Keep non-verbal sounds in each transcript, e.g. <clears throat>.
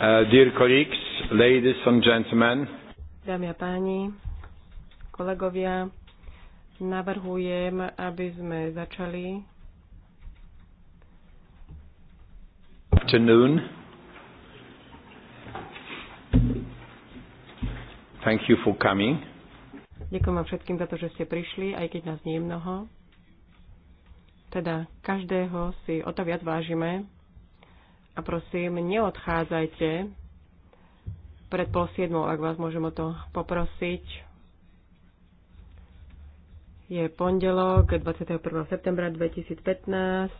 Uh, dear colleagues, ladies and gentlemen. Dámy a páni, kolegovia, navrhujem, aby sme začali. Afternoon. Thank you for coming. Ďakujem vám všetkým za to, že ste prišli, aj keď nás nie je mnoho. Teda každého si o to viac vážime a prosím, neodchádzajte pred pol siedmou, ak vás môžem o to poprosiť. Je pondelok 21. septembra 2015.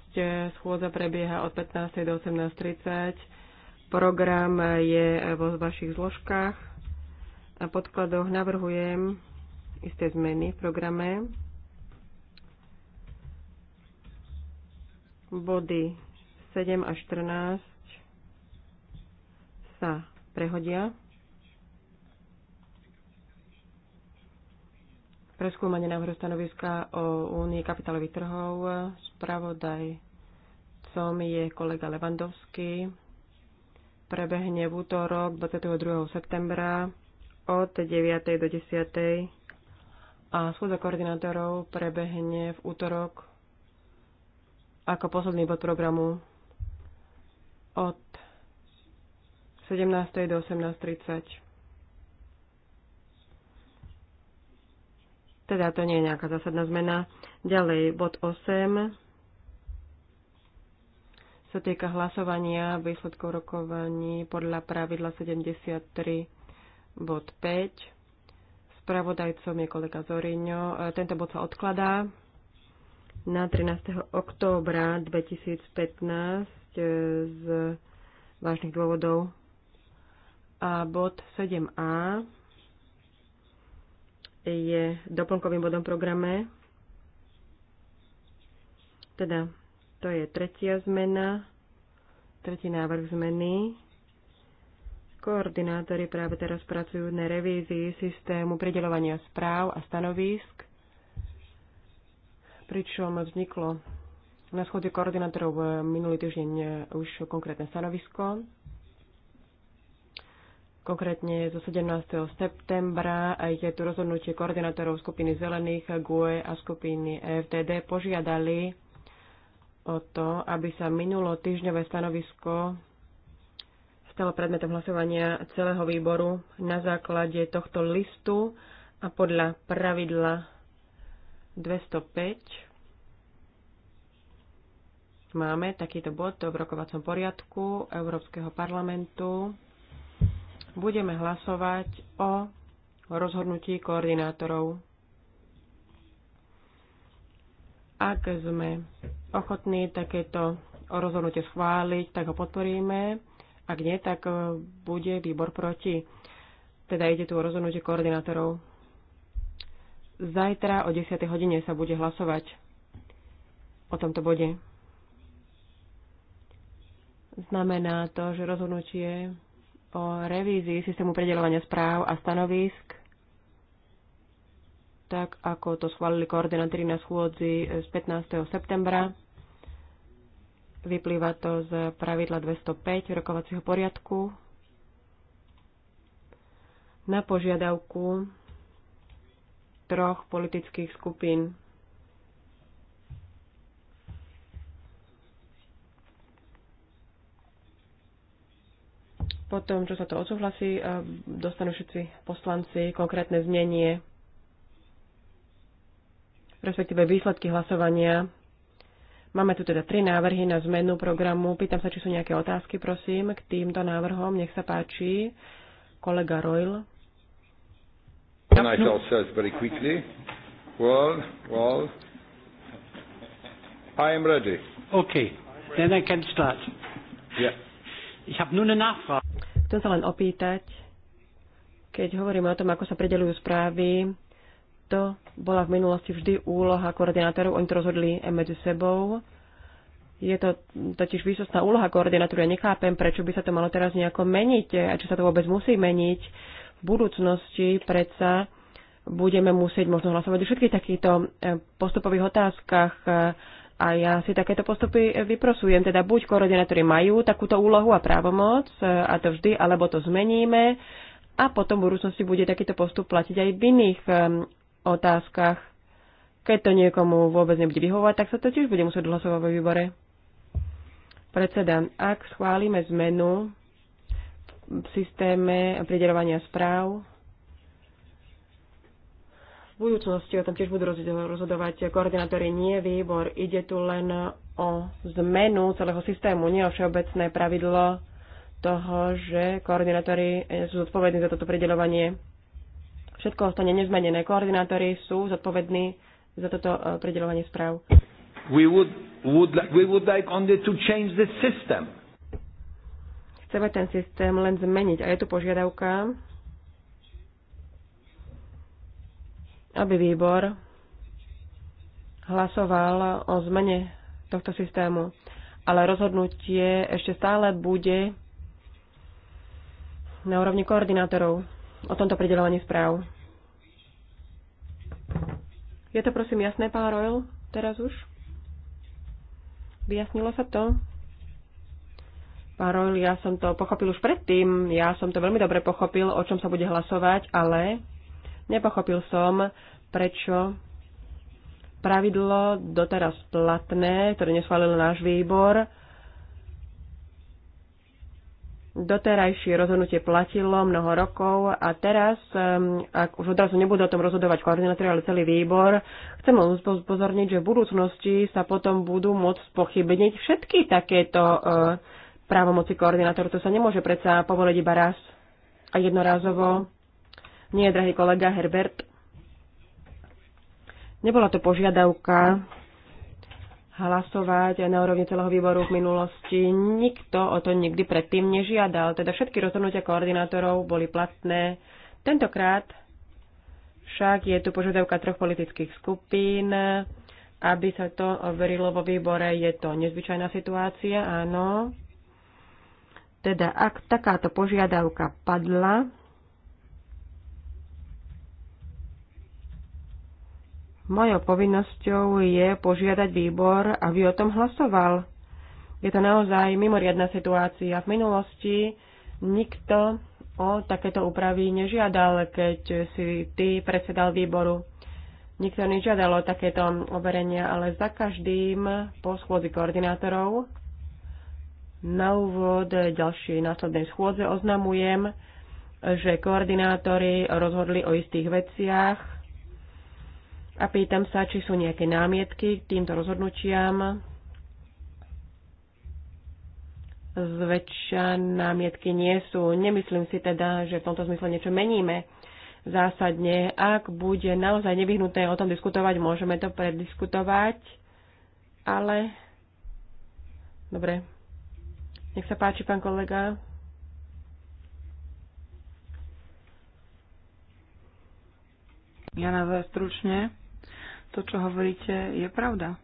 Schôdza prebieha od 15. do 18.30. Program je vo vašich zložkách. Na podkladoch navrhujem isté zmeny v programe. Body 7 a 14 sa prehodia. Preskúmanie návrhu stanoviska o únii kapitálových trhov. Spravodajcom je kolega Levandovský. Prebehne v útorok 22. septembra od 9. do 10. a schôdza koordinátorov prebehne v útorok ako posledný bod programu od 17. do 18.30. Teda to nie je nejaká zásadná zmena. Ďalej, bod 8 sa týka hlasovania výsledkov rokovaní podľa pravidla 73 bod 5. Spravodajcom je kolega Zoriňo. E, tento bod sa odkladá na 13. októbra 2015 E, z vážnych dôvodov. A bod 7a je doplnkovým bodom programe. Teda to je tretia zmena, tretí návrh zmeny. Koordinátori práve teraz pracujú na revízii systému predelovania správ a stanovísk, pričom vzniklo na schode koordinátorov e, minulý týždeň e, už konkrétne stanovisko. Konkrétne zo 17. septembra je tu rozhodnutie koordinátorov skupiny Zelených, GUE a skupiny e FTD požiadali o to, aby sa minulo týždňové stanovisko stalo predmetom hlasovania celého výboru na základe tohto listu a podľa pravidla 205 Máme takýto bod v rokovacom poriadku Európskeho parlamentu. Budeme hlasovať o rozhodnutí koordinátorov. Ak sme ochotní takéto rozhodnutie schváliť, tak ho podporíme. Ak nie, tak e, bude výbor proti. Teda ide tu o rozhodnutie koordinátorov. Zajtra o 10. hodine sa bude hlasovať o tomto bode. Znamená to, že rozhodnutie o revízii systému predelovania správ a stanovisk, tak ako to schválili koordinátori na schôdzi z 15. septembra, vyplýva to z pravidla 205 rokovacieho poriadku. Na požiadavku troch politických skupín Potom, čo sa to odsúhlasí, e, dostanú všetci poslanci konkrétne znenie, respektíve výsledky hlasovania. Máme tu teda tri návrhy na zmenu programu. Pýtam sa, či sú nejaké otázky, prosím, k týmto návrhom. Nech sa páči. Kolega Royl. I am ready. Okay, then I can start. Yeah. Ich habe nur eine Nachfrage. Chcem sa len opýtať, keď hovoríme o tom, ako sa predelujú správy, to bola v minulosti vždy úloha koordinátorov, oni to rozhodli medzi sebou. Je to totiž výsostná úloha koordinátora. Ja nechápem, prečo by sa to malo teraz nejako meniť a či sa to vôbec musí meniť. V budúcnosti predsa budeme musieť možno hlasovať o všetkých takýchto eh, postupových otázkach eh, a ja si takéto postupy vyprosujem. Teda buď koordinátori majú takúto úlohu a právomoc, e, a to vždy, alebo to zmeníme, a potom v budúcnosti bude takýto postup platiť aj v iných um, otázkach. Keď to niekomu vôbec nebude vyhovovať, tak sa to tiež bude musieť hlasovať vo výbore. Predseda, ak schválime zmenu v systéme pridelovania správ, v budúcnosti o tom tiež budú rozhodovať koordinátori, nie výbor. Ide tu len o zmenu celého systému, nie o všeobecné pravidlo toho, že koordinátori sú zodpovední za toto prideľovanie. Všetko ostane nezmenené. Koordinátori sú zodpovední za toto e, prideľovanie správ. We would, would, we would like only to change the system. Chceme ten systém len zmeniť a je tu požiadavka aby výbor hlasoval o zmene tohto systému. Ale rozhodnutie ešte stále bude na úrovni koordinátorov o tomto pridelovaní správ. Je to prosím jasné, pán Royal, teraz už? Vyjasnilo sa to? Pán Royal, ja som to pochopil už predtým, ja som to veľmi dobre pochopil, o čom sa bude hlasovať, ale Nepochopil som, prečo pravidlo doteraz platné, ktoré neschválil náš výbor, doterajšie rozhodnutie platilo mnoho rokov a teraz, um, ak už odrazu nebudú o tom rozhodovať koordinátori, ale celý výbor, chcem vám upozorniť, že v budúcnosti sa potom budú môcť pochybniť všetky takéto uh, právomoci koordinátorov. To sa nemôže predsa povoliť iba raz a jednorázovo. Nie, drahý kolega Herbert. Nebola to požiadavka hlasovať na úrovni celého výboru v minulosti. Nikto o to nikdy predtým nežiadal. Teda všetky rozhodnutia koordinátorov boli platné. Tentokrát však je tu požiadavka troch politických skupín, aby sa to overilo vo výbore. Je to nezvyčajná situácia, áno. Teda ak takáto požiadavka padla, Mojou povinnosťou je požiadať výbor, aby o tom hlasoval. Je to naozaj mimoriadná situácia. V minulosti nikto o takéto úpravy nežiadal, keď si ty predsedal výboru. Nikto nežiadal o takéto overenia, ale za každým po schôdzi koordinátorov na úvod ďalšej následnej schôdze oznamujem, že koordinátori rozhodli o istých veciach, a pýtam sa, či sú nejaké námietky k týmto rozhodnutiam. Zväčša námietky nie sú. Nemyslím si teda, že v tomto zmysle niečo meníme zásadne. Ak bude naozaj nevyhnutné o tom diskutovať, môžeme to prediskutovať, ale... Dobre. Nech sa páči, pán kolega. Ja na stručne to, čo hovoríte, je pravda.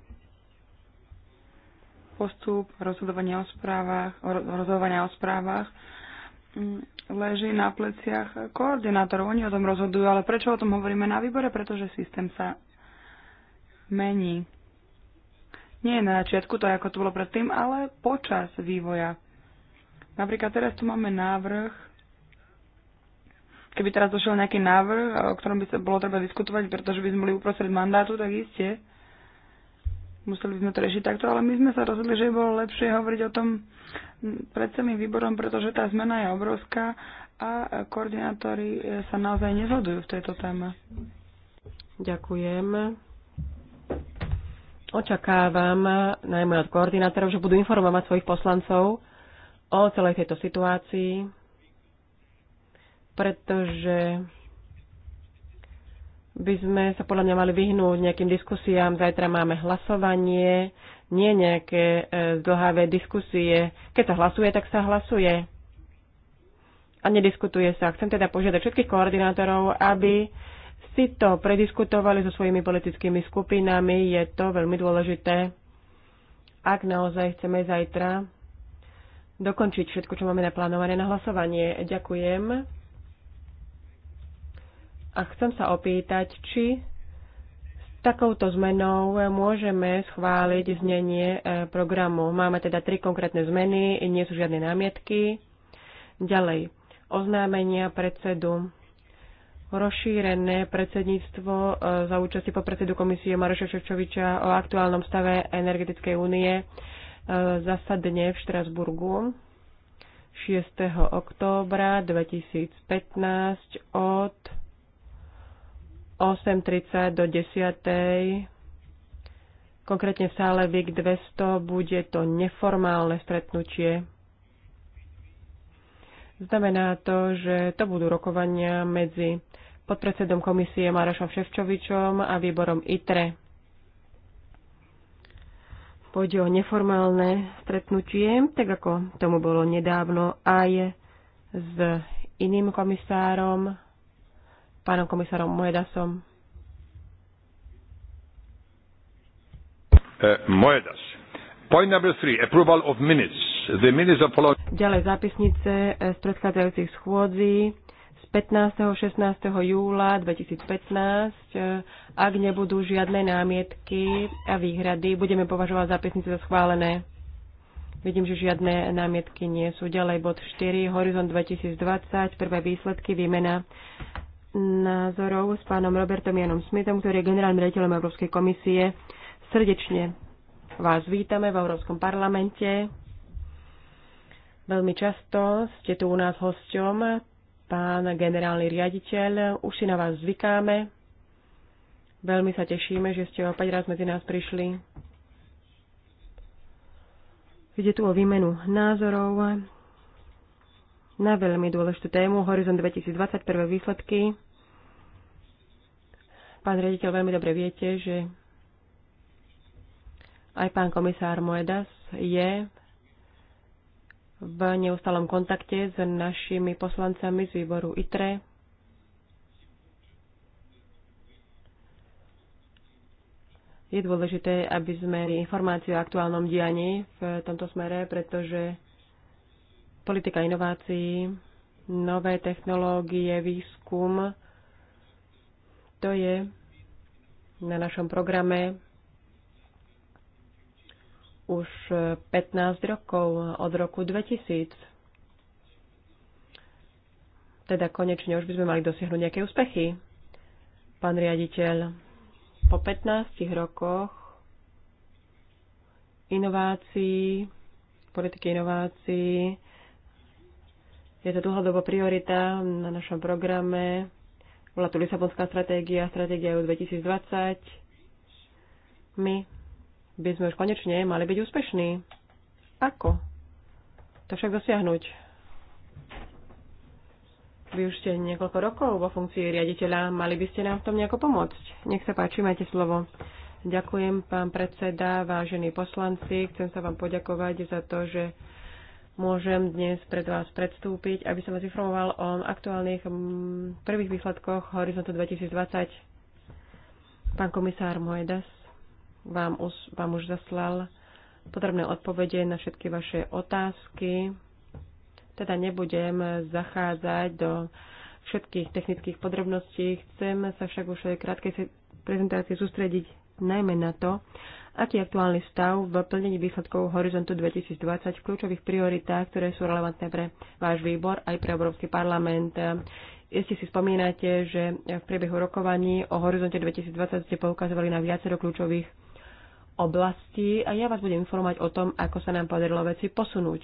Postup rozhodovania o správach, rozhodovania o správach mm, leží na pleciach koordinátorov. Oni o tom rozhodujú, ale prečo o tom hovoríme na výbore? Pretože systém sa mení. Nie na začiatku, to ako to bolo predtým, ale počas vývoja. Napríklad teraz tu máme návrh keby teraz došiel nejaký návrh, o ktorom by sa bolo treba diskutovať, pretože by sme boli uprostred mandátu, tak iste. Museli by sme to riešiť takto, ale my sme sa rozhodli, že by bolo lepšie hovoriť o tom pred celým výborom, pretože tá zmena je obrovská a koordinátori sa naozaj nezhodujú v tejto téme. Ďakujem. Očakávam, najmä od koordinátorov, že budú informovať svojich poslancov o celej tejto situácii pretože by sme sa podľa mňa mali vyhnúť nejakým diskusiám. Zajtra máme hlasovanie, nie nejaké e, zdlhavé diskusie. Keď sa hlasuje, tak sa hlasuje. A nediskutuje sa. Chcem teda požiadať všetkých koordinátorov, aby si to prediskutovali so svojimi politickými skupinami. Je to veľmi dôležité, ak naozaj chceme zajtra dokončiť všetko, čo máme naplánované na hlasovanie. Ďakujem. A chcem sa opýtať, či s takouto zmenou môžeme schváliť znenie e, programu. Máme teda tri konkrétne zmeny, nie sú žiadne námietky. Ďalej, oznámenia predsedu rozšírené predsedníctvo e, za účasti predsedu komisie Maroša Ševčoviča o aktuálnom stave energetickej únie e, zasadne v Štrasburgu 6. októbra 2015 od 8.30 do 10.00, Konkrétne v sále VIK 200 bude to neformálne stretnutie. Znamená to, že to budú rokovania medzi podpredsedom komisie Marašom Ševčovičom a výborom ITRE. Pôjde o neformálne stretnutie, tak ako tomu bolo nedávno aj s iným komisárom pánom komisárom Moedasom. Eh, Moedas. Point number three, approval of minutes. The minutes of Ďalej zápisnice eh, z predchádzajúcich schôdzí z 15. 16. júla 2015. Eh, ak nebudú žiadne námietky a výhrady, budeme považovať zápisnice za schválené. Vidím, že žiadne námietky nie sú. Ďalej bod 4, Horizont 2020, prvé výsledky, výmena názorov s pánom Robertom Janom Smithom, ktorý je generálnym riaditeľom Európskej komisie. Srdečne vás vítame v Európskom parlamente. Veľmi často ste tu u nás hosťom, pán generálny riaditeľ. Už si na vás zvykáme. Veľmi sa tešíme, že ste opäť raz medzi nás prišli. Ide tu o výmenu názorov na veľmi dôležitú tému Horizon 2021. výsledky. Pán rediteľ, veľmi dobre viete, že aj pán komisár Moedas je v neustalom kontakte s našimi poslancami z výboru ITRE. Je dôležité, aby sme mali informáciu o aktuálnom dianí v tomto smere, pretože politika inovácií, nové technológie, výskum, to je na našom programe už 15 rokov, od roku 2000. Teda konečne už by sme mali dosiahnuť nejaké úspechy. Pán riaditeľ, po 15 rokoch inovácií, politiky inovácií, je to dlhodobo priorita na našom programe. Bola tu Lisabonská stratégia, stratégia EU 2020. My by sme už konečne mali byť úspešní. Ako? To však dosiahnuť. Vy už ste niekoľko rokov vo funkcii riaditeľa, mali by ste nám v tom nejako pomôcť. Nech sa páči, máte slovo. Ďakujem, pán predseda, vážení poslanci. Chcem sa vám poďakovať za to, že môžem dnes pred vás predstúpiť, aby som vás informoval o aktuálnych mm, prvých výsledkoch Horizontu 2020. Pán komisár Moedas vám už, vám už zaslal potrebné odpovede na všetky vaše otázky. Teda nebudem zachádzať do všetkých technických podrobností. Chcem sa však už v krátkej prezentácii sústrediť najmä na to, Aký je aktuálny stav v plnení výsledkov Horizontu 2020 v kľúčových prioritách, ktoré sú relevantné pre váš výbor aj pre Európsky parlament? Ešte si spomínate, že v priebehu rokovaní o Horizonte 2020 ste poukazovali na viacero kľúčových oblastí a ja vás budem informovať o tom, ako sa nám podarilo veci posunúť.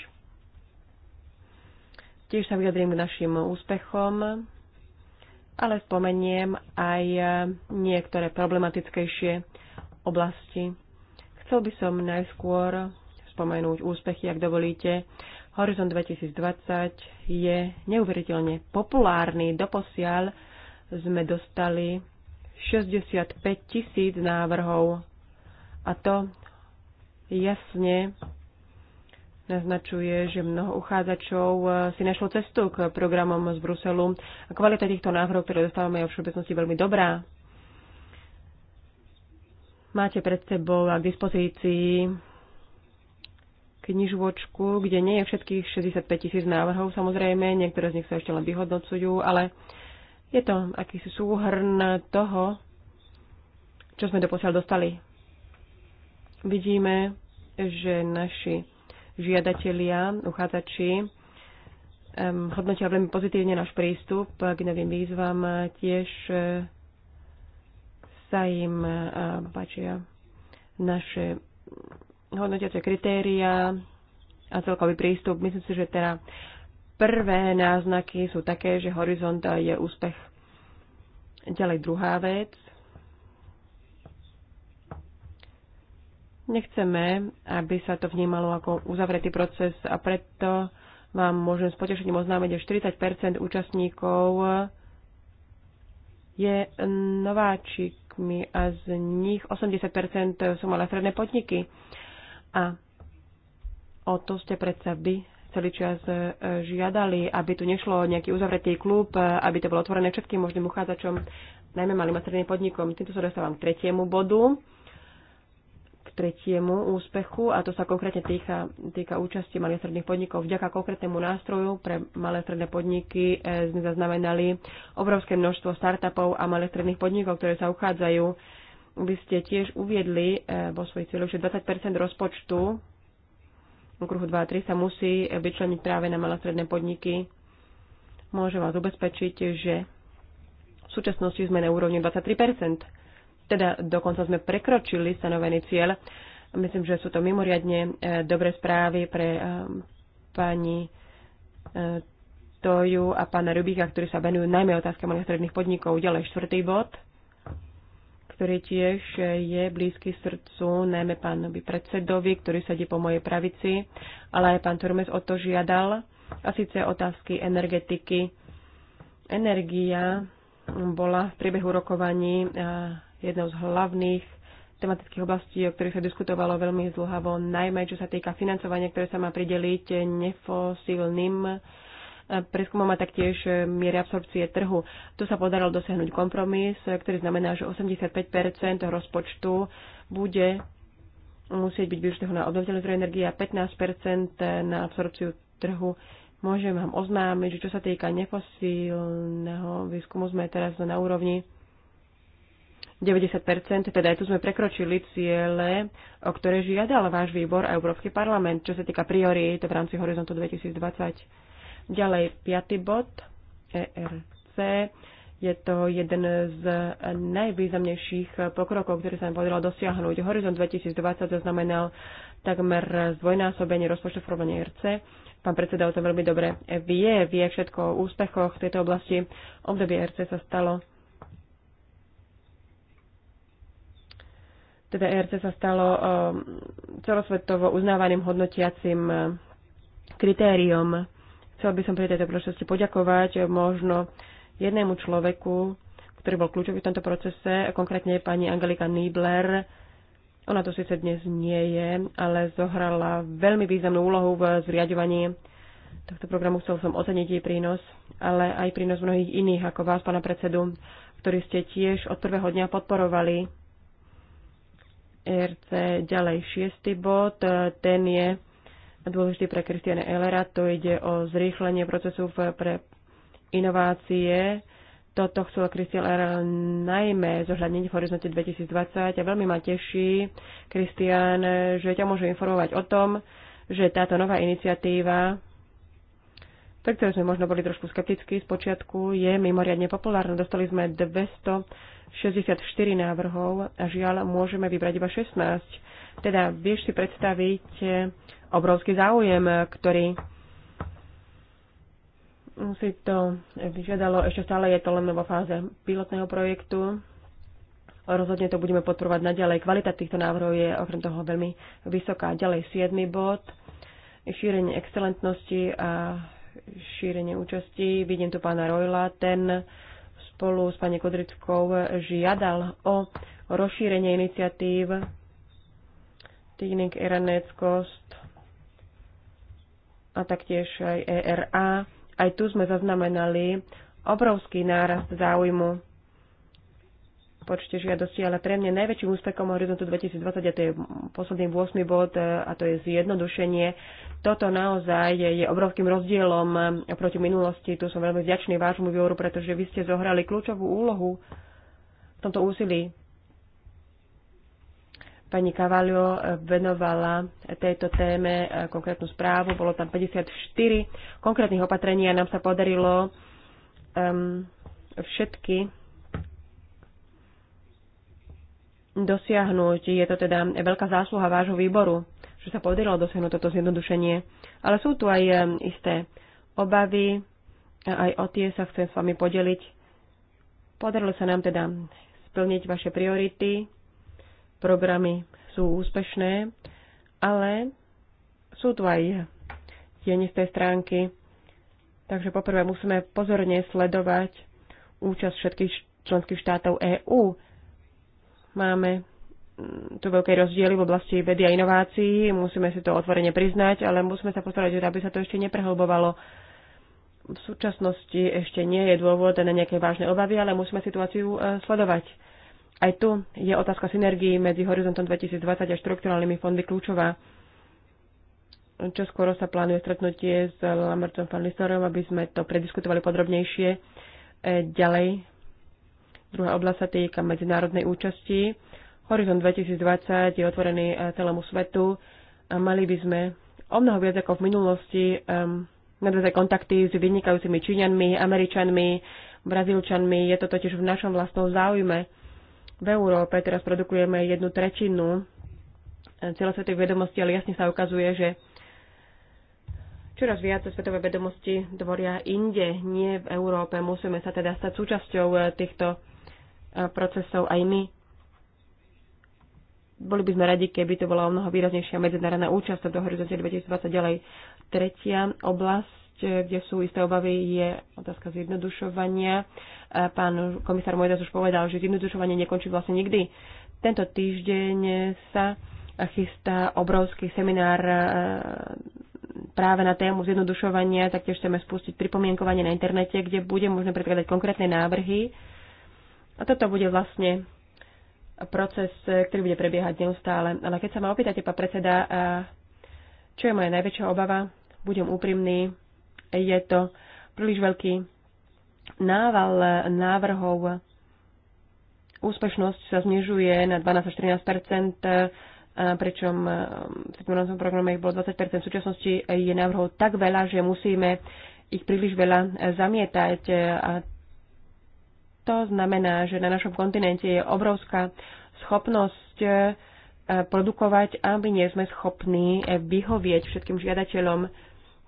Tiež sa vyjadrím k našim úspechom, ale spomeniem aj niektoré problematickejšie oblasti Chcel by som najskôr spomenúť úspechy, ak dovolíte. Horizon 2020 je neuveriteľne populárny. Doposiaľ sme dostali 65 tisíc návrhov a to jasne naznačuje, že mnoho uchádzačov eh, si našlo cestu k programom z Bruselu a kvalita týchto návrhov, ktoré dostávame, je v všeobecnosti veľmi dobrá. Máte pred sebou a k dispozícii knižočku, kde nie je všetkých 65 tisíc návrhov, samozrejme, niektoré z nich sa ešte len vyhodnocujú, ale je to akýsi súhrn toho, čo sme doposiaľ dostali. Vidíme, že naši žiadatelia, uchádzači, hodnotia veľmi pozitívne náš prístup k novým výzvam, tiež sa im e, páčia naše hodnotiace kritéria a celkový prístup. Myslím si, že teda prvé náznaky sú také, že horizont je úspech. Ďalej druhá vec. Nechceme, aby sa to vnímalo ako uzavretý proces a preto vám môžem s potešením oznámiť, že 40 účastníkov je nováčik podnikmi a z nich 80% sú malé stredné podniky. A o to ste predsa vy celý čas e, žiadali, aby tu nešlo nejaký uzavretý klub, aby to bolo otvorené všetkým možným uchádzačom, najmä malým a stredným podnikom. Týmto sa dostávam k tretiemu bodu tretiemu úspechu a to sa konkrétne týka, týka účasti malých stredných podnikov. Vďaka konkrétnemu nástroju pre malé stredné podniky e, sme zaznamenali obrovské množstvo startupov a malých stredných podnikov, ktoré sa uchádzajú. Vy ste tiež uviedli e, vo svojich cieľoch, že 20 rozpočtu okruhu 2 a 3 sa musí vyčleniť práve na malé stredné podniky. Môžem vás ubezpečiť, že v súčasnosti sme na úrovni 23 teda dokonca sme prekročili stanovený cieľ. Myslím, že sú to mimoriadne e, dobré správy pre e, pani e, Toju a pána Rubíka, ktorí sa venujú najmä otázka malých stredných podnikov. Ďalej štvrtý bod, ktorý tiež je blízky srdcu, najmä pánovi predsedovi, ktorý sedí po mojej pravici, ale aj pán Turmes o to žiadal, a síce otázky energetiky. Energia bola v priebehu rokovaní jednou z hlavných tematických oblastí, o ktorých sa diskutovalo veľmi zdlhavo, najmä čo sa týka financovania, ktoré sa má prideliť nefosílnym eh, preskumom a taktiež eh, miery absorpcie trhu. Tu sa podarilo dosiahnuť kompromis, eh, ktorý znamená, že 85 rozpočtu bude musieť byť využitého na obnoviteľné zdroje energie a 15 na absorpciu trhu. Môžem vám oznámiť, že čo sa týka nefosílneho výskumu, sme teraz na úrovni 90%, teda aj tu sme prekročili ciele, o ktoré žiadal váš výbor a Európsky parlament, čo sa týka priorít v rámci Horizontu 2020. Ďalej, piatý bod, ERC. Je to jeden z najvýznamnejších pokrokov, ktoré sa nám podarilo dosiahnuť. Horizont 2020 zaznamenal takmer zdvojnásobenie rozpočtu v ERC. Pán predseda o tom veľmi dobre vie, vie všetko o úspechoch v tejto oblasti. Obdobie e RC sa stalo Teda ERC sa stalo eh, celosvetovo uznávaným hodnotiacim eh, kritériom. Chcel by som pri tejto príležitosti poďakovať eh, možno jednému človeku, ktorý bol kľúčový v tomto procese, konkrétne pani Angelika Niebler. Ona to síce dnes nie je, ale zohrala veľmi významnú úlohu v zriadovaní tohto programu. Chcel som oceniť jej prínos, ale aj prínos mnohých iných, ako vás, pana predsedu, ktorí ste tiež od prvého dňa podporovali RC Ďalej šiestý bod, e, ten je dôležitý pre Kristiane Elera, to ide o zrýchlenie procesu pre inovácie. Toto chcel Kristian Eller najmä zohľadniť v horizonte 2020 a veľmi ma teší, Kristian, že ťa môžem informovať o tom, že táto nová iniciatíva ktoré sme možno boli trošku skeptickí z počiatku, je mimoriadne populárne. Dostali sme 264 návrhov a žiaľ môžeme vybrať iba 16. Teda vieš si predstaviť eh, obrovský záujem, eh, ktorý si to vyžiadalo. Ešte stále je to len vo fáze pilotného projektu. Rozhodne to budeme podporovať naďalej. Kvalita týchto návrhov je okrem toho veľmi vysoká. Ďalej 7. bod. Šírenie excelentnosti a šírenie účasti. Vidím tu pána Rojla, ten spolu s pani Kodrickou žiadal o rozšírenie iniciatív Týnik Eraneckost a taktiež aj ERA. Aj tu sme zaznamenali obrovský nárast záujmu počte žiadosti, ale pre mňa najväčším úspechom Horizontu 2020, a to je posledný 8 bod, e, a to je zjednodušenie. Toto naozaj je, je obrovským rozdielom e, proti minulosti. Tu som veľmi vďačný vášmu výboru, pretože vy ste zohrali kľúčovú úlohu v tomto úsilí. Pani Cavalio e, venovala tejto téme konkrétnu správu. Bolo tam 54 konkrétnych opatrení a nám sa podarilo um, všetky dosiahnuť. Je to teda veľká zásluha vášho výboru, že sa podarilo dosiahnuť toto zjednodušenie. Ale sú tu aj um, isté obavy, a aj o tie sa chcem s vami podeliť. Podarilo sa nám teda splniť vaše priority, programy sú úspešné, ale sú tu aj tiene z tej stránky. Takže poprvé musíme pozorne sledovať účasť všetkých členských štátov EÚ Máme mm, tu veľké rozdiely v oblasti vedy a inovácií, musíme si to otvorene priznať, ale musíme sa postarať, aby sa to ešte neprehlbovalo. V súčasnosti ešte nie je dôvod na nejaké vážne obavy, ale musíme situáciu e, sledovať. Aj tu je otázka synergii medzi Horizontom 2020 a štrukturálnymi fondy kľúčová. Čo skoro sa plánuje stretnutie s Lambertom van aby sme to prediskutovali podrobnejšie e, ďalej Druhá oblasť sa týka medzinárodnej účasti. Horizont 2020 je otvorený e, celému svetu a mali by sme o mnoho viac ako v minulosti um, nadväzať kontakty s vynikajúcimi Číňanmi, Američanmi, Brazílčanmi. Je to totiž v našom vlastnom záujme. V Európe teraz produkujeme jednu tretinu e, celosvetových vedomosti, ale jasne sa ukazuje, že čoraz viac svetové vedomosti dvoria inde, nie v Európe. Musíme sa teda stať súčasťou e, týchto E, procesov aj my. Boli by sme radi, keby to bola o mnoho výraznejšia medzinárodná účasť do horizonte 2020 ďalej. Tretia oblasť, e, kde sú isté obavy, je otázka zjednodušovania. E, pán komisár Mojdas už povedal, že zjednodušovanie nekončí vlastne nikdy. Tento týždeň sa chystá obrovský seminár práve na tému zjednodušovania, taktiež chceme spustiť pripomienkovanie na internete, kde bude možné predkladať konkrétne návrhy a toto bude vlastne proces, ktorý bude prebiehať neustále. Ale keď sa ma opýtate, pán predseda, čo je moja najväčšia obava, budem úprimný, je to príliš veľký nával návrhov. Úspešnosť sa znižuje na 12-14 pričom v sedmoročnom programe ich bolo 20 V súčasnosti je návrhov tak veľa, že musíme ich príliš veľa zamietať a to znamená, že na našom kontinente je obrovská schopnosť eh, produkovať aby nie sme schopní eh, vyhovieť všetkým žiadateľom.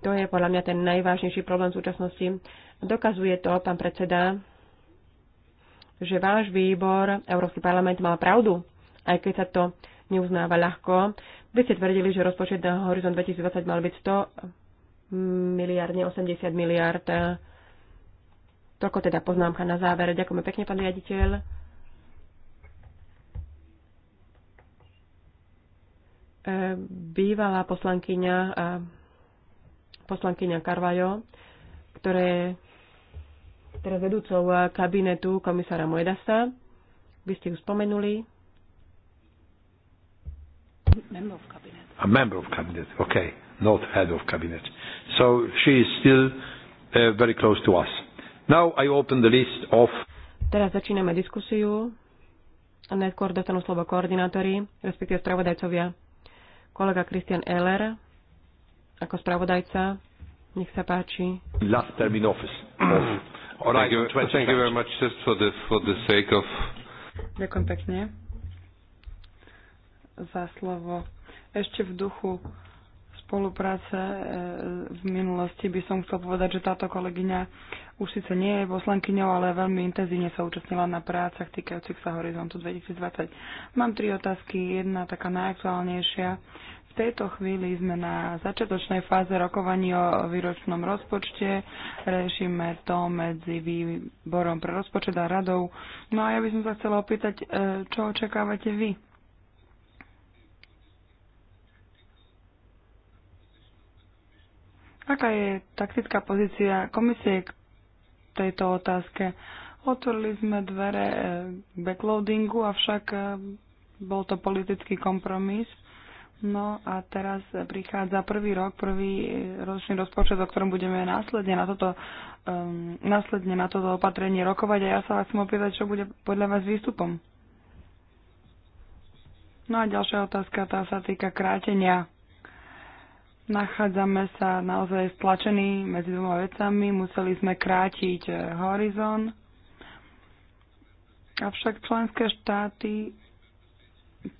To je podľa mňa ten najvážnejší problém v súčasnosti. Dokazuje to, pán predseda, že váš výbor, Európsky parlament, mal pravdu, aj keď sa to neuznáva ľahko. Vy ste tvrdili, že rozpočet na horizont 2020 mal byť 100 miliard, 80 miliard Toľko teda poznámka na záver. Ďakujeme pekne, pán riaditeľ. E, bývalá poslankyňa, e, poslankyňa Carvajo, ktoré teraz vedúcou e, kabinetu komisára Moedasa, by ste ju spomenuli. Member of cabinet. A member of cabinet, okay, not head of cabinet. So she is still uh, very close to us. Now I open the list of... Teraz začíname diskusiu a najskôr dostanú slovo koordinátori, respektíve spravodajcovia. Kolega Christian Eller ako spravodajca. Nech sa páči. Last term in office. <clears throat> All Right, thank, you, thank you very much just for the, for the sake of... Ďakujem pekne za slovo. Ešte v duchu spolupráce e, v minulosti by som chcel povedať, že táto kolegyňa už síce nie je poslankyňou, ale veľmi intenzívne sa účastnila na prácach týkajúcich sa Horizontu 2020. Mám tri otázky, jedna taká najaktuálnejšia. V tejto chvíli sme na začiatočnej fáze rokovaní o výročnom rozpočte. Riešime to medzi výborom pre rozpočet a radou. No a ja by som sa chcela opýtať, e, čo očakávate vy Aká je taktická pozícia komisie k tejto otázke? Otvorili sme dvere e, backloadingu, avšak e, bol to politický kompromis. No a teraz e, prichádza prvý rok, prvý ročný rozpočet, o ktorom budeme následne na toto, um, následne na toto opatrenie rokovať a ja sa vás chcem opýtať, čo bude podľa vás výstupom. No a ďalšia otázka, tá sa týka krátenia Nachádzame sa naozaj stlačení medzi dvoma vecami, museli sme krátiť eh, horizon. avšak členské štáty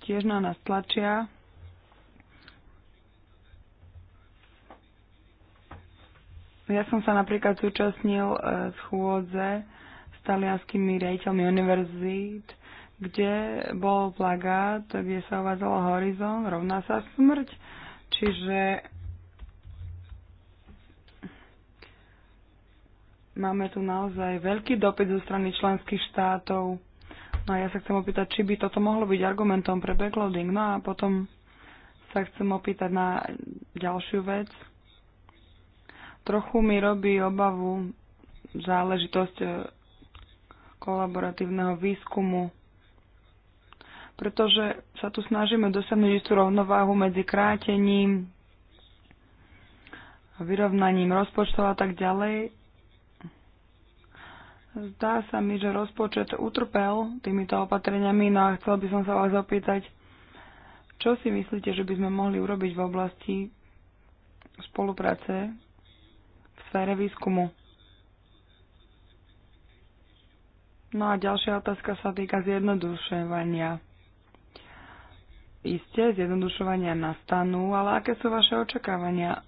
tiež na nás tlačia. Ja som sa napríklad zúčastnil eh, chôdze s talianskými rejiteľmi univerzít, kde bol plagát, kde sa uvádzalo horizon, rovná sa smrť. Čiže Máme tu naozaj veľký dopyt zo strany členských štátov. No a ja sa chcem opýtať, či by toto mohlo byť argumentom pre backloading. No a potom sa chcem opýtať na ďalšiu vec. Trochu mi robí obavu záležitosť e, kolaboratívneho výskumu, pretože sa tu snažíme dosiahnuť istú rovnováhu medzi krátením, vyrovnaním rozpočtov a tak ďalej Zdá sa mi, že rozpočet utrpel týmito opatreniami, no a chcel by som sa vás opýtať, čo si myslíte, že by sme mohli urobiť v oblasti spolupráce v sfére výskumu? No a ďalšia otázka sa týka zjednodušovania. Isté, zjednodušovania nastanú, ale aké sú vaše očakávania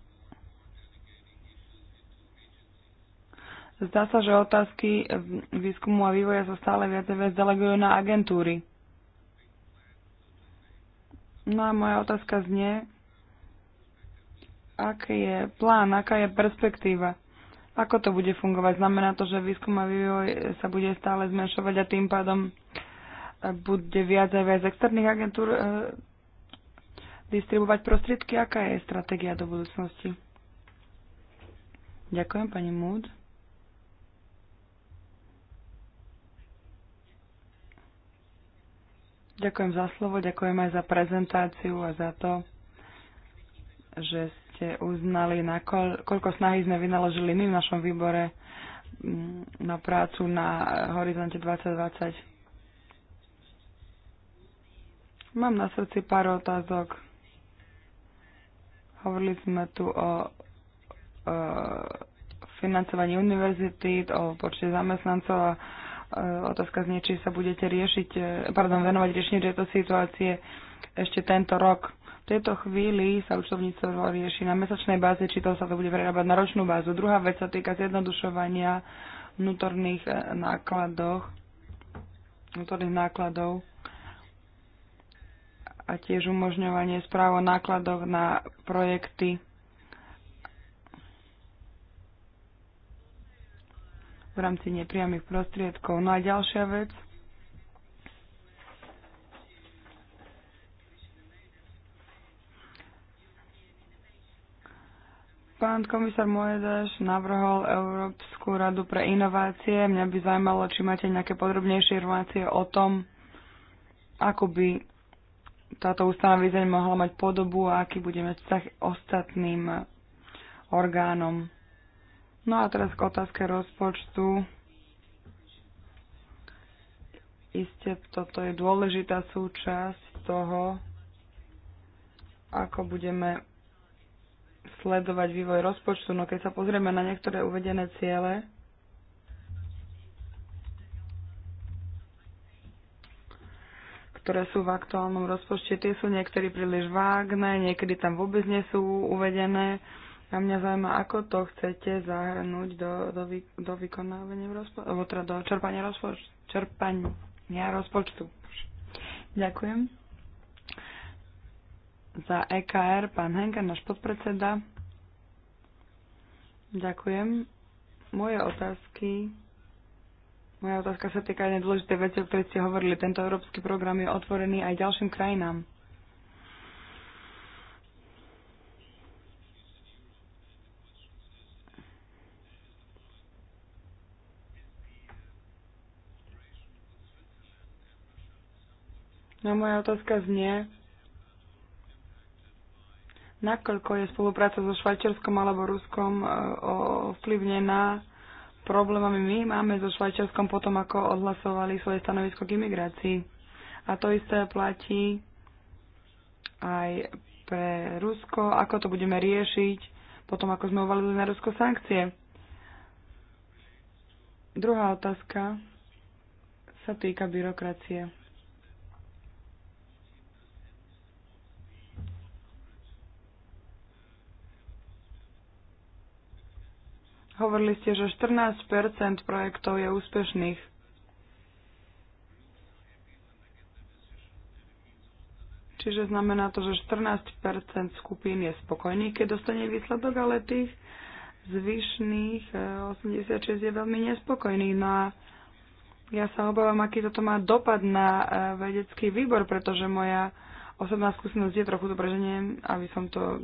Zdá sa, že otázky výskumu a vývoja sa stále viac a viac delegujú na agentúry. No a moja otázka znie, aký je plán, aká je perspektíva, ako to bude fungovať. Znamená to, že výskum a vývoj sa bude stále zmenšovať a tým pádom bude viac a viac externých agentúr eh, distribuovať prostriedky. Aká je stratégia do budúcnosti? Ďakujem, pani Mood. Ďakujem za slovo, ďakujem aj za prezentáciu a za to, že ste uznali, na koľ, koľko snahy sme vynaložili my v našom výbore mm, na prácu na Horizonte 2020. Mám na srdci pár otázok. Hovorili sme tu o, o financovaní univerzity, o počte zamestnancov a E, otázka znie, či sa budete riešiť, e, pardon, venovať riešenie tejto situácie ešte tento rok. V tejto chvíli sa účtovníctvo rieši na mesačnej báze, či to sa to bude prerábať na ročnú bázu. Druhá vec sa týka zjednodušovania vnútorných e, nákladoch, vnútorných nákladov a tiež umožňovanie správ o nákladoch na projekty v rámci nepriamých prostriedkov. No a ďalšia vec, Pán komisár Moedaš navrhol Európsku radu pre inovácie. Mňa by zaujímalo, či máte nejaké podrobnejšie informácie o tom, ako by táto výzeň mohla mať podobu a aký bude mať vzťah ostatným orgánom. No a teraz k otázke rozpočtu. Isté, toto je dôležitá súčasť toho, ako budeme sledovať vývoj rozpočtu. No keď sa pozrieme na niektoré uvedené ciele, ktoré sú v aktuálnom rozpočte, tie sú niektorí príliš vágne, niekedy tam vôbec nie sú uvedené. A mňa zaujíma, ako to chcete zahrnúť do, do, vy, do vykonávania rozpočtu, teda do čerpania rozpoč- čerpania rozpočtu. Ďakujem. Za EKR pán Henker, náš podpredseda. Ďakujem. Moje otázky moja otázka sa týka jednej dôležitej veci, o ktorej ste hovorili. Tento európsky program je otvorený aj ďalším krajinám. No moja otázka znie, nakoľko je spolupráca so Švajčiarskom alebo Ruskom e, ovplyvnená problémami my máme so Švajčiarskom potom, ako odhlasovali svoje stanovisko k imigrácii. A to isté platí aj pre Rusko, ako to budeme riešiť potom, ako sme uvalili na Rusko sankcie. Druhá otázka sa týka byrokracie. Hovorili ste, že 14 projektov je úspešných. Čiže znamená to, že 14 skupín je spokojných, keď dostane výsledok, ale tých zvyšných 86 e, je veľmi nespokojných. No a ja sa obávam, aký toto má dopad na e, vedecký výbor, pretože moja osobná skúsenosť je trochu dobrá, aby som to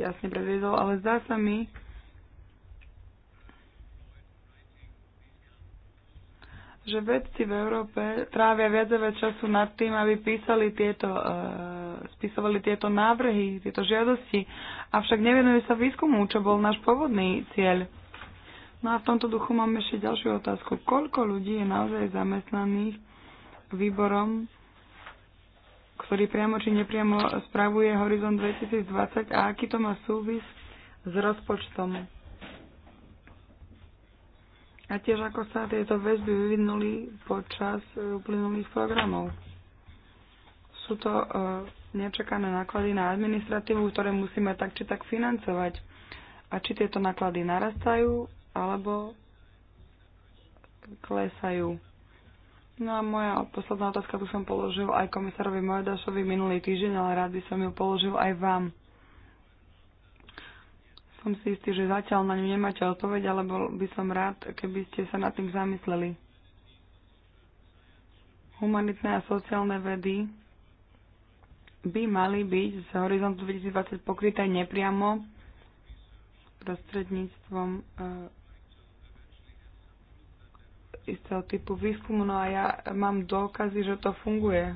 jasne predviedol, ale zdá sa mi, že vedci v Európe trávia viac a viac času nad tým, aby písali tieto, uh, spisovali tieto návrhy, tieto žiadosti, avšak nevenujú sa výskumu, čo bol náš pôvodný cieľ. No a v tomto duchu mám ešte ďalšiu otázku. Koľko ľudí je naozaj zamestnaných výborom, ktorý priamo či nepriamo spravuje Horizon 2020 a aký to má súvis s rozpočtom? a tiež ako sa tieto väzby vyvinuli počas e, uplynulých programov. Sú to e, nečakané náklady na administratívu, ktoré musíme tak či tak financovať. A či tieto náklady narastajú alebo klesajú. No a moja posledná otázka tu som položil aj komisárovi Mojedašovi minulý týždeň, ale rád by som ju položil aj vám som si istý, že zatiaľ na ňu nemáte odpoveď, ale bol by som rád, keby ste sa nad tým zamysleli. Humanitné a sociálne vedy by mali byť z horizontu 2020 pokryté nepriamo prostredníctvom e, istého typu výskumu. No a ja mám dôkazy, že to funguje.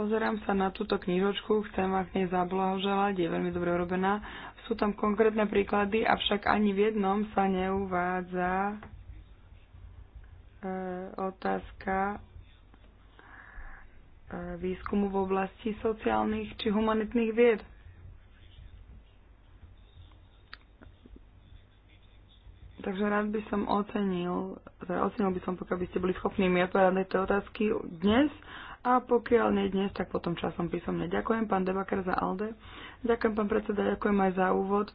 Pozerám sa na túto knižočku, chcem vám k nej zablahoželať, je veľmi dobre urobená. Sú tam konkrétne príklady, avšak ani v jednom sa neuvádza e, otázka e, výskumu v oblasti sociálnych či humanitných vied. Takže rád by som ocenil, teda ocenil by som, pokiaľ by ste boli schopní mi odpovedať na tie otázky dnes a pokiaľ nie dnes, tak potom časom písomne. Ďakujem pán Debaker za Alde. Ďakujem pán predseda, ďakujem aj za úvod.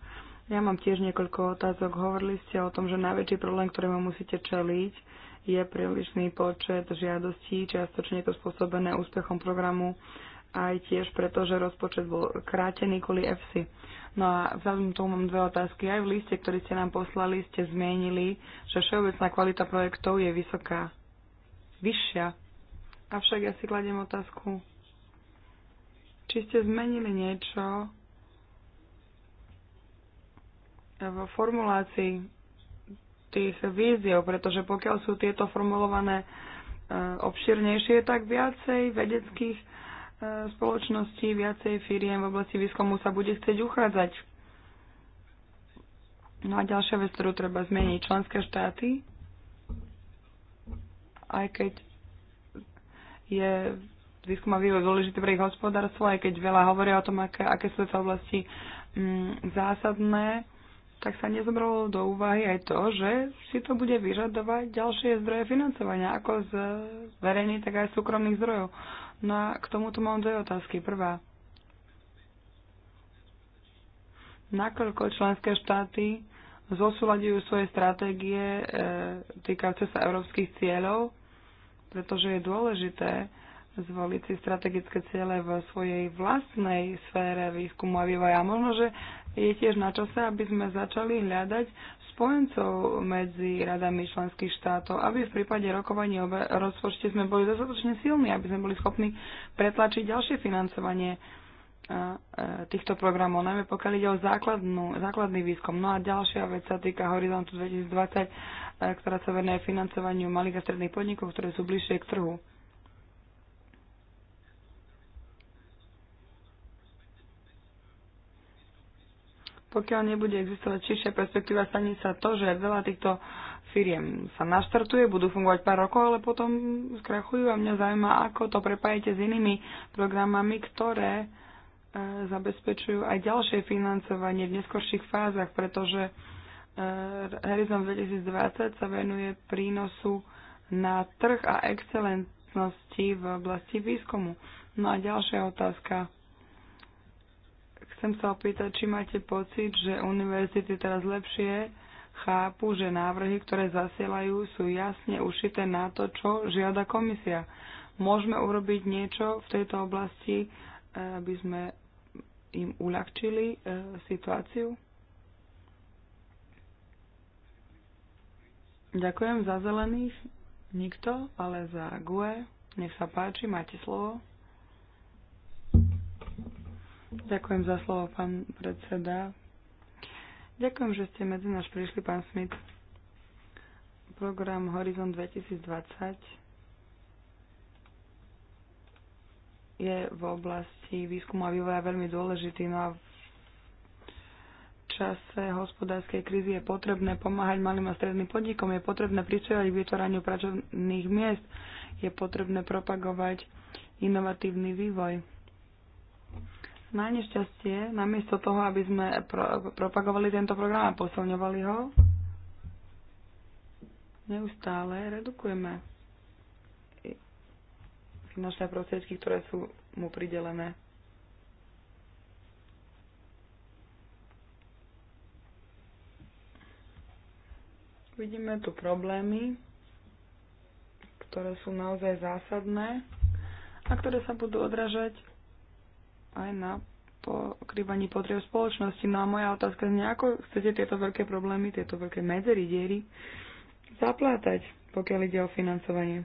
Ja mám tiež niekoľko otázok. Hovorili ste o tom, že najväčší problém, ktorému musíte čeliť, je prílišný počet žiadostí, čiastočne je to spôsobené úspechom programu aj tiež preto, že rozpočet bol krátený kvôli EFSI. No a vzhľadom tomu mám dve otázky. Aj v liste, ktorý ste nám poslali, ste zmienili, že všeobecná kvalita projektov je vysoká, vyššia Avšak ja si kladiem otázku, či ste zmenili niečo e, v formulácii tých víziev, pretože pokiaľ sú tieto formulované e, obširnejšie, tak viacej vedeckých e, spoločností, viacej firiem v oblasti výskumu sa bude chcieť uchádzať. No a ďalšia vec, ktorú treba zmeniť, členské štáty, aj keď je výskum a vývoj dôležitý pre ich hospodárstvo, aj keď veľa hovoria o tom, aké, aké sú sa oblasti mm, zásadné, tak sa nezobralo do úvahy aj to, že si to bude vyžadovať ďalšie zdroje financovania, ako z verejných, tak aj súkromných zdrojov. No a k tomuto mám dve otázky. Prvá. Nakoľko členské štáty zosúľadujú svoje stratégie e, týkajúce sa európskych cieľov pretože je dôležité zvoliť si strategické ciele v svojej vlastnej sfére výskumu a vývoja. Možno, že je tiež na čase, aby sme začali hľadať spojencov medzi radami členských štátov, aby v prípade rokovania o rozpočte sme boli dostatočne silní, aby sme boli schopní pretlačiť ďalšie financovanie e, e, týchto programov, najmä pokiaľ ide o základnú, základný výskum. No a ďalšia vec sa týka Horizontu 2020 ktorá sa venuje financovaniu malých a stredných podnikov, ktoré sú bližšie k trhu. Pokiaľ nebude existovať širšia perspektíva, stane sa to, že veľa týchto firiem sa naštartuje, budú fungovať pár rokov, ale potom skrachujú a mňa zaujíma, ako to prepájete s inými programami, ktoré e, zabezpečujú aj ďalšie financovanie v neskorších fázach, pretože Horizon 2020 sa venuje prínosu na trh a excelentnosti v oblasti výskumu. No a ďalšia otázka. Chcem sa opýtať, či máte pocit, že univerzity teraz lepšie chápu, že návrhy, ktoré zasielajú, sú jasne ušité na to, čo žiada komisia. Môžeme urobiť niečo v tejto oblasti, eh, aby sme im uľahčili eh, situáciu? Ďakujem za zelených. Nikto, ale za GUE. Nech sa páči, máte slovo. Ďakujem za slovo, pán predseda. Ďakujem, že ste medzi nás prišli, pán Smith. Program Horizon 2020 je v oblasti výskumu a vývoja veľmi dôležitý, no a v čase hospodárskej krízy je potrebné pomáhať malým a stredným podnikom, je potrebné pričovať k vytvoraniu pracovných miest, je potrebné propagovať inovatívny vývoj. Najnešťastie, namiesto toho, aby sme pro, propagovali tento program a posilňovali ho, neustále redukujeme finančné prostriedky, ktoré sú mu pridelené. Vidíme tu problémy, ktoré sú naozaj zásadné a ktoré sa budú odražať aj na pokrývaní potrieb spoločnosti. No a moja otázka je, ako chcete tieto veľké problémy, tieto veľké medzery, diery zaplátať, pokiaľ ide o financovanie.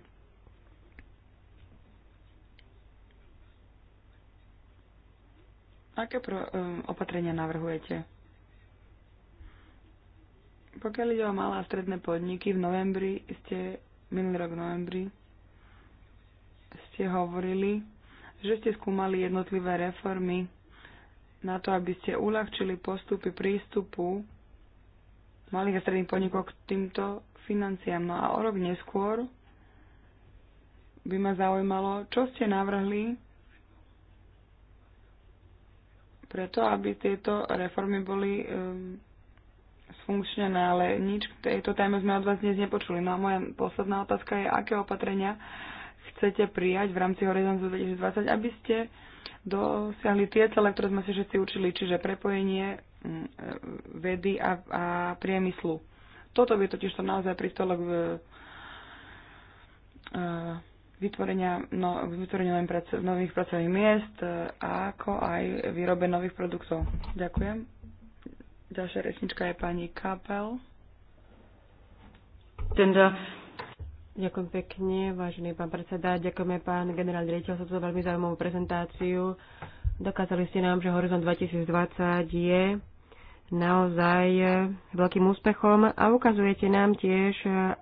Aké pro, um, opatrenia navrhujete? Pokiaľ ide o malé a stredné podniky, v novembri ste, minulý rok v novembri, ste hovorili, že ste skúmali jednotlivé reformy na to, aby ste uľahčili postupy prístupu malých a stredných podnikov k týmto financiám. No a o rok neskôr by ma zaujímalo, čo ste navrhli preto, aby tieto reformy boli um, funkčne, no ale nič k tejto téme sme od vás dnes nepočuli. No a moja posledná otázka je, aké opatrenia chcete prijať v rámci Horizontu 2020, aby ste dosiahli tie cele, ktoré sme si všetci učili, čiže prepojenie mm, e, vedy a, a priemyslu. Toto by totiž to naozaj pristalo k e, e, vytvorenia, no, vytvorenia nových, prac, nových pracovných miest, ako aj výrobe nových produktov. Ďakujem. Ďalšia rečnička je pani Kapel. Tenda. Ďakujem pekne, vážený pán predseda. Ďakujeme pán generál riaditeľ za túto veľmi zaujímavú prezentáciu. Dokázali ste nám, že Horizont 2020 je naozaj veľkým úspechom a ukazujete nám tiež,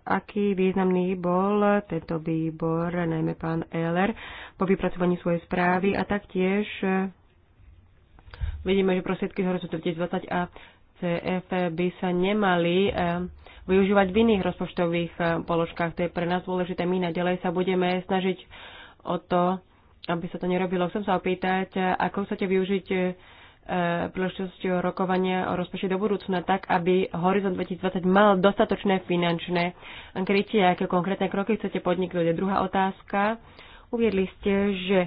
aký významný bol tento výbor, najmä pán Eller, po vypracovaní svojej správy a taktiež vidíme, že prostriedky z horizontu 2020 a CF by sa nemali eh, využívať v iných rozpočtových eh, položkách. To je pre nás dôležité. My naďalej sa budeme snažiť o to, aby sa to nerobilo. Chcem sa opýtať, eh, ako chcete využiť príležitosť rokovania o rozpočte do budúcna tak, aby Horizon 2020 mal dostatočné finančné krytie. Aké konkrétne kroky chcete podniknúť? A druhá otázka. Uviedli ste, že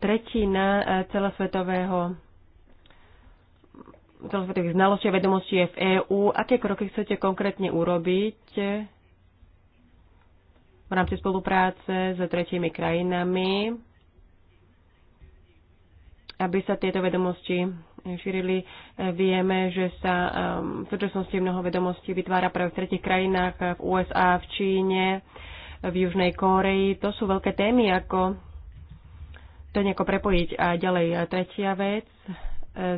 tretina celosvetového celosvetových znalostí a vedomostí je v EÚ. Aké kroky chcete konkrétne urobiť eh, v rámci spolupráce s tretími krajinami, aby sa tieto vedomosti šírili. Eh, vieme, že sa ehm, v súčasnosti mnoho vedomostí vytvára práve v tretich krajinách, eh, v USA, v Číne, v Južnej Kóreji. To sú veľké témy, ako to nejako prepojiť. A ďalej tretia vec,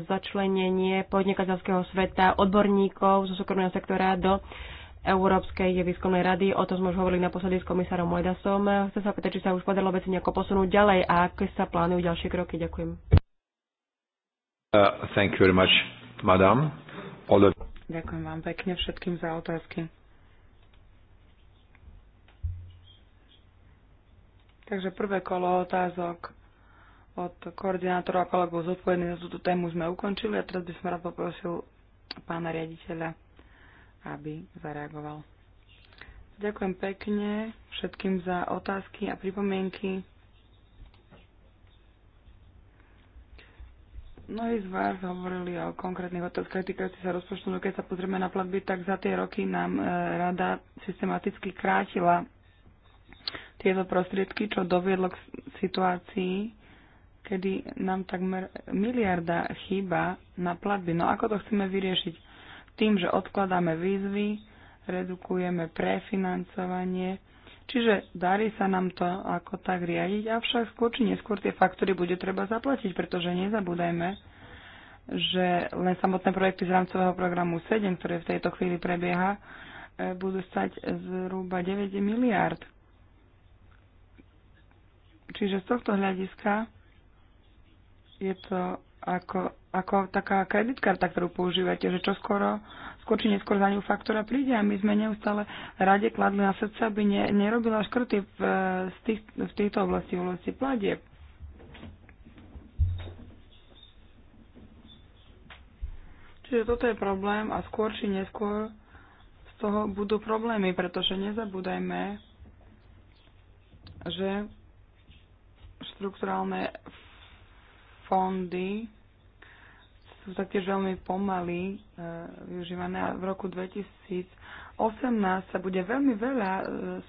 začlenenie podnikateľského sveta, odborníkov zo súkromného sektora do Európskej výskumnej rady. O tom sme už hovorili naposledy s komisárom Mojdasom. Chcem sa opýtať, či sa už podarilo veci nejako posunúť ďalej a aké sa plánujú ďalšie kroky. Ďakujem. Uh, thank you very much, madam. All of... Ďakujem vám pekne všetkým za otázky. Takže prvé kolo otázok od koordinátora a kolegov zodpovedných za túto tému sme ukončili a teraz by som rád poprosil pána riaditeľa, aby zareagoval. Ďakujem pekne všetkým za otázky a pripomienky. Mnohí z vás hovorili o konkrétnych otázkach týkajúcich sa rozpočtu, no keď sa pozrieme na platby, tak za tie roky nám e, rada systematicky krátila tieto prostriedky, čo doviedlo k situácii, kedy nám takmer miliarda chýba na platby. No ako to chceme vyriešiť? Tým, že odkladáme výzvy, redukujeme prefinancovanie, čiže darí sa nám to ako tak riadiť, avšak skôr či neskôr tie faktory bude treba zaplatiť, pretože nezabúdajme, že len samotné projekty z rámcového programu 7, ktoré v tejto chvíli prebieha, e, budú stať zhruba 9 miliard. Čiže z tohto hľadiska je to ako, ako taká kreditkarta, ktorú používate, že čo skoro, skôr či neskôr za ňu faktúra príde a my sme neustále rade kladli na srdce, aby ne, nerobila škrty v, z tých, v tejto oblasti, v oblasti pladieb. Čiže toto je problém a skôr či neskôr z toho budú problémy, pretože nezabúdajme, že štrukturálne fondy sú taktiež veľmi pomaly e, využívané a v roku 2018 sa bude veľmi veľa e,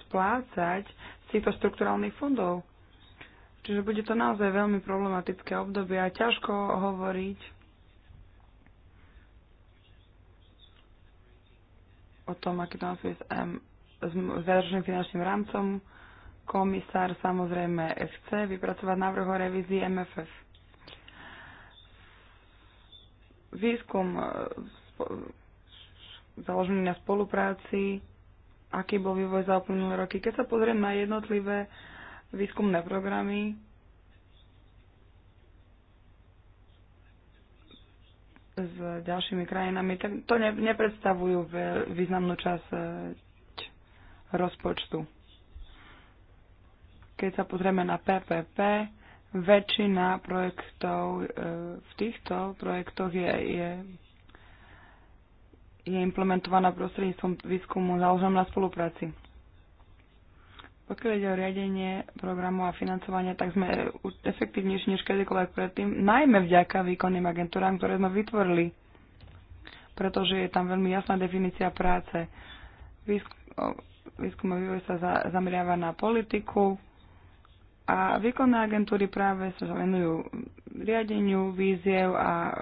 splácať z týchto štrukturálnych fondov. Čiže bude to naozaj veľmi problematické obdobie a ťažko hovoriť o tom, aký to nás s, s záročným finančným rámcom. Komisár samozrejme chce vypracovať návrh o revízii MFF. výskum e, založený na spolupráci, aký bol vývoj za uplynulé roky. Keď sa pozriem na jednotlivé výskumné programy, s ďalšími krajinami, tak to ne, nepredstavujú významnú časť e, rozpočtu. Keď sa pozrieme na PPP, väčšina projektov e, v týchto projektoch je, je, je implementovaná prostredníctvom výskumu založenom na spolupráci. Pokiaľ ide o riadenie programu a financovanie, tak sme efektívnejší než kedykoľvek predtým, najmä vďaka výkonným agentúram, ktoré sme vytvorili, pretože je tam veľmi jasná definícia práce. Výskum, výskum a vývoj sa za, zameriava na politiku, a výkonné agentúry práve sa venujú riadeniu, víziev a e,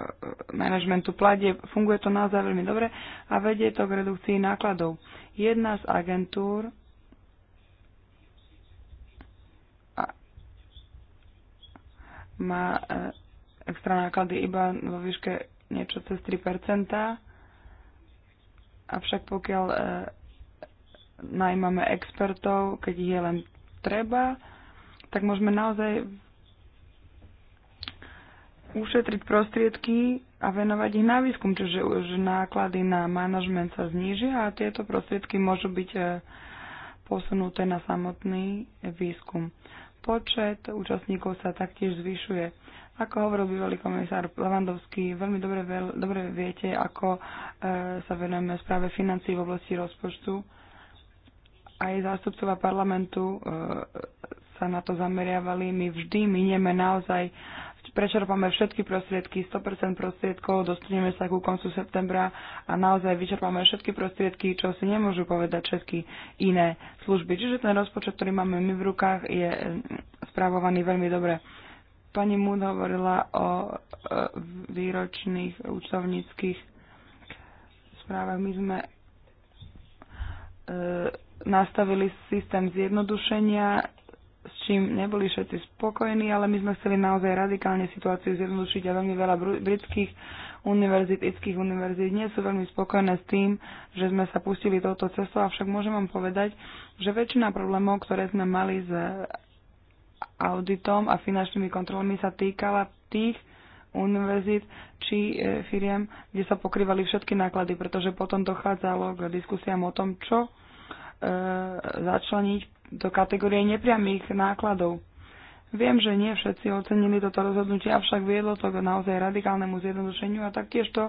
manažmentu plade, Funguje to naozaj veľmi dobre a vedie to k redukcii nákladov. Jedna z agentúr má e, extra náklady iba vo výške niečo cez 3%, avšak pokiaľ e, najmame expertov, keď ich je len treba, tak môžeme naozaj ušetriť prostriedky a venovať ich na výskum, čiže už náklady na manažment sa znížia a tieto prostriedky môžu byť e, posunuté na samotný výskum. Počet účastníkov sa taktiež zvyšuje. Ako hovoril bývalý komisár Levandovský, veľmi dobre, veľ, dobre viete, ako e, sa venujeme správe financií v oblasti rozpočtu. Aj zástupcova parlamentu e, sa na to zameriavali. My vždy minieme naozaj, prečerpame všetky prostriedky, 100% prostriedkov, dostaneme sa ku koncu septembra a naozaj vyčerpame všetky prostriedky, čo si nemôžu povedať všetky iné služby. Čiže ten rozpočet, ktorý máme my v rukách, je eh, správovaný veľmi dobre. Pani Mood hovorila o eh, výročných účtovníckých správach. My sme eh, nastavili systém zjednodušenia čím neboli všetci spokojní, ale my sme chceli naozaj radikálne situáciu zjednodušiť a veľmi veľa britských univerzít, itských univerzít nie sú veľmi spokojné s tým, že sme sa pustili touto cestou, avšak môžem vám povedať, že väčšina problémov, ktoré sme mali s auditom a finančnými kontrolami sa týkala tých univerzít či e, firiem, kde sa pokrývali všetky náklady, pretože potom dochádzalo k diskusiám o tom, čo e, začleniť do kategórie nepriamých nákladov. Viem, že nie všetci ocenili toto rozhodnutie, avšak viedlo to k naozaj radikálnemu zjednodušeniu a taktiež to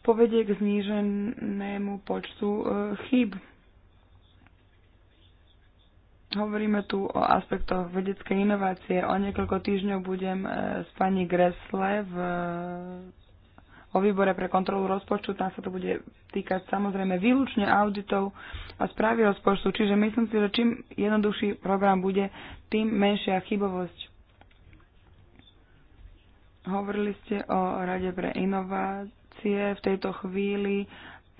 povedie k zníženému počtu e, chýb. Hovoríme tu o aspektoch vedeckej inovácie. O niekoľko týždňov budem e, s pani Gresle v e, o výbore pre kontrolu rozpočtu, tam sa to bude týkať samozrejme výlučne auditov a správy rozpočtu, čiže myslím si, že čím jednoduchší program bude, tým menšia chybovosť. Hovorili ste o Rade pre inovácie. V tejto chvíli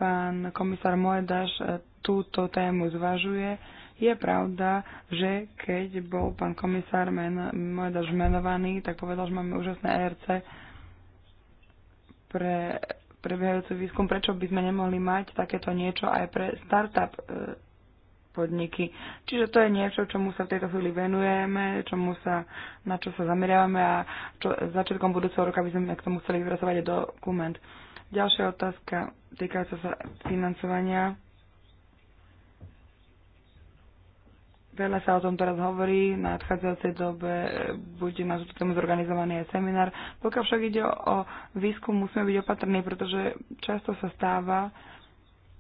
pán komisár Moedaš túto tému zvažuje. Je pravda, že keď bol pán komisár men, Moedaš menovaný, tak povedal, že máme úžasné ERC, pre prebiehajúci výskum, prečo by sme nemohli mať takéto niečo aj pre startup e, podniky. Čiže to je niečo, čomu sa v tejto chvíli venujeme, čomu sa, na čo sa zameriavame a čo, začiatkom budúceho roka by sme k tomu chceli vypracovať dokument. Ďalšia otázka týkajúca sa financovania Veľa sa o tom teraz hovorí, na nadchádzajúcej dobe e, bude na túto tému zorganizovaný aj seminár. Pokiaľ však ide o výskum, musíme byť opatrní, pretože často sa stáva,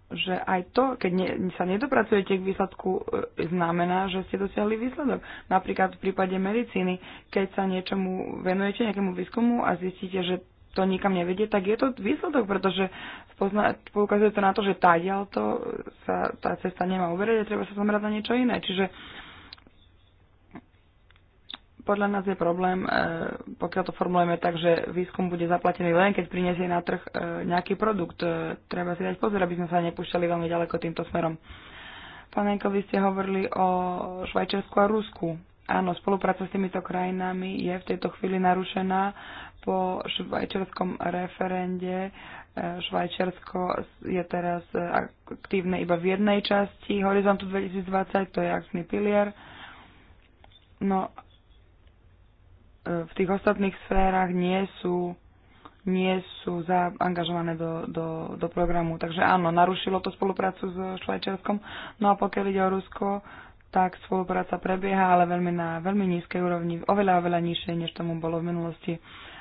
že aj to, keď ne, sa nedopracujete k výsledku, e, znamená, že ste dosiahli výsledok. Napríklad v prípade medicíny, keď sa niečomu venujete, nejakému výskumu a zistíte, že to nikam nevedie, tak je to výsledok, pretože spozna- poukazuje to na to, že tá to sa tá cesta nemá uverieť a treba sa zamerať na niečo iné. Čiže podľa nás je problém, e, pokiaľ to formulujeme tak, že výskum bude zaplatený len, keď prinesie na trh e, nejaký produkt. E, treba si dať pozor, aby sme sa nepúšťali veľmi ďaleko týmto smerom. Pán Enko, vy ste hovorili o Švajčiarsku a Rusku. Áno, spolupráca s týmito krajinami je v tejto chvíli narušená po švajčiarskom referende. E, Švajčiarsko je teraz e, aktívne iba v jednej časti Horizontu 2020, to je akčný pilier. No, e, v tých ostatných sférach nie sú, nie sú zaangažované do, do, do programu. Takže áno, narušilo to spoluprácu s Švajčiarskom. No a pokiaľ ide o Rusko, tak spolupráca prebieha, ale veľmi na veľmi nízkej úrovni, oveľa, oveľa nižšej, než tomu bolo v minulosti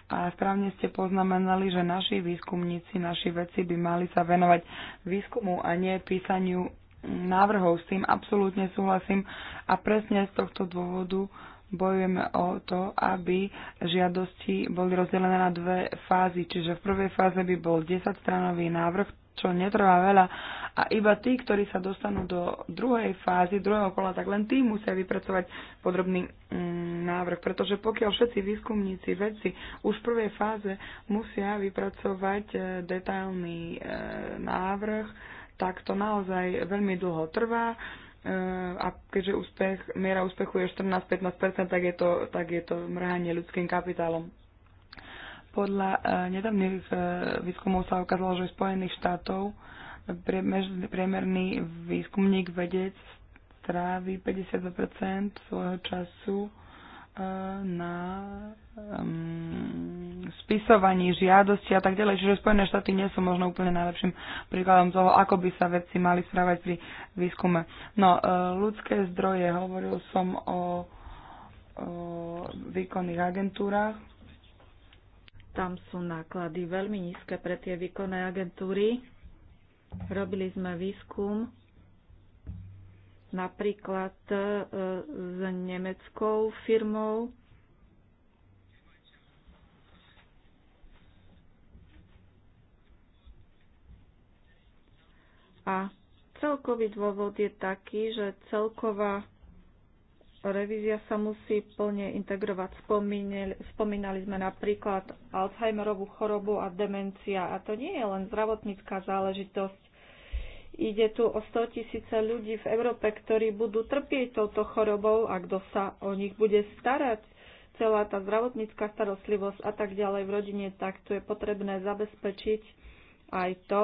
a správne ste poznamenali, že naši výskumníci, naši vedci by mali sa venovať výskumu a nie písaniu návrhov. S tým absolútne súhlasím a presne z tohto dôvodu bojujeme o to, aby žiadosti boli rozdelené na dve fázy. Čiže v prvej fáze by bol 10-stranový návrh, čo netrvá veľa. A iba tí, ktorí sa dostanú do druhej fázy, druhého kola, tak len tí musia vypracovať podrobný mm, návrh. Pretože pokiaľ všetci výskumníci, vedci už v prvej fáze musia vypracovať e, detailný e, návrh, tak to naozaj veľmi dlho trvá e, a keďže úspech, miera úspechu je 14-15%, tak je to, tak je to mrhanie ľudským kapitálom. Podľa eh, nedávnych eh, výskumov sa ukázalo, že v Spojených štátov priemerný výskumník vedec strávi 52% svojho času eh, na um, spisovaní žiadosti a tak ďalej. Čiže Spojené štáty nie sú možno úplne najlepším príkladom toho, ako by sa vedci mali správať pri výskume. No, ľudské zdroje, hovoril som o, o výkonných agentúrach. Tam sú náklady veľmi nízke pre tie výkonné agentúry. Robili sme výskum napríklad e, s nemeckou firmou, A celkový dôvod je taký, že celková revízia sa musí plne integrovať. Spomínali, spomínali sme napríklad Alzheimerovú chorobu a demencia. A to nie je len zdravotnícká záležitosť. Ide tu o 100 tisíce ľudí v Európe, ktorí budú trpieť touto chorobou a kto sa o nich bude starať. Celá tá zdravotnícká starostlivosť a tak ďalej v rodine, tak tu je potrebné zabezpečiť aj to,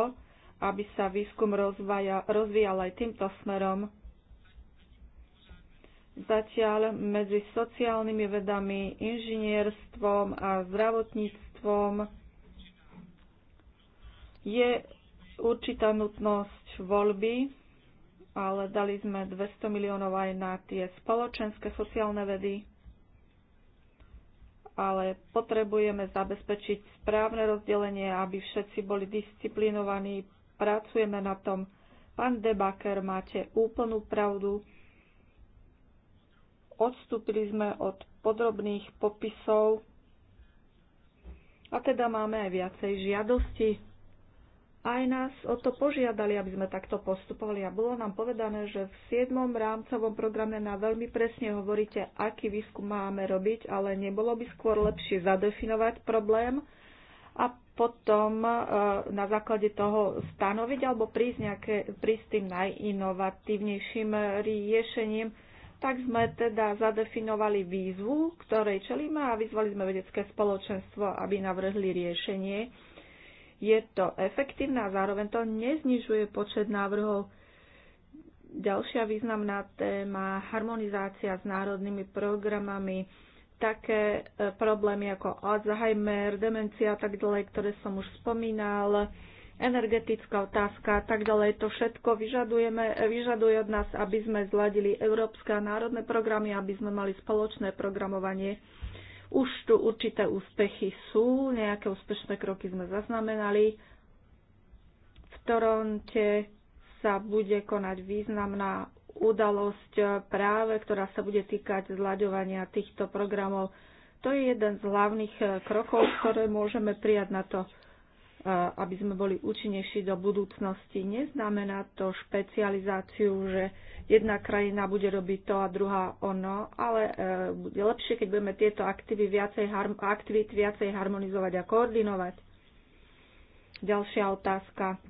aby sa výskum rozvíjal aj týmto smerom Zatiaľ medzi sociálnymi vedami, inžinierstvom a zdravotníctvom je určitá nutnosť voľby, ale dali sme 200 miliónov aj na tie spoločenské sociálne vedy ale potrebujeme zabezpečiť správne rozdelenie, aby všetci boli disciplinovaní. Pracujeme na tom. Pán Debaker, máte úplnú pravdu. Odstúpili sme od podrobných popisov a teda máme aj viacej žiadosti. Aj nás o to požiadali, aby sme takto postupovali a bolo nám povedané, že v 7. rámcovom programe na veľmi presne hovoríte, aký výskum máme robiť, ale nebolo by skôr lepšie zadefinovať problém a potom e, na základe toho stanoviť alebo prísť, nejaké, prísť tým najinovatívnejším riešením tak sme teda zadefinovali výzvu, ktorej čelíme a vyzvali sme vedecké spoločenstvo, aby navrhli riešenie. Je to efektívne a zároveň to neznižuje počet návrhov. Ďalšia významná téma harmonizácia s národnými programami, také e, problémy ako Alzheimer, demencia a tak ďalej, ktoré som už spomínal, energetická otázka a tak ďalej. To všetko vyžadujeme, vyžaduje od nás, aby sme zladili európske a národné programy, aby sme mali spoločné programovanie. Už tu určité úspechy sú, nejaké úspešné kroky sme zaznamenali. V Toronte sa bude konať významná udalosť práve, ktorá sa bude týkať zľaďovania týchto programov. To je jeden z hlavných krokov, ktoré môžeme prijať na to, aby sme boli účinnejší do budúcnosti. Neznamená to špecializáciu, že jedna krajina bude robiť to a druhá ono, ale e, bude lepšie, keď budeme tieto aktivity viacej, aktivit viacej harmonizovať a koordinovať. Ďalšia otázka.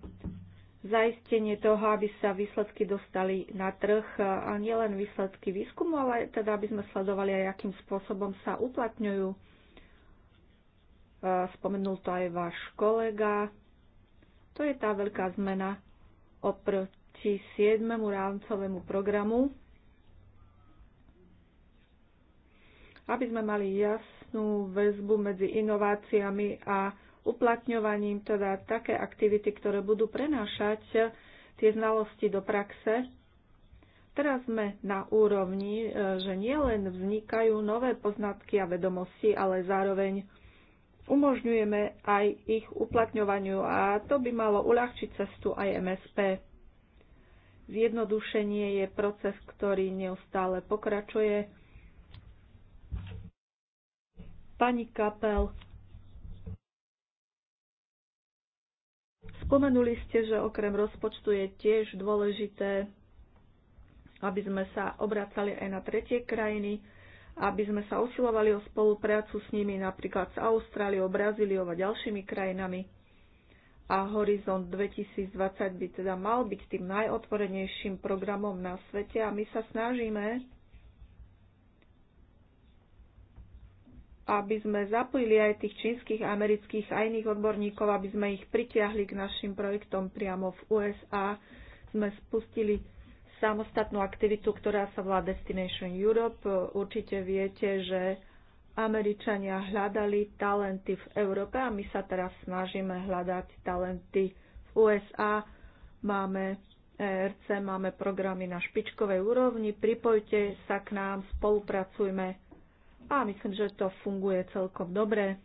Zaistenie toho, aby sa výsledky dostali na trh e, a nielen výsledky výskumu, ale teda aby sme sledovali aj, akým spôsobom sa uplatňujú E, spomenul to aj váš kolega. To je tá veľká zmena oproti 7. rámcovému programu. Aby sme mali jasnú väzbu medzi inováciami a uplatňovaním, teda také aktivity, ktoré budú prenášať tie znalosti do praxe. Teraz sme na úrovni, e, že nielen vznikajú nové poznatky a vedomosti, ale zároveň umožňujeme aj ich uplatňovaniu a to by malo uľahčiť cestu aj MSP. Zjednodušenie je proces, ktorý neustále pokračuje. Pani Kapel, spomenuli ste, že okrem rozpočtu je tiež dôležité, aby sme sa obracali aj na tretie krajiny aby sme sa usilovali o spoluprácu s nimi napríklad s Austráliou, Brazíliou a ďalšími krajinami. A Horizont 2020 by teda mal byť tým najotvorenejším programom na svete a my sa snažíme, aby sme zapojili aj tých čínskych, amerických a iných odborníkov, aby sme ich pritiahli k našim projektom priamo v USA. Sme spustili samostatnú aktivitu, ktorá sa volá Destination Europe. Určite viete, že Američania hľadali talenty v Európe a my sa teraz snažíme hľadať talenty v USA. Máme ERC, máme programy na špičkovej úrovni, pripojte sa k nám, spolupracujme a myslím, že to funguje celkom dobre.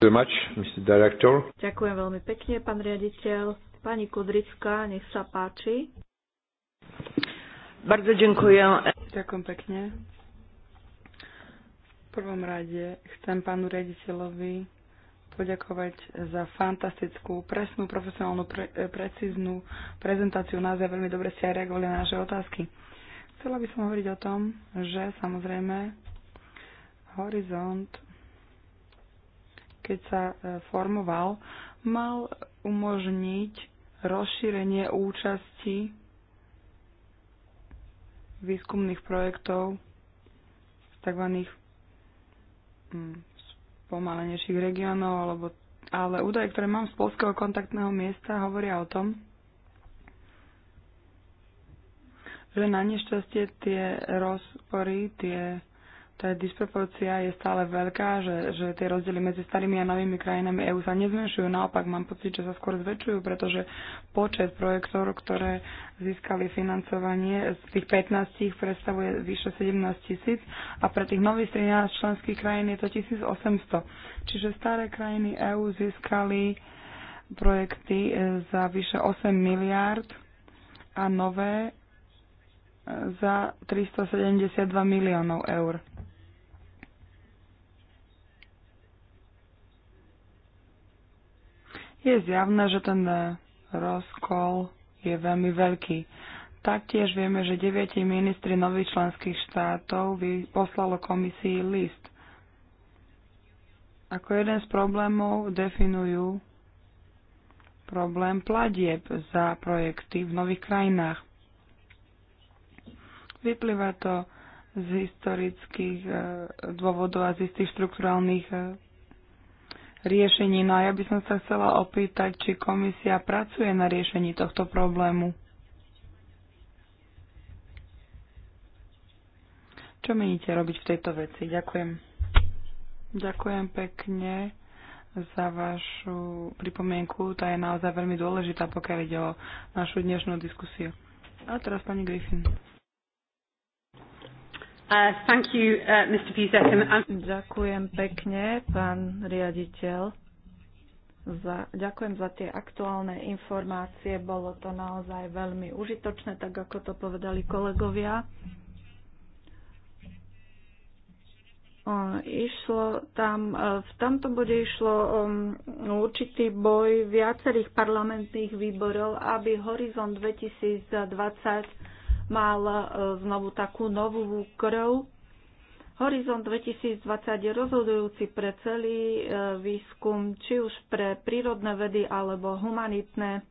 Much, Ďakujem veľmi pekne, pán riaditeľ. Pani Kudrická, nech sa páči. Bardzo ďakujem. Ďakujem pekne. V prvom rade chcem pánu riaditeľovi poďakovať za fantastickú, presnú, profesionálnu, pre, e, precíznu prezentáciu. Naozaj veľmi dobre ste aj reagovali na naše otázky. Chcela by som hovoriť o tom, že samozrejme Horizont keď sa e, formoval, mal umožniť rozšírenie účasti výskumných projektov z tzv. Mm, spomalenejších regiónov, alebo, ale údaje, ktoré mám z polského kontaktného miesta, hovoria o tom, že na nešťastie tie rozpory, tie tá disproporcia je stále veľká, že, že tie rozdiely medzi starými a novými krajinami EÚ sa nezmenšujú. Naopak mám pocit, že sa skôr zväčšujú, pretože počet projektov, ktoré získali financovanie z tých 15 predstavuje vyše 17 tisíc a pre tých nových 13 členských krajín je to 1800. Čiže staré krajiny EÚ získali projekty e, za vyše 8 miliárd a nové e, za 372 miliónov eur. je zjavné, že ten e, rozkol je veľmi veľký. Taktiež vieme, že 9 ministri nových členských štátov poslalo komisii list. Ako jeden z problémov definujú problém platieb za projekty v nových krajinách. Vyplýva to z historických e, dôvodov a z istých štruktúrálnych e, riešení. No a ja by som sa chcela opýtať, či komisia pracuje na riešení tohto problému. Čo meníte robiť v tejto veci? Ďakujem. Ďakujem pekne za vašu pripomienku. Tá je naozaj veľmi dôležitá, pokiaľ ide o našu dnešnú diskusiu. A teraz pani Griffin. Uh, thank you, uh, Mr. Buzek. Ďakujem pekne, pán riaditeľ. Za, ďakujem za tie aktuálne informácie. Bolo to naozaj veľmi užitočné, tak ako to povedali kolegovia. Išlo tam, e, v tomto bode išlo o určitý boj viacerých parlamentných výborov, aby Horizont 2020 mal e, znovu takú novú krv. Horizont 2020 je rozhodujúci pre celý e, výskum, či už pre prírodné vedy alebo humanitné.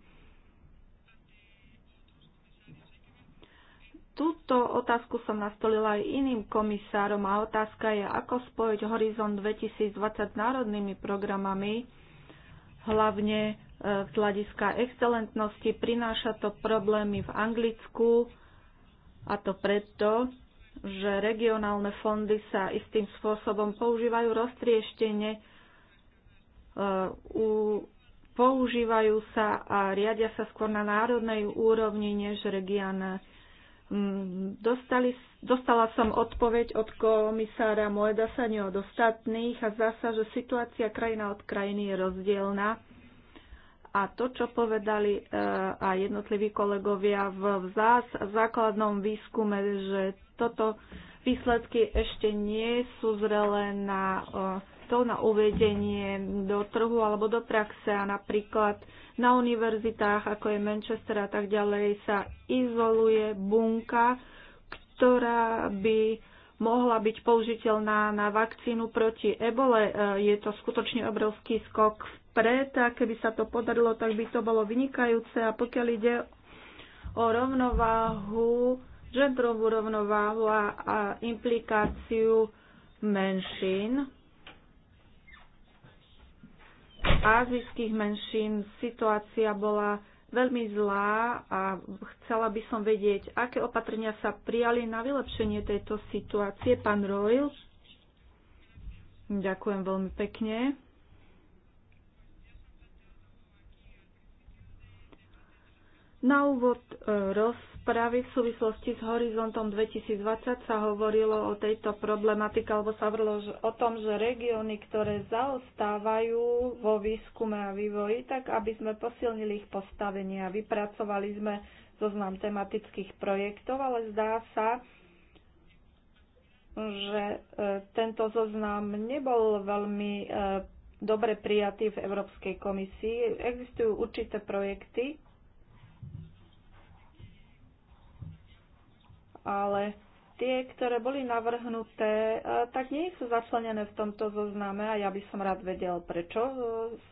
Túto otázku som nastolila aj iným komisárom a otázka je, ako spojiť Horizont 2020 s národnými programami, hlavne e, z hľadiska excelentnosti. Prináša to problémy v Anglicku, a to preto, že regionálne fondy sa istým spôsobom používajú roztrieštenie, e, používajú sa a riadia sa skôr na národnej úrovni než regionálne mm, dostali, dostala som odpoveď od komisára Moedasa, nie od ostatných a zdá sa, že situácia krajina od krajiny je rozdielna a to, čo povedali e, aj jednotliví kolegovia v zás základnom výskume, že toto výsledky ešte nie sú zrelé na e, to na uvedenie do trhu alebo do praxe a napríklad na univerzitách, ako je Manchester a tak ďalej, sa izoluje bunka, ktorá by mohla byť použiteľná na vakcínu proti ebole. E, je to skutočne obrovský skok vpred a keby sa to podarilo, tak by to bolo vynikajúce. A pokiaľ ide o rovnováhu, žendrovú rovnováhu a, a implikáciu menšín, azijských menšín, situácia bola veľmi zlá a chcela by som vedieť, aké opatrenia sa prijali na vylepšenie tejto situácie. Pán Royl, ďakujem veľmi pekne. Na úvod eh, rozprávam správy v súvislosti s Horizontom 2020 sa hovorilo o tejto problematike, alebo sa hovorilo o tom, že regióny, ktoré zaostávajú vo výskume a vývoji, tak aby sme posilnili ich postavenie a vypracovali sme zoznam tematických projektov, ale zdá sa, že e, tento zoznam nebol veľmi e, dobre prijatý v Európskej komisii. Existujú určité projekty, ale tie, ktoré boli navrhnuté, e, tak nie sú začlenené v tomto zozname a ja by som rád vedel, prečo e,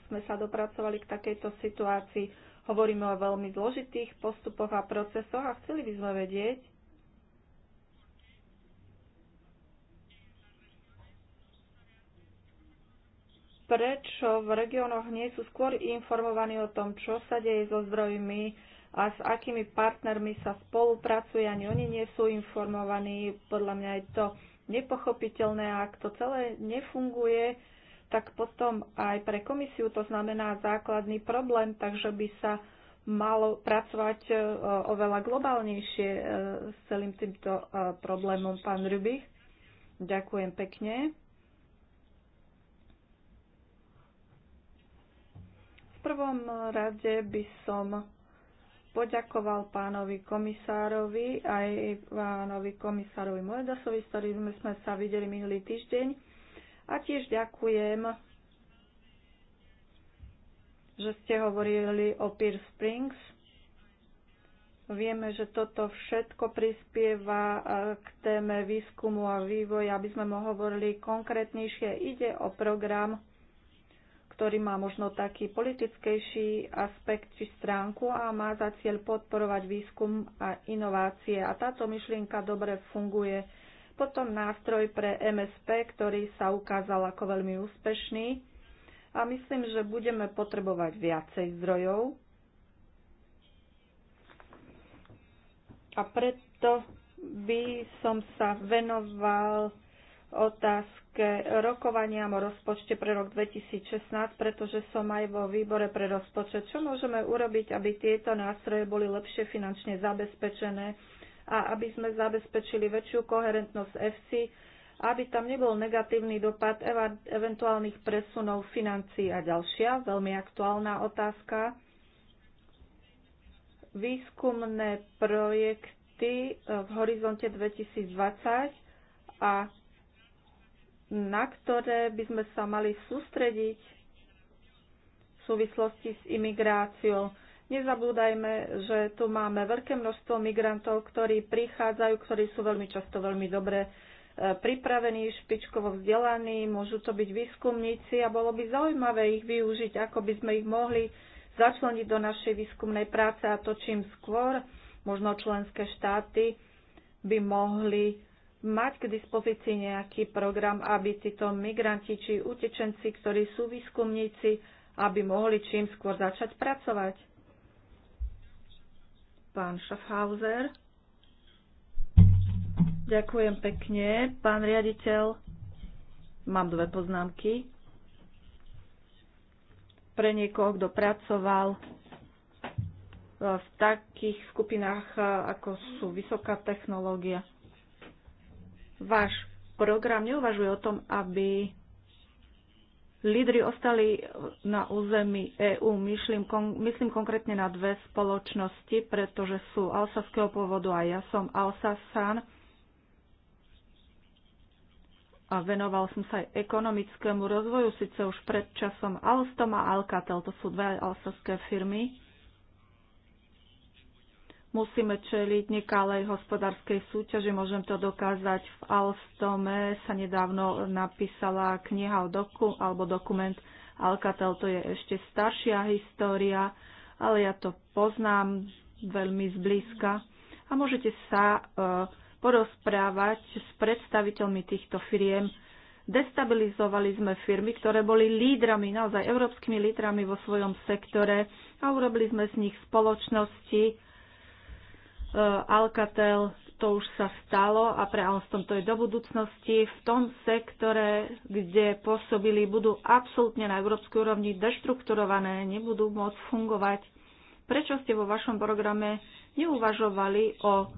sme sa dopracovali k takejto situácii. Hovoríme o veľmi zložitých postupoch a procesoch a chceli by sme vedieť, prečo v regiónoch nie sú skôr informovaní o tom, čo sa deje so zdrojmi, a s akými partnermi sa spolupracuje, ani oni nie sú informovaní. Podľa mňa je to nepochopiteľné a ak to celé nefunguje, tak potom aj pre komisiu to znamená základný problém, takže by sa malo pracovať e, oveľa globálnejšie e, s celým týmto e, problémom. Pán Rybich, ďakujem pekne. V prvom rade by som poďakoval pánovi komisárovi aj pánovi komisárovi Moedasovi, s ktorým sme sa videli minulý týždeň. A tiež ďakujem, že ste hovorili o Peer Springs. Vieme, že toto všetko prispieva e, k téme výskumu a vývoja, aby sme hovorili konkrétnejšie. Ide o program ktorý má možno taký politickejší aspekt či stránku a má za cieľ podporovať výskum a inovácie. A táto myšlienka dobre funguje. Potom nástroj pre MSP, ktorý sa ukázal ako veľmi úspešný. A myslím, že budeme potrebovať viacej zdrojov. A preto by som sa venoval otázke rokovania o rozpočte pre rok 2016, pretože som aj vo výbore pre rozpočet. Čo môžeme urobiť, aby tieto nástroje boli lepšie finančne zabezpečené a aby sme zabezpečili väčšiu koherentnosť FC, aby tam nebol negatívny dopad eventuálnych presunov financií. A ďalšia veľmi aktuálna otázka. Výskumné projekty e, v horizonte 2020 a na ktoré by sme sa mali sústrediť v súvislosti s imigráciou. Nezabúdajme, že tu máme veľké množstvo migrantov, ktorí prichádzajú, ktorí sú veľmi často veľmi dobre e, pripravení, špičkovo vzdelaní, môžu to byť výskumníci a bolo by zaujímavé ich využiť, ako by sme ich mohli začleniť do našej výskumnej práce a to čím skôr, možno členské štáty by mohli mať k dispozícii nejaký program, aby títo migranti či utečenci, ktorí sú výskumníci, aby mohli čím skôr začať pracovať. Pán Schaffhauser. Ďakujem pekne, pán riaditeľ. Mám dve poznámky. Pre niekoho, kto pracoval eh, v takých skupinách, eh, ako sú vysoká technológia Váš program neuvažuje o tom, aby lídry ostali na území EÚ. Myslím, kon, myslím konkrétne na dve spoločnosti, pretože sú alsaského pôvodu a ja som Alsasan a venoval som sa aj ekonomickému rozvoju, síce už pred časom Alstom a Alcatel, to sú dve alsaské firmy musíme čeliť nekalej hospodárskej súťaži. Môžem to dokázať. V Alstome sa nedávno napísala kniha o doku, alebo dokument Alcatel. To je ešte staršia história, ale ja to poznám veľmi zblízka. A môžete sa e, porozprávať s predstaviteľmi týchto firiem. Destabilizovali sme firmy, ktoré boli lídrami, naozaj európskymi lídrami vo svojom sektore a urobili sme z nich spoločnosti, Eh, Alcatel to už sa stalo a pre Alstom to je do budúcnosti. V tom sektore, kde pôsobili, budú absolútne na európskej úrovni deštrukturované, nebudú môcť fungovať. Prečo ste vo vašom programe neuvažovali o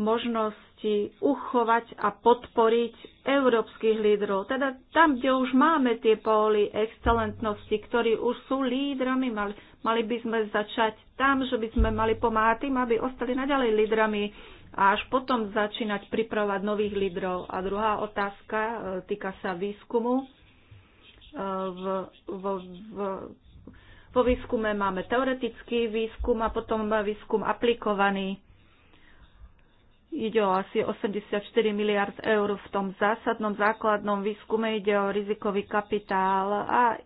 možnosti uchovať a podporiť európskych lídrov? Teda tam, kde už máme tie póly excelentnosti, ktorí už sú lídrami, mali, Mali by sme začať tam, že by sme mali pomáhať tým, aby ostali naďalej lídrami a až potom začínať pripravovať nových lídrov. A druhá otázka e, týka sa výskumu. E, v, v, v, vo výskume máme teoretický výskum a potom výskum aplikovaný. Ide o asi 84 miliard eur v tom zásadnom základnom výskume, ide o rizikový kapitál a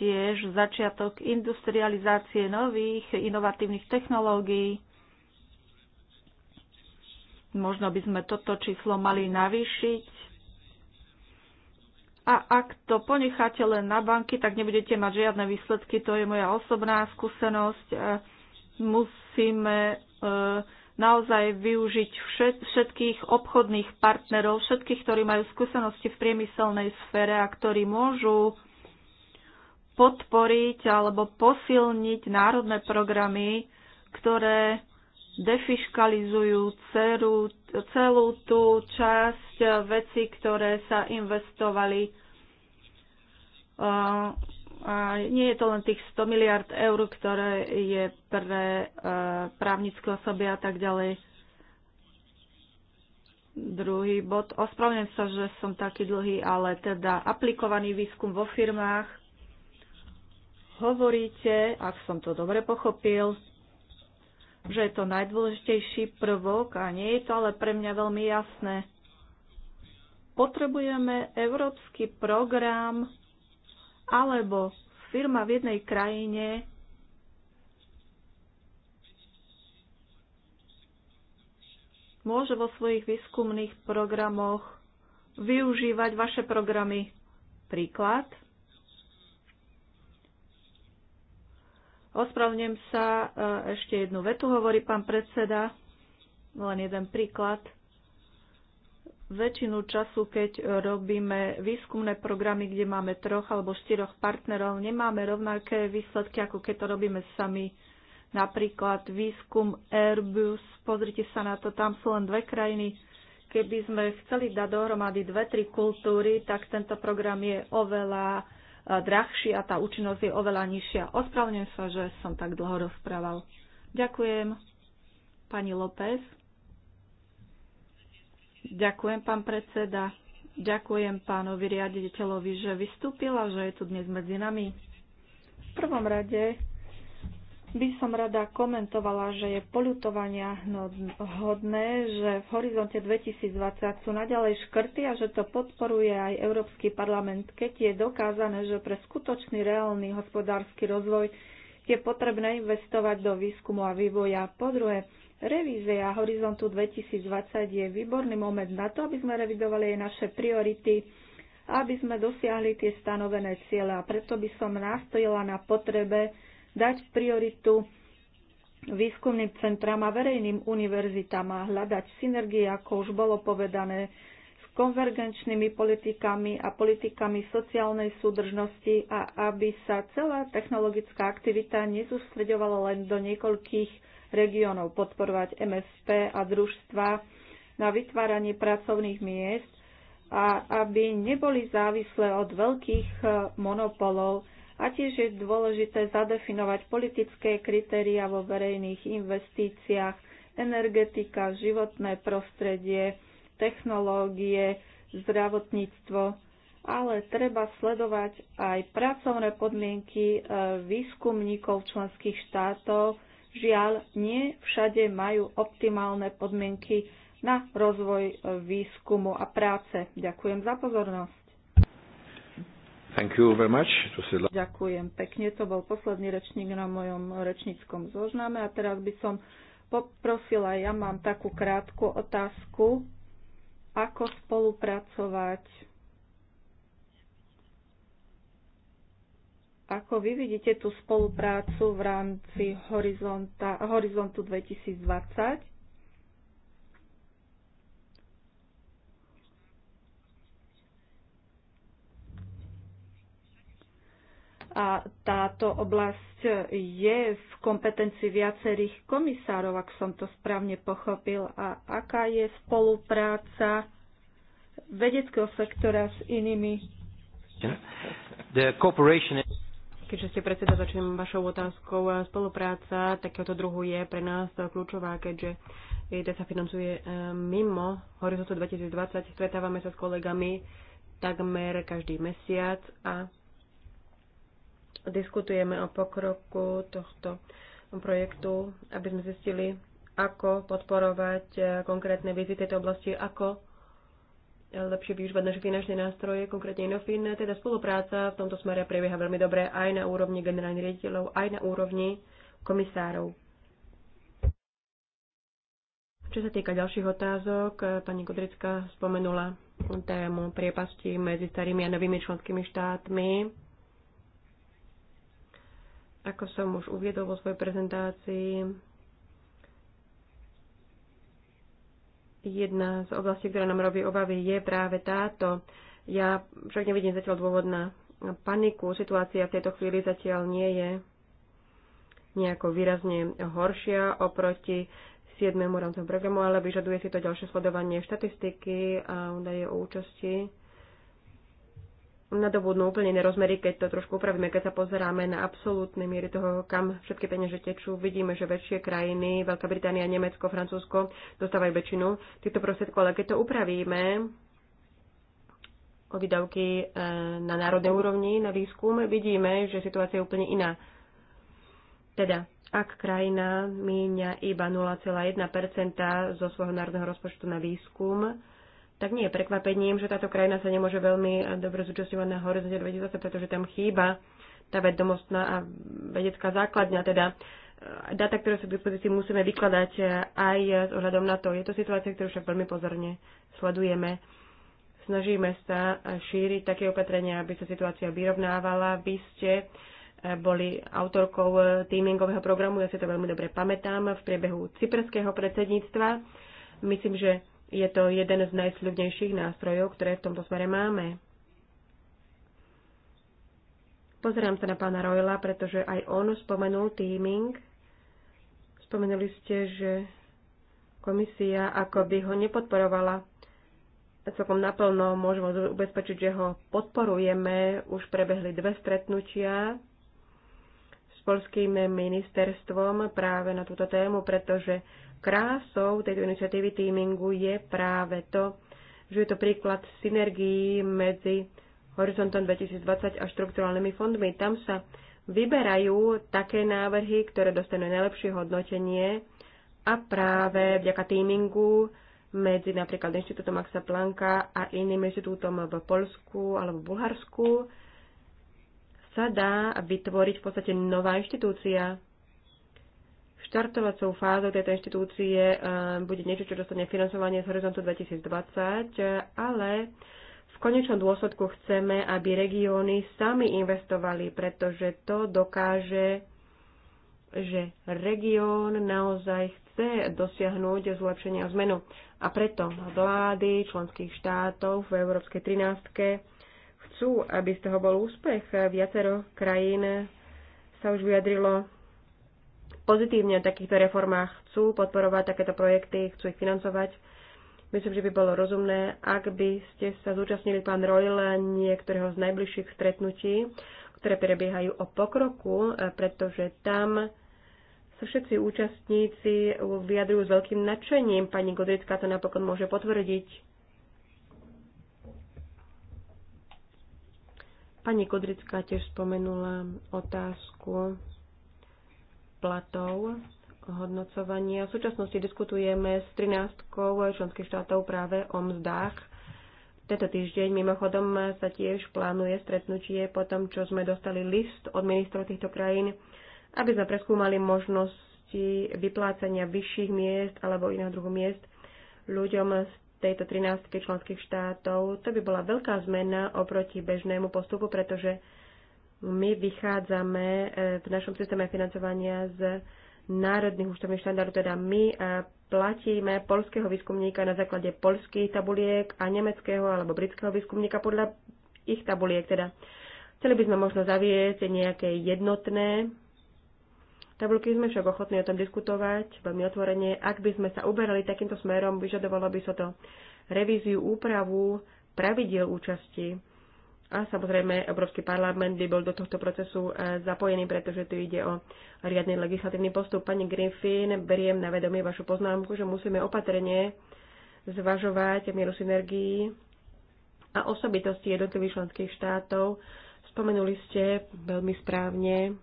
tiež začiatok industrializácie nových inovatívnych technológií. Možno by sme toto číslo mali navýšiť. A ak to ponecháte len na banky, tak nebudete mať žiadne výsledky. To je moja osobná skúsenosť. E, musíme e, naozaj využiť všetkých obchodných partnerov, všetkých, ktorí majú skúsenosti v priemyselnej sfére a ktorí môžu podporiť alebo posilniť národné programy, ktoré defiškalizujú celú, celú tú časť veci, ktoré sa investovali. A nie je to len tých 100 miliard eur, ktoré je pre e, právnické osoby a tak ďalej. Druhý bod. Ospravedlňujem sa, že som taký dlhý, ale teda aplikovaný výskum vo firmách hovoríte, ak som to dobre pochopil, že je to najdôležitejší prvok a nie je to ale pre mňa veľmi jasné. Potrebujeme európsky program alebo firma v jednej krajine môže vo svojich výskumných programoch využívať vaše programy. Príklad – Ospravnem sa e, ešte jednu vetu, hovorí pán predseda. Len jeden príklad. Väčšinu času, keď robíme výskumné programy, kde máme troch alebo štyroch partnerov, nemáme rovnaké výsledky, ako keď to robíme sami. Napríklad výskum Airbus, pozrite sa na to, tam sú len dve krajiny. Keby sme chceli dať dohromady dve, tri kultúry, tak tento program je oveľa E, drahší a tá účinnosť je oveľa nižšia. Ospravňujem sa, že som tak dlho rozprával. Ďakujem, pani López. Ďakujem, pán predseda. Ďakujem pánovi riaditeľovi, že vystúpila, že je tu dnes medzi nami. V prvom rade by som rada komentovala, že je polutovania hodné, že v horizonte 2020 sú naďalej škrty a že to podporuje aj Európsky parlament, keď je dokázané, že pre skutočný reálny hospodársky rozvoj je potrebné investovať do výskumu a vývoja. Po druhé, revízia horizontu 2020 je výborný moment na to, aby sme revidovali aj naše priority, aby sme dosiahli tie stanovené ciele. A preto by som nastojila na potrebe dať prioritu výskumným centram a verejným univerzitám a hľadať synergie, ako už bolo povedané, s konvergenčnými politikami a politikami sociálnej súdržnosti a aby sa celá technologická aktivita nezústreďovala len do niekoľkých regiónov, podporovať MSP a družstva na vytváranie pracovných miest a aby neboli závislé od veľkých eh, monopolov, a tiež je dôležité zadefinovať politické kritéria vo verejných investíciách, energetika, životné prostredie, technológie, zdravotníctvo, ale treba sledovať aj pracovné podmienky e, výskumníkov členských štátov. Žiaľ, nie všade majú optimálne podmienky na rozvoj e, výskumu a práce. Ďakujem za pozornosť. Thank you very much. Ďakujem pekne. To bol posledný rečník na mojom rečníckom zozname. A teraz by som poprosila, ja mám takú krátku otázku, ako spolupracovať Ako vy vidíte tú spoluprácu v rámci horizonta, horizontu 2020? A táto oblasť je v kompetencii viacerých komisárov, ak som to správne pochopil. A aká je spolupráca vedeckého sektora s inými? Keďže ste predseda, začnem vašou otázkou. Spolupráca takéhoto druhu je pre nás kľúčová, keďže EIT sa financuje e, mimo Horizontu 2020. Stretávame sa s kolegami takmer každý mesiac a diskutujeme o pokroku tohto projektu, aby sme zistili, ako podporovať eh, konkrétne výzvy tejto oblasti, ako eh, lepšie využívať naše finančné nástroje, konkrétne Inofin. Teda spolupráca v tomto smere prebieha veľmi dobre aj na úrovni generálnych riaditeľov, aj na úrovni komisárov. Čo sa týka ďalších otázok, eh, pani Kudrická spomenula tému priepasti medzi starými a novými členskými štátmi ako som už uviedol vo svojej prezentácii, jedna z oblastí, ktorá nám robí obavy, je práve táto. Ja však nevidím zatiaľ dôvod na paniku. Situácia v tejto chvíli zatiaľ nie je nejako výrazne horšia oproti 7. rámcom programu, ale vyžaduje si to ďalšie sledovanie štatistiky a údaje o účasti nadobudnú úplne nerozmery, keď to trošku upravíme, keď sa pozeráme na absolútne miery toho, kam všetky peniaze tečú. Vidíme, že väčšie krajiny, Veľká Británia, Nemecko, Francúzsko, dostávajú väčšinu týchto prostriedkov, ale keď to upravíme o výdavky eh, na národnej úrovni, na výskum, vidíme, že situácia je úplne iná. Teda, ak krajina míňa iba 0,1 zo svojho národného rozpočtu na výskum, tak nie je prekvapením, že táto krajina sa nemôže veľmi eh, dobre zúčastňovať na horizonte 2020, pretože tam chýba tá vedomostná a vedecká základňa, teda eh, data, ktoré sú k dispozícii, musíme vykladať eh, aj s ohľadom na to. Je to situácia, ktorú však veľmi pozorne sledujeme. Snažíme sa šíriť také opatrenia, aby sa situácia vyrovnávala. Vy ste boli autorkou týmingového programu, ja si to veľmi dobre pamätám, v priebehu cyperského predsedníctva. Myslím, že je to jeden z najsľubnejších nástrojov, ktoré v tomto smere máme. Pozerám sa na pána Royla, pretože aj on spomenul teaming. Spomenuli ste, že komisia ako by ho nepodporovala celkom naplno môžem ubezpečiť, že ho podporujeme. Už prebehli dve stretnutia s polským ministerstvom práve na túto tému, pretože Krásou tejto iniciatívy teamingu je práve to, že je to príklad synergií medzi Horizontom 2020 a štrukturálnymi fondmi. Tam sa vyberajú také návrhy, ktoré dostanú najlepšie hodnotenie a práve vďaka teamingu medzi napríklad Inštitútom Maxa Planka a iným inštitútom v Polsku alebo v Bulharsku sa dá vytvoriť v podstate nová inštitúcia. Štartovacou fázou tejto inštitúcie eh, bude niečo, čo dostane financovanie z horizontu 2020, ale v konečnom dôsledku chceme, aby regióny sami investovali, pretože to dokáže, že región naozaj chce dosiahnuť zlepšenie a zmenu. A preto vlády členských štátov v Európskej 13 chcú, aby z toho bol úspech. Viacero krajín sa už vyjadrilo pozitívne o takýchto reformách, chcú podporovať takéto projekty, chcú ich financovať. Myslím, že by bolo rozumné, ak by ste sa zúčastnili, pán Royle, niektorého z najbližších stretnutí, ktoré prebiehajú o pokroku, e, pretože tam sa všetci účastníci vyjadrujú s veľkým nadšením. Pani Godrická to napokon môže potvrdiť. Pani Kodrická tiež spomenula otázku platov hodnocovania. V súčasnosti diskutujeme s 13 členských štátov práve o mzdách. Tento týždeň mimochodom sa tiež plánuje stretnutie po tom, čo sme dostali list od ministrov týchto krajín, aby sme preskúmali možnosti vyplácania vyšších miest alebo iného druhu miest ľuďom z tejto 13 členských štátov. To by bola veľká zmena oproti bežnému postupu, pretože my vychádzame e, v našom systéme financovania z národných účtovných štandardov, teda my e, platíme polského výskumníka na základe polských tabuliek a nemeckého alebo britského výskumníka podľa ich tabuliek. Teda chceli by sme možno zaviesť nejaké jednotné tabulky, sme však ochotní o tom diskutovať veľmi otvorene. Ak by sme sa uberali takýmto smerom, vyžadovalo by sa so to revíziu úpravu pravidiel účasti a samozrejme, Európsky parlament by bol do tohto procesu e, zapojený, pretože tu ide o riadny legislatívny postup. Pani Griffin, beriem na vedomie vašu poznámku, že musíme opatrne zvažovať mieru synergií a osobitosti jednotlivých členských štátov. Spomenuli ste veľmi správne,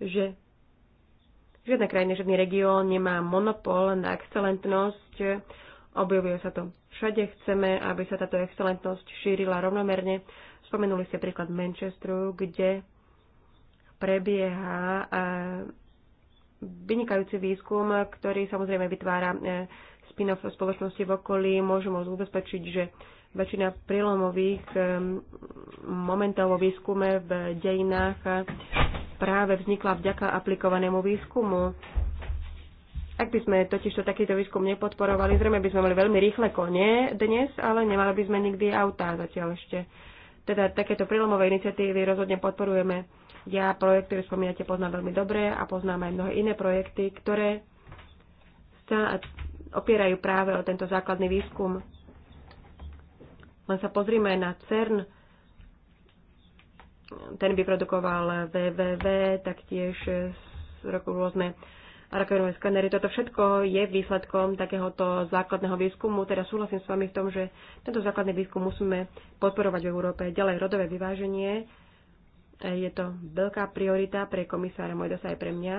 že žiadna krajina, žiadny región nemá monopol na excelentnosť. Objavuje sa to Všade chceme, aby sa táto excelentnosť šírila rovnomerne. Spomenuli ste príklad Manchesteru, kde prebieha e, vynikajúci výskum, ktorý samozrejme vytvára e, spin-off spoločnosti v okolí. Môžem vás ubezpečiť, že väčšina prilomových e, momentov vo výskume v dejinách práve vznikla vďaka aplikovanému výskumu. Ak by sme totiž to takýto výskum nepodporovali, zrejme by sme mali veľmi rýchle kone dnes, ale nemali by sme nikdy autá zatiaľ ešte. Teda takéto prilomové iniciatívy rozhodne podporujeme. Ja projekt, ktorý spomínate, poznám veľmi dobre a poznám aj mnohé iné projekty, ktoré sa opierajú práve o tento základný výskum. Len sa pozrime na CERN. Ten by produkoval VVV, taktiež z roku rôzne rakovinové skanery. Toto všetko je výsledkom takéhoto základného výskumu. Teda súhlasím s vami v tom, že tento základný výskum musíme podporovať v Európe. Ďalej rodové vyváženie. E, je to veľká priorita pre komisára Mojdasa aj pre mňa.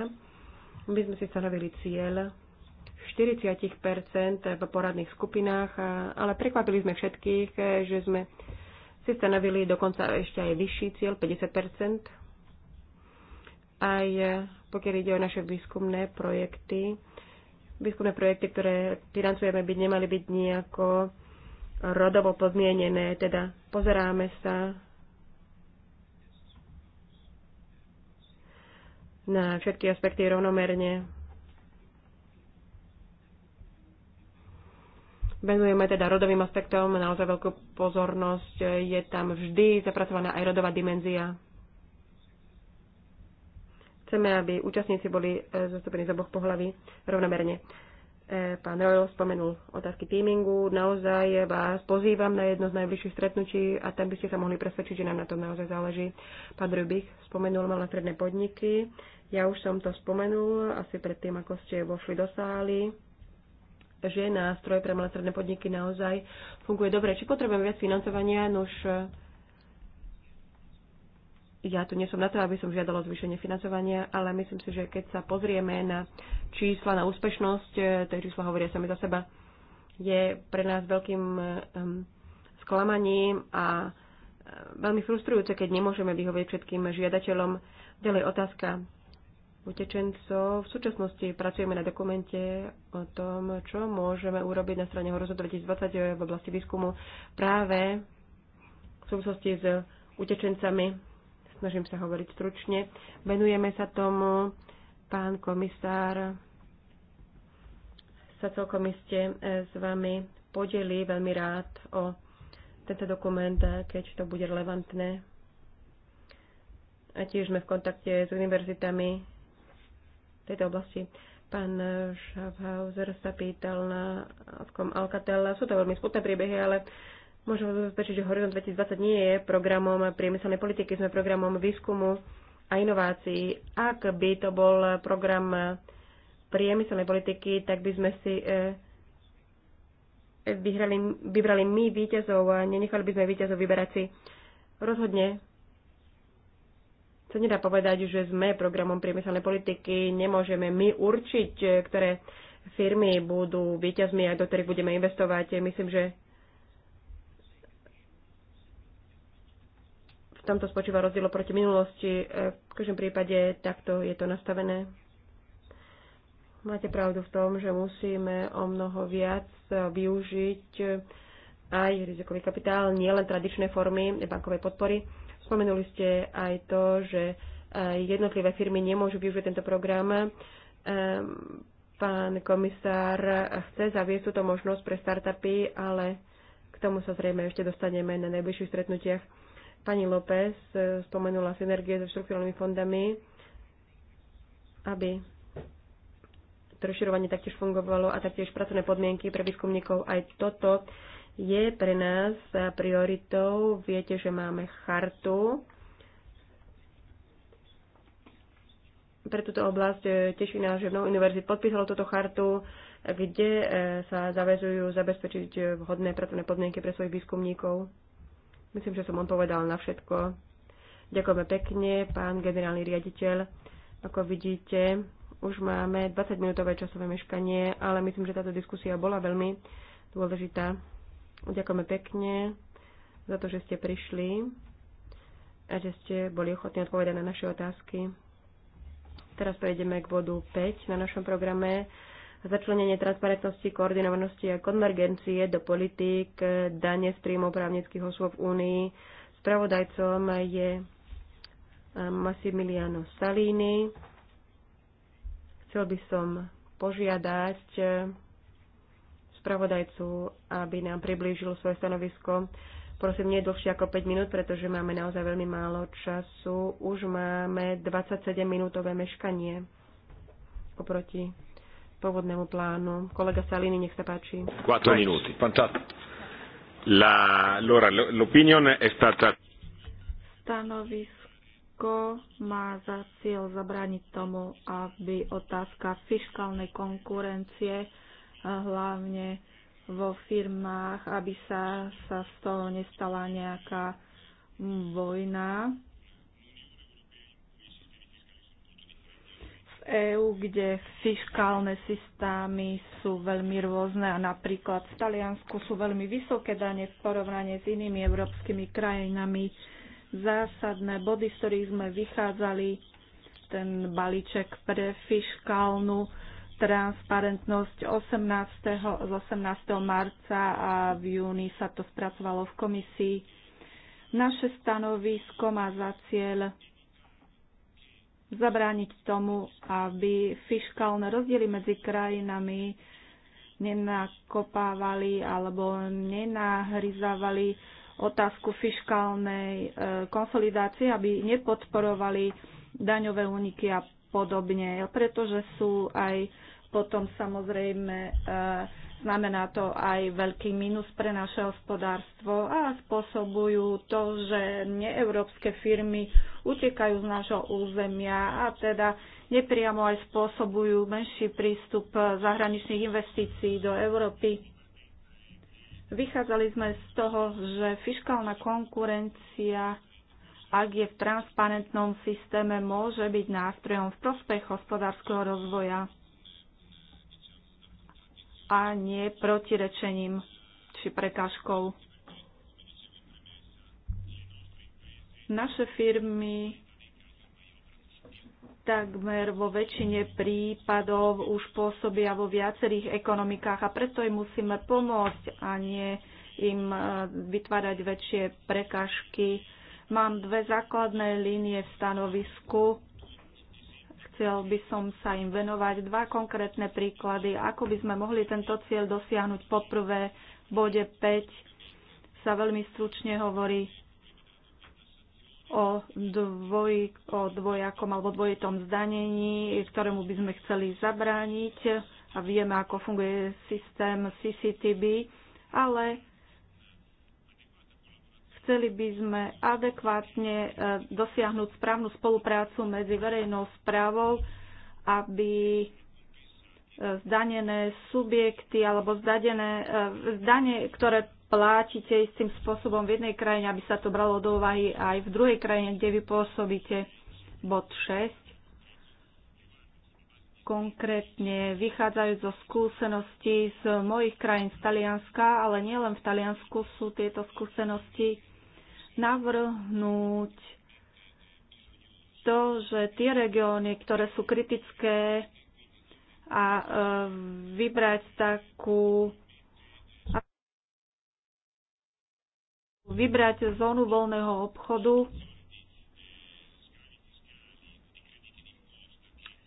My sme si stanovili cieľ 40 v poradných skupinách, ale prekvapili sme všetkých, e, že sme si stanovili dokonca ešte aj vyšší cieľ 50 aj e, pokiaľ ide o naše výskumné projekty. Výskumné projekty, ktoré financujeme, by nemali byť nejako rodovo podmienené, teda pozeráme sa na všetky aspekty rovnomerne. Venujeme teda rodovým aspektom naozaj veľkú pozornosť. Je tam vždy zapracovaná aj rodová dimenzia. Chceme, aby účastníci boli e, zastúpení z oboch pohlaví rovnomerne. E, pán Royal spomenul otázky týmingu. Naozaj vás pozývam na jedno z najbližších stretnutí a tam by ste sa mohli presvedčiť, že nám na tom naozaj záleží. Pán Rubik spomenul malé stredné podniky. Ja už som to spomenul asi predtým, ako ste vošli do sály že nástroj pre malé stredné podniky naozaj funguje dobre. Či potrebujeme viac financovania, no už ja tu nie som na to, aby som žiadala zvýšenie financovania, ale myslím si, že keď sa pozrieme na čísla, na úspešnosť, e, tie čísla hovoria sami za seba, je pre nás veľkým um, sklamaním a e, veľmi frustrujúce, keď nemôžeme vyhovieť všetkým žiadateľom. Ďalej otázka utečencov. V súčasnosti pracujeme na dokumente o tom, čo môžeme urobiť na strane Horozo 2020 v oblasti výskumu práve v súvislosti s utečencami snažím sa hovoriť stručne. Venujeme sa tomu, pán komisár sa celkom iste e, s vami podelí veľmi rád o tento dokument, e, keď to bude relevantné. A tiež sme v kontakte s univerzitami v tejto oblasti. Pán Schaffhauser sa pýtal na Alcatel. Sú to veľmi smutné príbehy, ale Môžem vás zabezpečiť, že Horizon 2020 nie je programom priemyselnej politiky, sme programom výskumu a inovácií. Ak by to bol program priemyselnej politiky, tak by sme si e, vyhrali, vybrali my víťazov a nenechali by sme víťazov vyberať si. Rozhodne sa nedá povedať, že sme programom priemyselnej politiky, nemôžeme my určiť, ktoré firmy budú víťazmi a do ktorých budeme investovať. Myslím, že v tomto spočíva rozdiel proti minulosti. E, v každom prípade takto je to nastavené. Máte pravdu v tom, že musíme o mnoho viac využiť aj rizikový kapitál, nielen tradičné formy bankovej podpory. Spomenuli ste aj to, že e, jednotlivé firmy nemôžu využiť tento program. E, pán komisár chce zaviesť túto možnosť pre startupy, ale k tomu sa zrejme ešte dostaneme na najbližších stretnutiach. Pani López e, spomenula synergie so štruktúrnymi fondami, aby to rozširovanie taktiež fungovalo a taktiež pracovné podmienky pre výskumníkov. Aj toto je pre nás prioritou. Viete, že máme chartu pre túto oblasť. Teší nás, že mnoho univerzit podpísalo túto chartu, kde e, sa zavezujú zabezpečiť vhodné pracovné podmienky pre svojich výskumníkov. Myslím, že som povedal na všetko. Ďakujeme pekne, pán generálny riaditeľ. Ako vidíte, už máme 20-minútové časové meškanie, ale myslím, že táto diskusia bola veľmi dôležitá. Ďakujeme pekne za to, že ste prišli a že ste boli ochotní odpovedať na naše otázky. Teraz prejdeme k bodu 5 na našom programe začlenenie transparentnosti, koordinovanosti a konvergencie do politík eh, dane z príjmov právnických osôb v Únii. Spravodajcom je eh, Massimiliano Salini. Chcel by som požiadať eh, spravodajcu, aby nám priblížil svoje stanovisko. Prosím, nie dlhšie ako 5 minút, pretože máme naozaj veľmi málo času. Už máme 27-minútové meškanie oproti pôvodnému plánu. Kolega Salini, nech sa páči. 4 minúty. Stanovisko má za cieľ zabrániť tomu, aby otázka fiskálnej konkurencie, eh, hlavne vo firmách, aby sa, sa z toho nestala nejaká vojna EÚ, kde fiskálne systémy sú veľmi rôzne a napríklad v Taliansku sú veľmi vysoké dane v porovnaní s inými európskymi krajinami. Zásadné body, z ktorých sme vychádzali, ten balíček pre fiskálnu transparentnosť 18. z 18. marca a v júni sa to spracovalo v komisii. Naše stanovisko má za cieľ zabrániť tomu, aby fiškálne rozdiely medzi krajinami nenakopávali alebo nenahryzávali otázku fiškálnej e, konsolidácie, aby nepodporovali daňové úniky a podobne, pretože sú aj potom samozrejme e, Znamená to aj veľký mínus pre naše hospodárstvo a spôsobujú to, že neeurópske firmy utekajú z nášho územia a teda nepriamo aj spôsobujú menší prístup zahraničných investícií do Európy. Vychádzali sme z toho, že fiskálna konkurencia, ak je v transparentnom systéme, môže byť nástrojom v prospech hospodárskeho rozvoja a nie protirečením či prekážkou. Naše firmy takmer vo väčšine prípadov už pôsobia vo viacerých ekonomikách a preto im musíme pomôcť a nie im e, vytvárať väčšie prekažky. Mám dve základné línie v stanovisku Chcel by som sa im venovať dva konkrétne príklady, ako by sme mohli tento cieľ dosiahnuť. Poprvé, v bode 5 sa veľmi stručne hovorí o, dvoj, o dvojakom alebo dvojitom zdanení, ktorému by sme chceli zabrániť a vieme, ako funguje systém CCTB, ale Chceli by sme adekvátne e, dosiahnuť správnu spoluprácu medzi verejnou správou, aby e, zdanené subjekty alebo zdadené, e, zdanie, ktoré platíte istým spôsobom v jednej krajine, aby sa to bralo do úvahy aj v druhej krajine, kde vy pôsobíte. Bod 6. Konkrétne vychádzajú zo skúseností z mojich krajín z Talianska, ale nielen v Taliansku sú tieto skúsenosti navrhnúť to, že tie regióny, ktoré sú kritické a e, vybrať takú vybrať zónu voľného obchodu,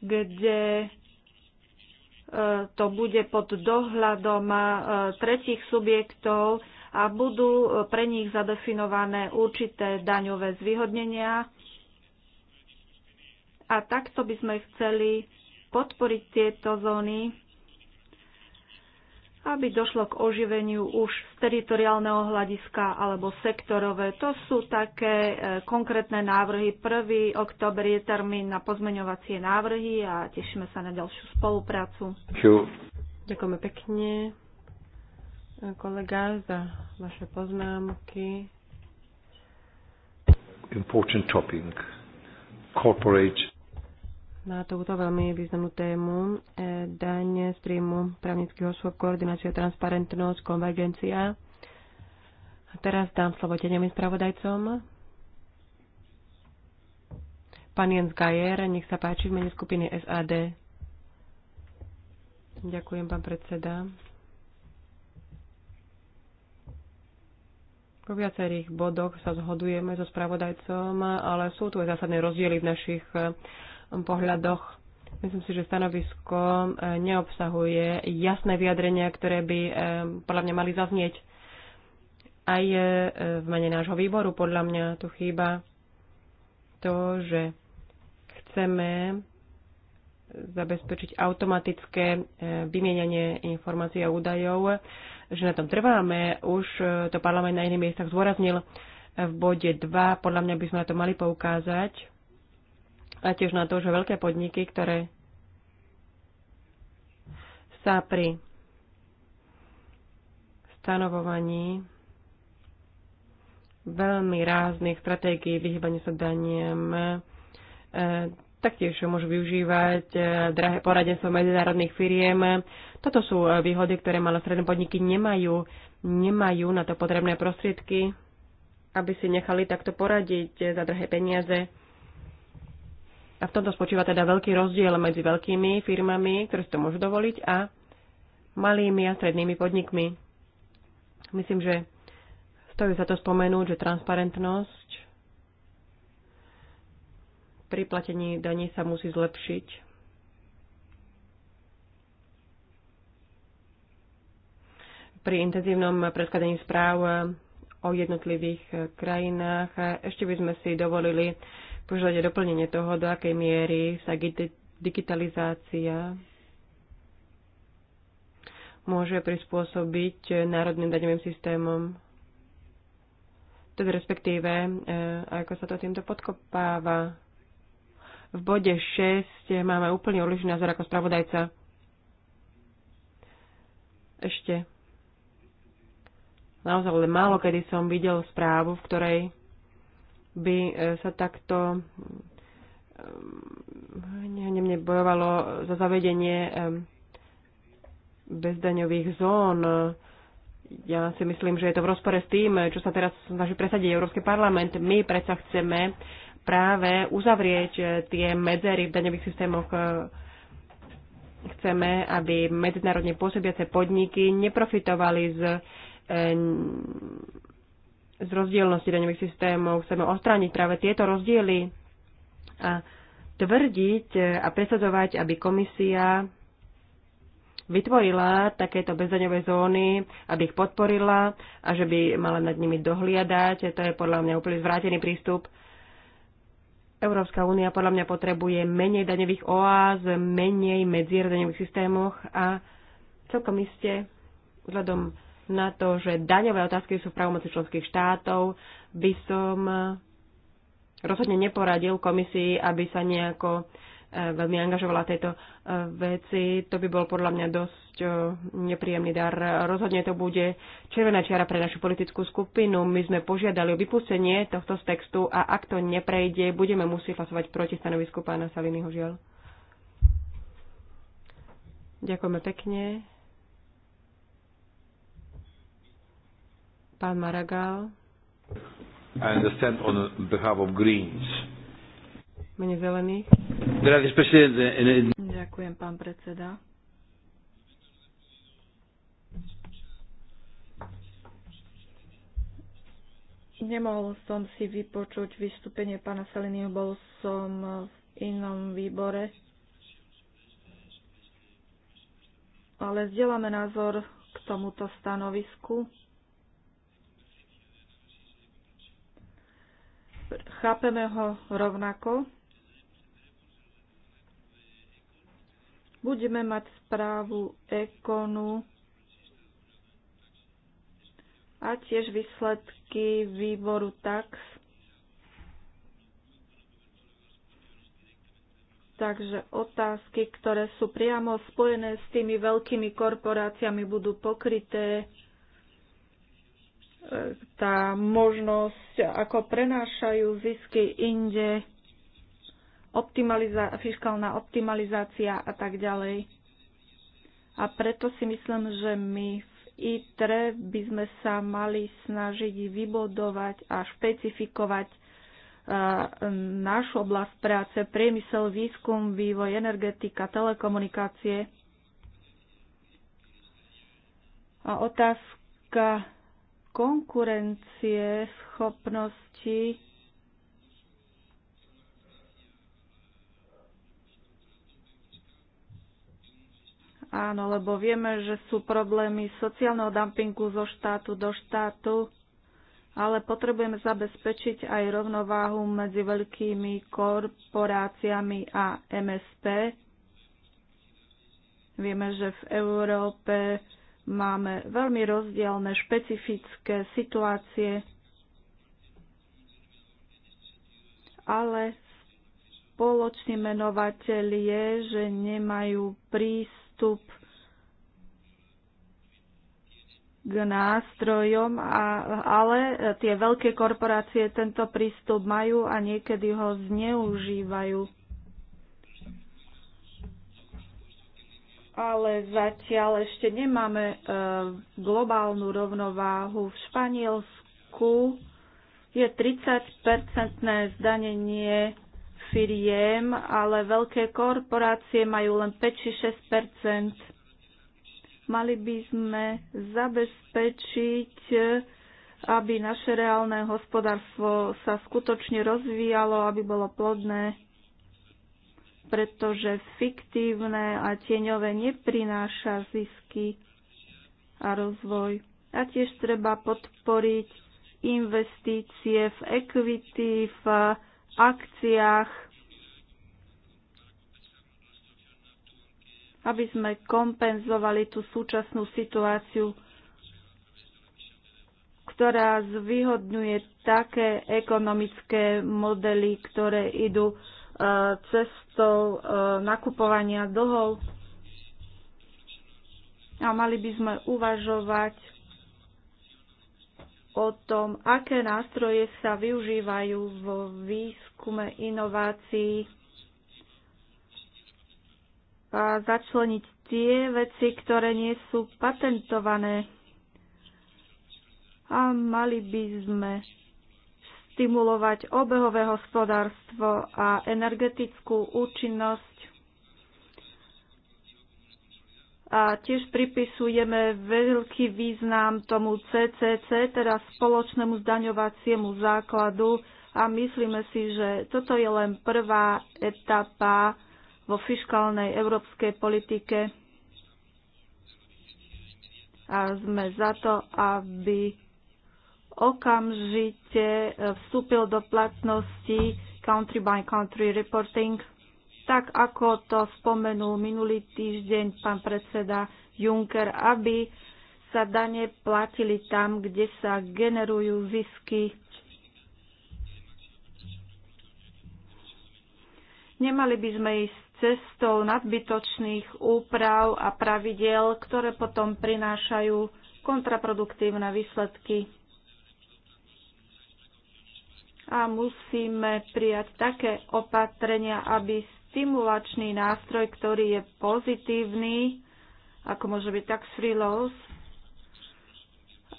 kde e, to bude pod dohľadom e, tretich subjektov a budú e, pre nich zadefinované určité daňové zvýhodnenia. A takto by sme chceli podporiť tieto zóny, aby došlo k oživeniu už z teritoriálneho hľadiska alebo sektorové. To sú také e, konkrétne návrhy. 1. október je termín na pozmeňovacie návrhy a tešíme sa na ďalšiu spoluprácu. Ďakujeme pekne kolega, za vaše poznámky. Important topic. Corporate. Na túto veľmi významnú tému e, daň z príjmu právnických osôb, koordinácia, transparentnosť, konvergencia. A teraz dám slovo tenemým spravodajcom. Pán Jens Gajer, nech sa páči v mene skupiny SAD. Ďakujem, pán predseda. Po viacerých bodoch sa zhodujeme so spravodajcom, ale sú tu aj zásadné rozdiely v našich eh, pohľadoch. Myslím si, že stanovisko eh, neobsahuje jasné vyjadrenia, ktoré by eh, podľa mňa mali zaznieť aj v mene nášho výboru. Podľa mňa tu chýba to, že chceme zabezpečiť automatické vymienianie informácií a údajov že na tom trváme. Už e, to parlament na iných miestach zdôraznil e, v bode 2. Podľa mňa by sme na to mali poukázať. A tiež na to, že veľké podniky, ktoré sa pri stanovovaní veľmi ráznych stratégií vyhýbania sa daniem e, Taktiež môžu využívať e, drahé poradenstvo medzinárodných firiem. Toto sú e, výhody, ktoré malé stredné podniky nemajú. Nemajú na to potrebné prostriedky, aby si nechali takto poradiť e, za drahé peniaze. A v tomto spočíva teda veľký rozdiel medzi veľkými firmami, ktoré si to môžu dovoliť, a malými a strednými podnikmi. Myslím, že stojí za to spomenúť, že transparentnosť pri platení daní sa musí zlepšiť. Pri intenzívnom predkladaní správ o jednotlivých krajinách ešte by sme si dovolili požiadať o doplnenie toho, do akej miery sa digitalizácia môže prispôsobiť národným daňovým systémom. Teda respektíve, eh, ako sa to týmto podkopáva. V bode 6 máme úplne odlišný názor ako spravodajca. Ešte naozaj len málo kedy som videl správu, v ktorej by e, sa takto mm, nemne bojovalo za zavedenie bezdaňových zón. Ja si myslím, že je to v rozpore s tým, čo sa teraz snaží presadiť Európsky parlament. My predsa chceme práve uzavrieť eh, tie medzery v daňových systémoch. Eh, chceme, aby medzinárodne pôsobiace podniky neprofitovali z, eh, z rozdielnosti daňových systémov. Chceme ostrániť práve tieto rozdiely a tvrdiť a presadzovať, aby komisia vytvorila takéto bezdaňové zóny, aby ich podporila a že by mala nad nimi dohliadať. To je podľa mňa úplne zvrátený prístup. Európska únia podľa mňa potrebuje menej daňových oáz, menej medzier daňových systémoch a celkom iste vzhľadom na to, že daňové otázky sú v právomoci členských štátov, by som rozhodne neporadil komisii, aby sa nejako veľmi angažovala tejto e, veci. To by bol podľa mňa dosť e, nepríjemný dar. Rozhodne to bude červená čiara pre našu politickú skupinu. My sme požiadali o vypustenie tohto z textu a ak to neprejde, budeme musieť hlasovať proti stanovisku pána Saliniho žiaľ. Ďakujeme pekne. Pán Maragal. I understand on behalf of Greens mene zelených. Ďakujem, pán predseda. Nemohol som si vypočuť vystúpenie pána Saliniho, bol som v inom výbore. Ale zdieľame názor k tomuto stanovisku. Chápeme ho rovnako. Budeme mať správu ekonu a tiež výsledky výboru tax. Takže otázky, ktoré sú priamo spojené s tými veľkými korporáciami, budú pokryté. E, tá možnosť, ako prenášajú zisky inde, optimaliza- fiskálna optimalizácia a tak ďalej. A preto si myslím, že my v ITRE by sme sa mali snažiť vybodovať a špecifikovať e, našu oblasť práce, priemysel, výskum, vývoj, energetika, telekomunikácie. A otázka konkurencie, schopnosti Áno, lebo vieme, že sú problémy sociálneho dumpingu zo štátu do štátu, ale potrebujeme zabezpečiť aj rovnováhu medzi veľkými korporáciami a MSP. Vieme, že v Európe máme veľmi rozdielne špecifické situácie, ale spoločný menovateľ je, že nemajú prísť prístup k nástrojom, a, ale tie veľké korporácie tento prístup majú a niekedy ho zneužívajú. Ale zatiaľ ešte nemáme e, globálnu rovnováhu. V Španielsku je 30-percentné zdanenie firiem, ale veľké korporácie majú len 5 či 6 Mali by sme zabezpečiť, aby naše reálne hospodárstvo sa skutočne rozvíjalo, aby bolo plodné, pretože fiktívne a tieňové neprináša zisky a rozvoj. A tiež treba podporiť investície v equity, v akciách aby sme kompenzovali tú súčasnú situáciu, ktorá zvýhodňuje také ekonomické modely, ktoré idú e, cestou e, nakupovania dlhov. A mali by sme uvažovať o tom, aké nástroje sa využívajú v výskume inovácií začleniť tie veci, ktoré nie sú patentované. A mali by sme stimulovať obehové hospodárstvo a energetickú účinnosť. A tiež pripisujeme veľký význam tomu CCC, teda spoločnému zdaňovaciemu základu a myslíme si, že toto je len prvá etapa vo fiskálnej európskej politike a sme za to, aby okamžite vstúpil do platnosti country by country reporting, tak ako to spomenul minulý týždeň pán predseda Juncker, aby sa dane platili tam, kde sa generujú zisky. Nemali by sme ísť cestou nadbytočných úprav a pravidel, ktoré potom prinášajú kontraproduktívne výsledky. A musíme prijať také opatrenia, aby stimulačný nástroj, ktorý je pozitívny, ako môže byť tax free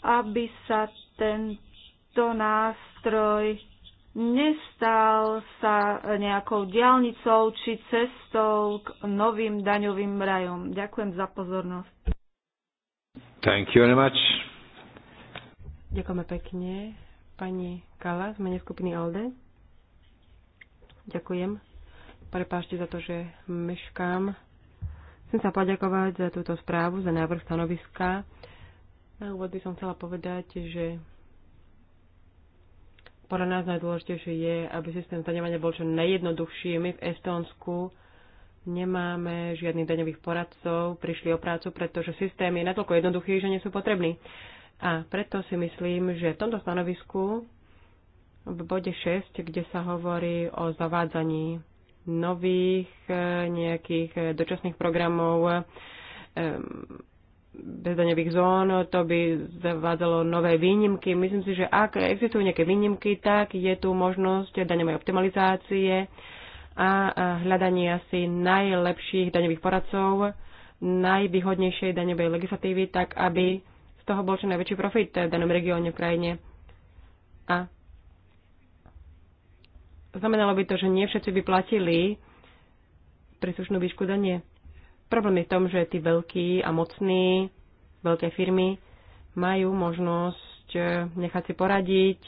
aby sa tento nástroj nestal sa nejakou diálnicou či cestou k novým daňovým rajom. Ďakujem za pozornosť. Thank you very much. Ďakujeme pekne. Pani Kala z mene skupiny ALDE. Ďakujem. Prepášte za to, že meškám. Chcem sa poďakovať za túto správu, za návrh stanoviska. Na úvod by som chcela povedať, že podľa nás najdôležitejšie je, aby systém zdaňovania bol čo najjednoduchší. My v Estónsku nemáme žiadnych daňových poradcov, prišli o prácu, pretože systém je natoľko jednoduchý, že nie sú potrební. A preto si myslím, že v tomto stanovisku v bode 6, kde sa hovorí o zavádzaní nových eh, nejakých eh, dočasných programov, eh, bezdaňových zón, to by zavádzalo nové výnimky. Myslím si, že ak existujú nejaké výnimky, tak je tu možnosť daňovej optimalizácie a hľadanie asi najlepších daňových poradcov, najvýhodnejšej daňovej legislatívy, tak aby z toho bol čo najväčší profit v danom regióne v krajine. A znamenalo by to, že nie všetci by platili príslušnú výšku danie. Problém je v tom, že tí veľkí a mocní, veľké firmy majú možnosť eh, nechať si poradiť,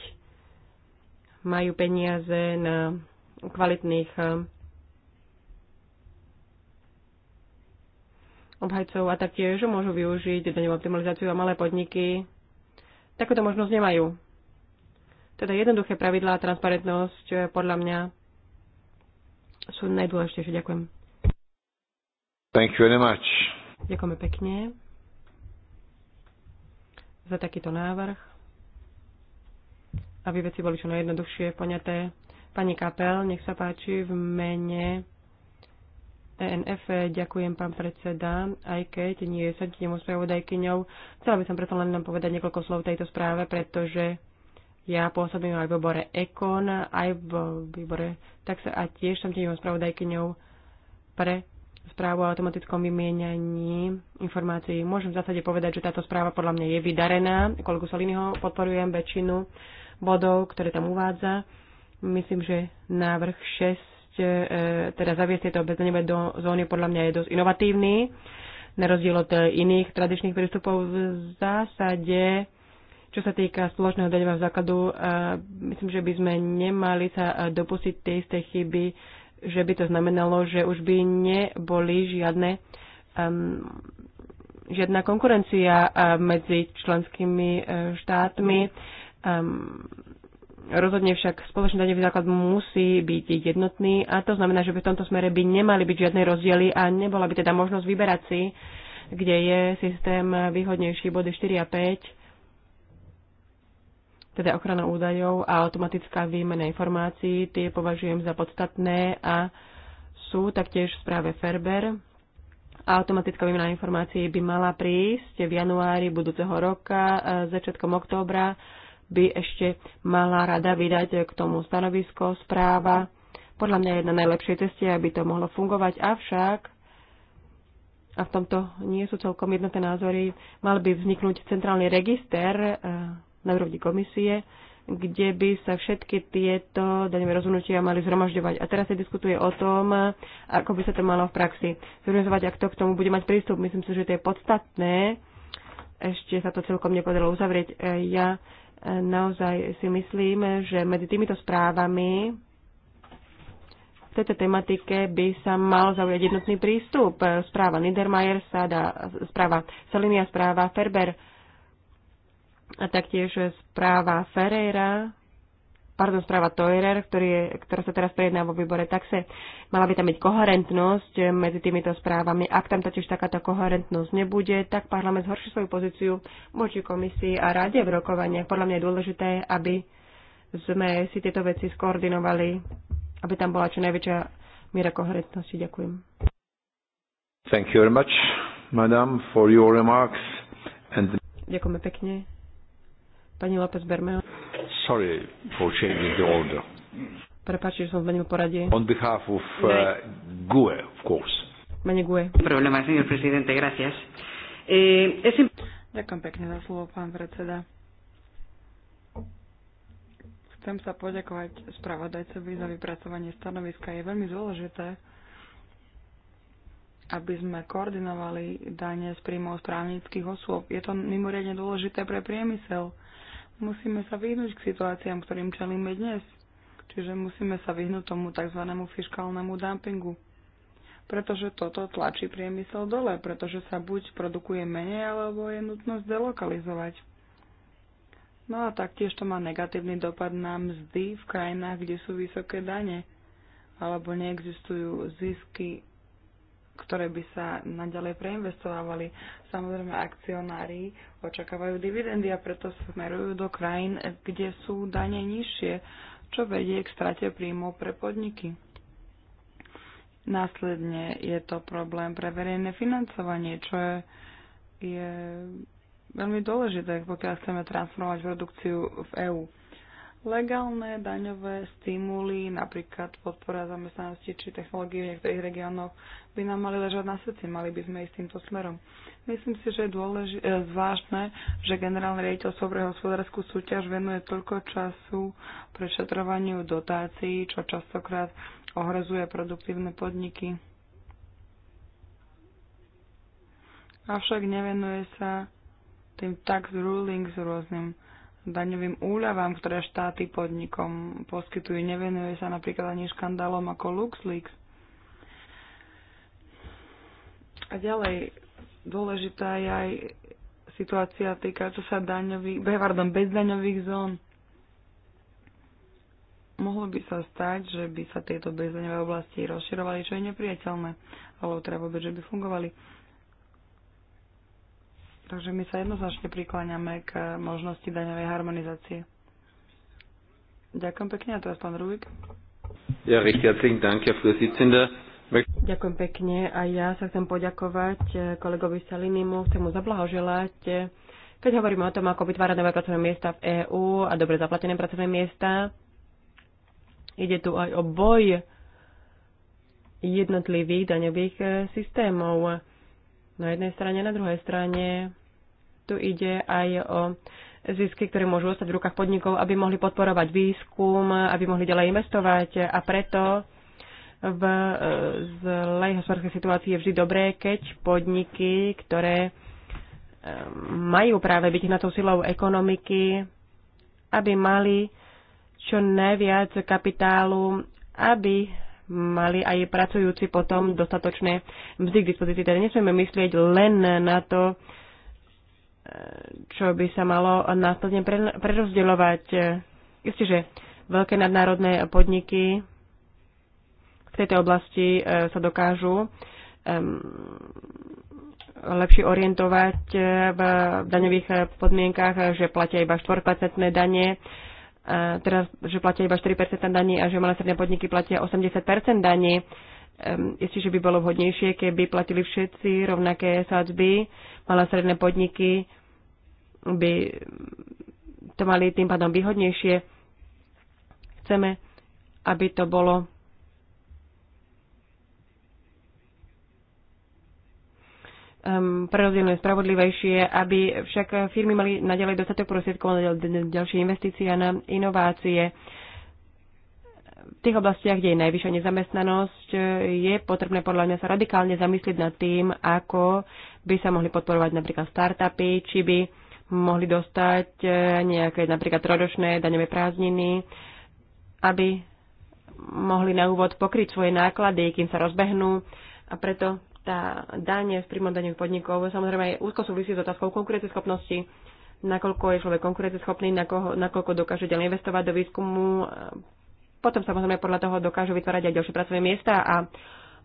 majú peniaze na kvalitných eh, obhajcov a taktiež môžu využiť daňovú optimalizáciu a malé podniky. Takúto možnosť nemajú. Teda jednoduché pravidlá a transparentnosť eh, podľa mňa sú najdôležitejšie. Ďakujem. Thank you very much. Ďakujeme pekne za takýto návrh. Aby veci boli čo najjednoduchšie poňaté. Pani Kapel, nech sa páči v mene ENF. Ďakujem, pán predseda, aj keď nie som tým spravodajkyňou. Chcela by som preto len povedať niekoľko slov tejto správe, pretože ja pôsobím aj v obore Ekon, aj v výbore tak sa a tiež som tým spravodajkyňou pre správu o automatickom vymieňaní informácií. Môžem v zásade povedať, že táto správa podľa mňa je vydarená. Kolegu Soliniho podporujem väčšinu bodov, ktoré tam uvádza. Myslím, že návrh 6, e, teda zaviesť tieto obezdanie do zóny, podľa mňa je dosť inovatívny, na rozdiel od iných tradičných prístupov. V zásade, čo sa týka spoločného daňového základu, e, myslím, že by sme nemali sa dopustiť tej istej chyby, že by to znamenalo, že už by neboli žiadne, um, žiadna konkurencia uh, medzi členskými uh, štátmi. Um, Rozhodne však spoločný daňový základ musí byť jednotný a to znamená, že by v tomto smere by nemali byť žiadne rozdiely a nebola by teda možnosť vyberať si, kde je systém výhodnejší body 4 a 5 teda ochrana údajov a automatická výmena informácií, tie považujem za podstatné a sú taktiež v správe Ferber. A automatická výmena informácií by mala prísť v januári budúceho roka, e, začiatkom októbra by ešte mala rada vydať k tomu stanovisko, správa. Podľa mňa je na najlepšej ceste, aby to mohlo fungovať, avšak a v tomto nie sú celkom jednotné názory, mal by vzniknúť centrálny register e, na úrovni komisie, kde by sa všetky tieto daňové rozhodnutia mali zhromažďovať. A teraz sa diskutuje o tom, ako by sa to malo v praxi zorganizovať a kto k tomu bude mať prístup. Myslím si, že to je podstatné. Ešte sa to celkom nepodarilo uzavrieť. E, ja e, naozaj si myslím, že medzi týmito správami v tejto tematike by sa mal zaujať jednotný prístup. Správa Niedermayer, dá správa Salinia, správa Ferber a taktiež správa Ferreira, pardon, správa Toirer, ktorý je, ktorá sa teraz prejedná vo výbore taxe, mala by tam byť koherentnosť medzi týmito správami. Ak tam totiž takáto koherentnosť nebude, tak parlament zhorší svoju pozíciu voči komisii a rade v rokovaniach. Podľa mňa je dôležité, aby sme si tieto veci skoordinovali, aby tam bola čo najväčšia miera koherentnosti. Ďakujem. Thank you very much, madam, for your remarks. And... Ďakujeme pekne Pani López Bermeo. Sorry for changing the order. Prepáči, že som zmenil poradie. On behalf of uh, GUE, of course. Mene GUE. Problema, señor presidente, gracias. Eh, es... Ďakujem pekne za slovo, pán predseda. Chcem sa poďakovať spravodajcovi za vypracovanie stanoviska. Je veľmi dôležité, aby sme koordinovali dane z príjmov správnických osôb. Je to mimoriadne dôležité pre priemysel. Musíme sa vyhnúť k situáciám, ktorým čelíme dnes. Čiže musíme sa vyhnúť tomu tzv. fiskálnemu dumpingu. Pretože toto tlačí priemysel dole, pretože sa buď produkuje menej, alebo je nutnosť delokalizovať. No a taktiež to má negatívny dopad na mzdy v krajinách, kde sú vysoké dane alebo neexistujú zisky ktoré by sa naďalej preinvestovávali. Samozrejme, akcionári očakávajú dividendy a preto smerujú do krajín, kde sú dane nižšie, čo vedie k strate príjmov pre podniky. Následne je to problém pre verejné financovanie, čo je, je veľmi dôležité, pokiaľ chceme transformovať produkciu v EÚ. Legálne daňové stimuly, napríklad podpora zamestnanosti či technológie v niektorých regiónoch, by nám mali ležať na srdci, mali by sme ísť týmto smerom. Myslím si, že je dôleži- e, zvláštne, že generálne riaditeľ pre hospodárskú súťaž venuje toľko času prešetrovaniu dotácií, čo častokrát ohrozuje produktívne podniky. Avšak nevenuje sa tým tax rulings rôznym daňovým úľavám, ktoré štáty podnikom poskytujú. Nevenuje sa napríklad ani škandálom ako LuxLeaks. A ďalej, dôležitá je aj situácia čo sa daňových, pardon, bezdaňových zón. Mohlo by sa stať, že by sa tieto bezdaňové oblasti rozširovali, čo je nepriateľné, alebo treba vôbec, že by fungovali Takže my sa jednoznačne prikláňame k možnosti daňovej harmonizácie. Ďakujem pekne a teraz pán Rubik. Ja, recht herzlichen Dank, Herr Vorsitzender. Ďakujem pekne a ja sa chcem poďakovať eh, kolegovi Salinimu, chcem mu zablahoželať. Eh, keď hovoríme o tom, ako vytvárať nové pracovné miesta v EÚ a dobre zaplatené pracovné miesta, ide tu aj o boj jednotlivých daňových eh, systémov na jednej strane, na druhej strane tu ide aj o zisky, ktoré môžu ostať v rukách podnikov, aby mohli podporovať výskum, aby mohli ďalej investovať a preto v e, zlej hospodárskej situácii je vždy dobré, keď podniky, ktoré e, majú práve byť na tou silou ekonomiky, aby mali čo najviac kapitálu, aby mali aj pracujúci potom dostatočné mzdy k dispozícii. Teda nesmieme myslieť len na to, e, čo by sa malo následne prerozdeľovať. E, Isté, že veľké nadnárodné podniky v tejto oblasti e, sa dokážu lepšie orientovať v daňových podmienkach, že platia iba 4% dane E, teraz, že platia iba 4% daní a že malé stredné podniky platia 80% daní. Um, že by bolo vhodnejšie, keby platili všetci rovnaké sadzby. Malé stredné podniky by to mali tým pádom výhodnejšie. Chceme, aby to bolo um, prerozdelené spravodlivejšie, aby však firmy mali naďalej dostatok prostriedkov na ďalšie investície a na inovácie. V tých oblastiach, kde je najvyššia nezamestnanosť, je potrebné podľa mňa sa radikálne zamyslieť nad tým, ako by sa mohli podporovať napríklad startupy, či by mohli dostať eh, nejaké napríklad trojročné daňové prázdniny, aby mohli na úvod pokryť svoje náklady, kým sa rozbehnú. A preto tá dáne v primodaniu podnikov samozrejme je úzko súvisí s otázkou konkurencieschopnosti, nakoľko je človek konkurenceschopný, nakoľko, nakoľko dokáže ďalej investovať do výskumu. Potom samozrejme podľa toho dokážu vytvárať aj ďalšie pracovné miesta a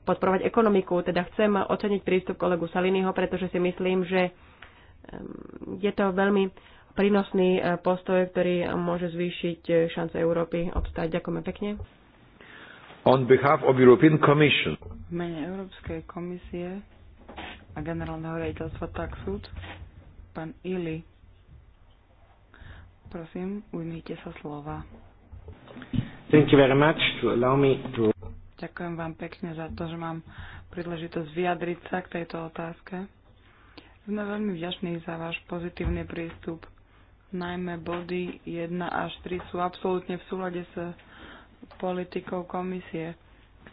podporovať ekonomiku. Teda chcem oceniť prístup kolegu Saliniho, pretože si myslím, že ehm, je to veľmi prínosný e, postoj, ktorý môže zvýšiť e, šance Európy obstať. Ďakujeme pekne on behalf of European Commission. V mene Európskej komisie a generálneho riaditeľstva Taxud, pán Ili. Prosím, ujmite sa slova. Thank you very much to allow me to... Ďakujem vám pekne za to, že mám príležitosť vyjadriť sa k tejto otázke. Sme veľmi vďační za váš pozitívny prístup. Najmä body 1 až 3 sú absolútne v súlade s politikou komisie.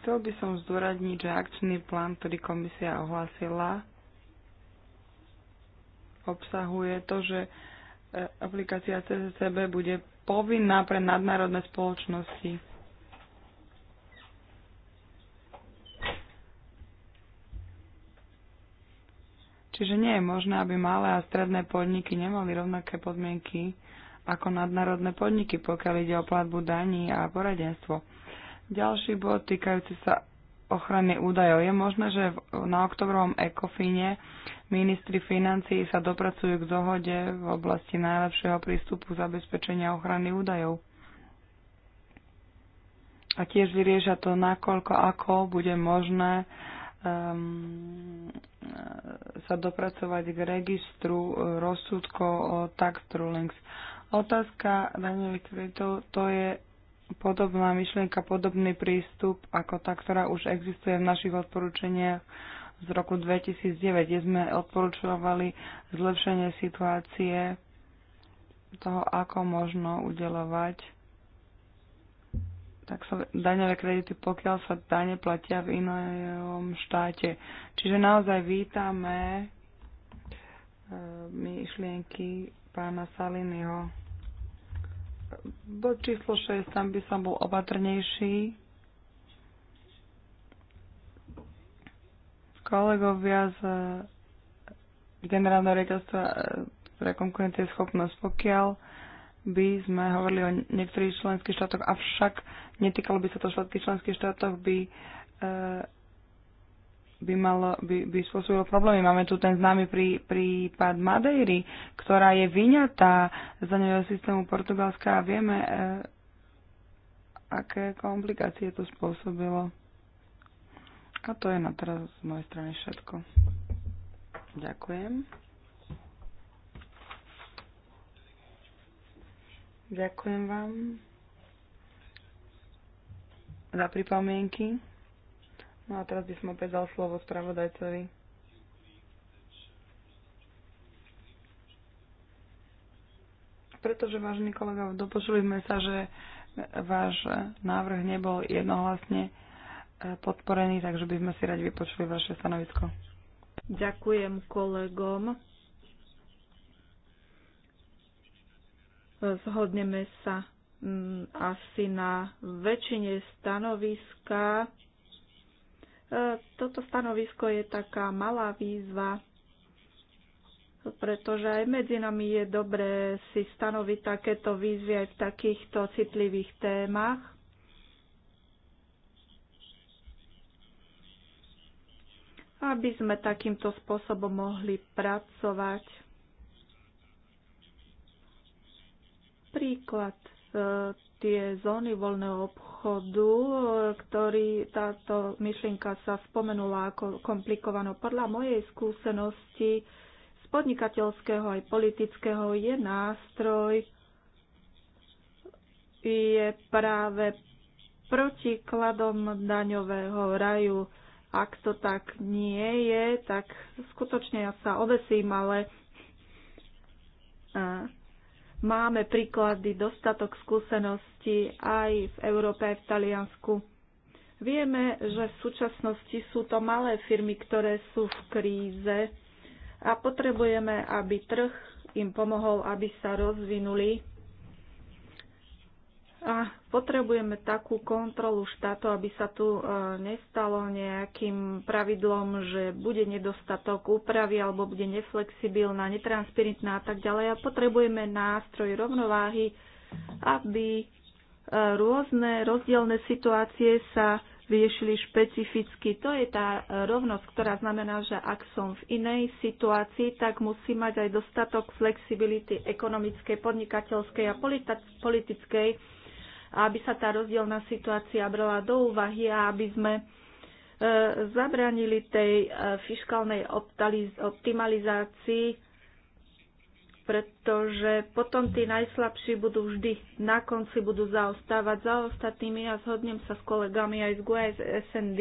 Chcel by som zdôradniť, že akčný plán, ktorý komisia ohlásila, obsahuje to, že e, aplikácia CCCB bude povinná pre nadnárodné spoločnosti. Čiže nie je možné, aby malé a stredné podniky nemali rovnaké podmienky ako nadnárodné podniky, pokiaľ ide o platbu daní a poradenstvo. Ďalší bod týkajúci sa ochrany údajov. Je možné, že na oktobrovom ekofíne ministri financií sa dopracujú k dohode v oblasti najlepšieho prístupu zabezpečenia ochrany údajov. A tiež vyrieša to, nakoľko ako bude možné um, sa dopracovať k registru e, rozsudkov o tax rulings. Uh, Otázka daňových kreditov to je podobná myšlienka, podobný prístup ako tá, ktorá už existuje v našich odporúčaniach z roku 2009, kde sme odporúčovali zlepšenie situácie toho, ako možno udelovať tak sa daňové kredity, pokiaľ sa dane platia v inom štáte. Čiže naozaj vítame e, myšlienky pána Saliniho. Bod číslo 6, tam by som bol opatrnejší. Kolegovia z e, generálneho riaditeľstva e, pre konkurencie schopnosť, pokiaľ by sme hovorili o niektorých členských štátoch, avšak netýkalo by sa to všetkých členských štátoch, by e, by, malo, by, by spôsobilo problémy. Máme tu ten známy prí, prípad Madeiry, ktorá je vyňatá z daňového systému Portugalska a vieme, e, aké komplikácie to spôsobilo. A to je na teraz z mojej strany všetko. Ďakujem. Ďakujem vám za pripomienky. No a teraz by som opäť dal slovo spravodajcovi. Pretože, vážení kolega, dopočuli sme sa, že váš návrh nebol jednohlasne e, podporený, takže by sme si radi vypočuli vaše stanovisko. Ďakujem kolegom. Zhodneme sa mm, asi na väčšine stanoviska toto stanovisko je taká malá výzva, pretože aj medzi nami je dobré si stanoviť takéto výzvy aj v takýchto citlivých témach. aby sme takýmto spôsobom mohli pracovať. Príklad e, tie zóny voľného obchodu obchodu, ktorý táto myšlienka sa spomenula ako komplikovanou. Podľa mojej skúsenosti z podnikateľského aj politického je nástroj, je práve protikladom daňového raju. Ak to tak nie je, tak skutočne ja sa ovesím, ale Máme príklady, dostatok skúseností aj v Európe, aj v Taliansku. Vieme, že v súčasnosti sú to malé firmy, ktoré sú v kríze a potrebujeme, aby trh im pomohol, aby sa rozvinuli a potrebujeme takú kontrolu štátu, aby sa tu e, nestalo nejakým pravidlom, že bude nedostatok úpravy alebo bude neflexibilná, netransparentná a tak ďalej. A potrebujeme nástroj rovnováhy, aby e, rôzne rozdielne situácie sa riešili špecificky. To je tá e, rovnosť, ktorá znamená, že ak som v inej situácii, tak musí mať aj dostatok flexibility ekonomickej, podnikateľskej a politickej aby sa tá rozdielna situácia brala do úvahy a aby sme e, zabranili tej e, fiskálnej optimalizácii, pretože potom tí najslabší budú vždy na konci, budú zaostávať za ostatnými a ja zhodnem sa s kolegami aj z GUE, SND.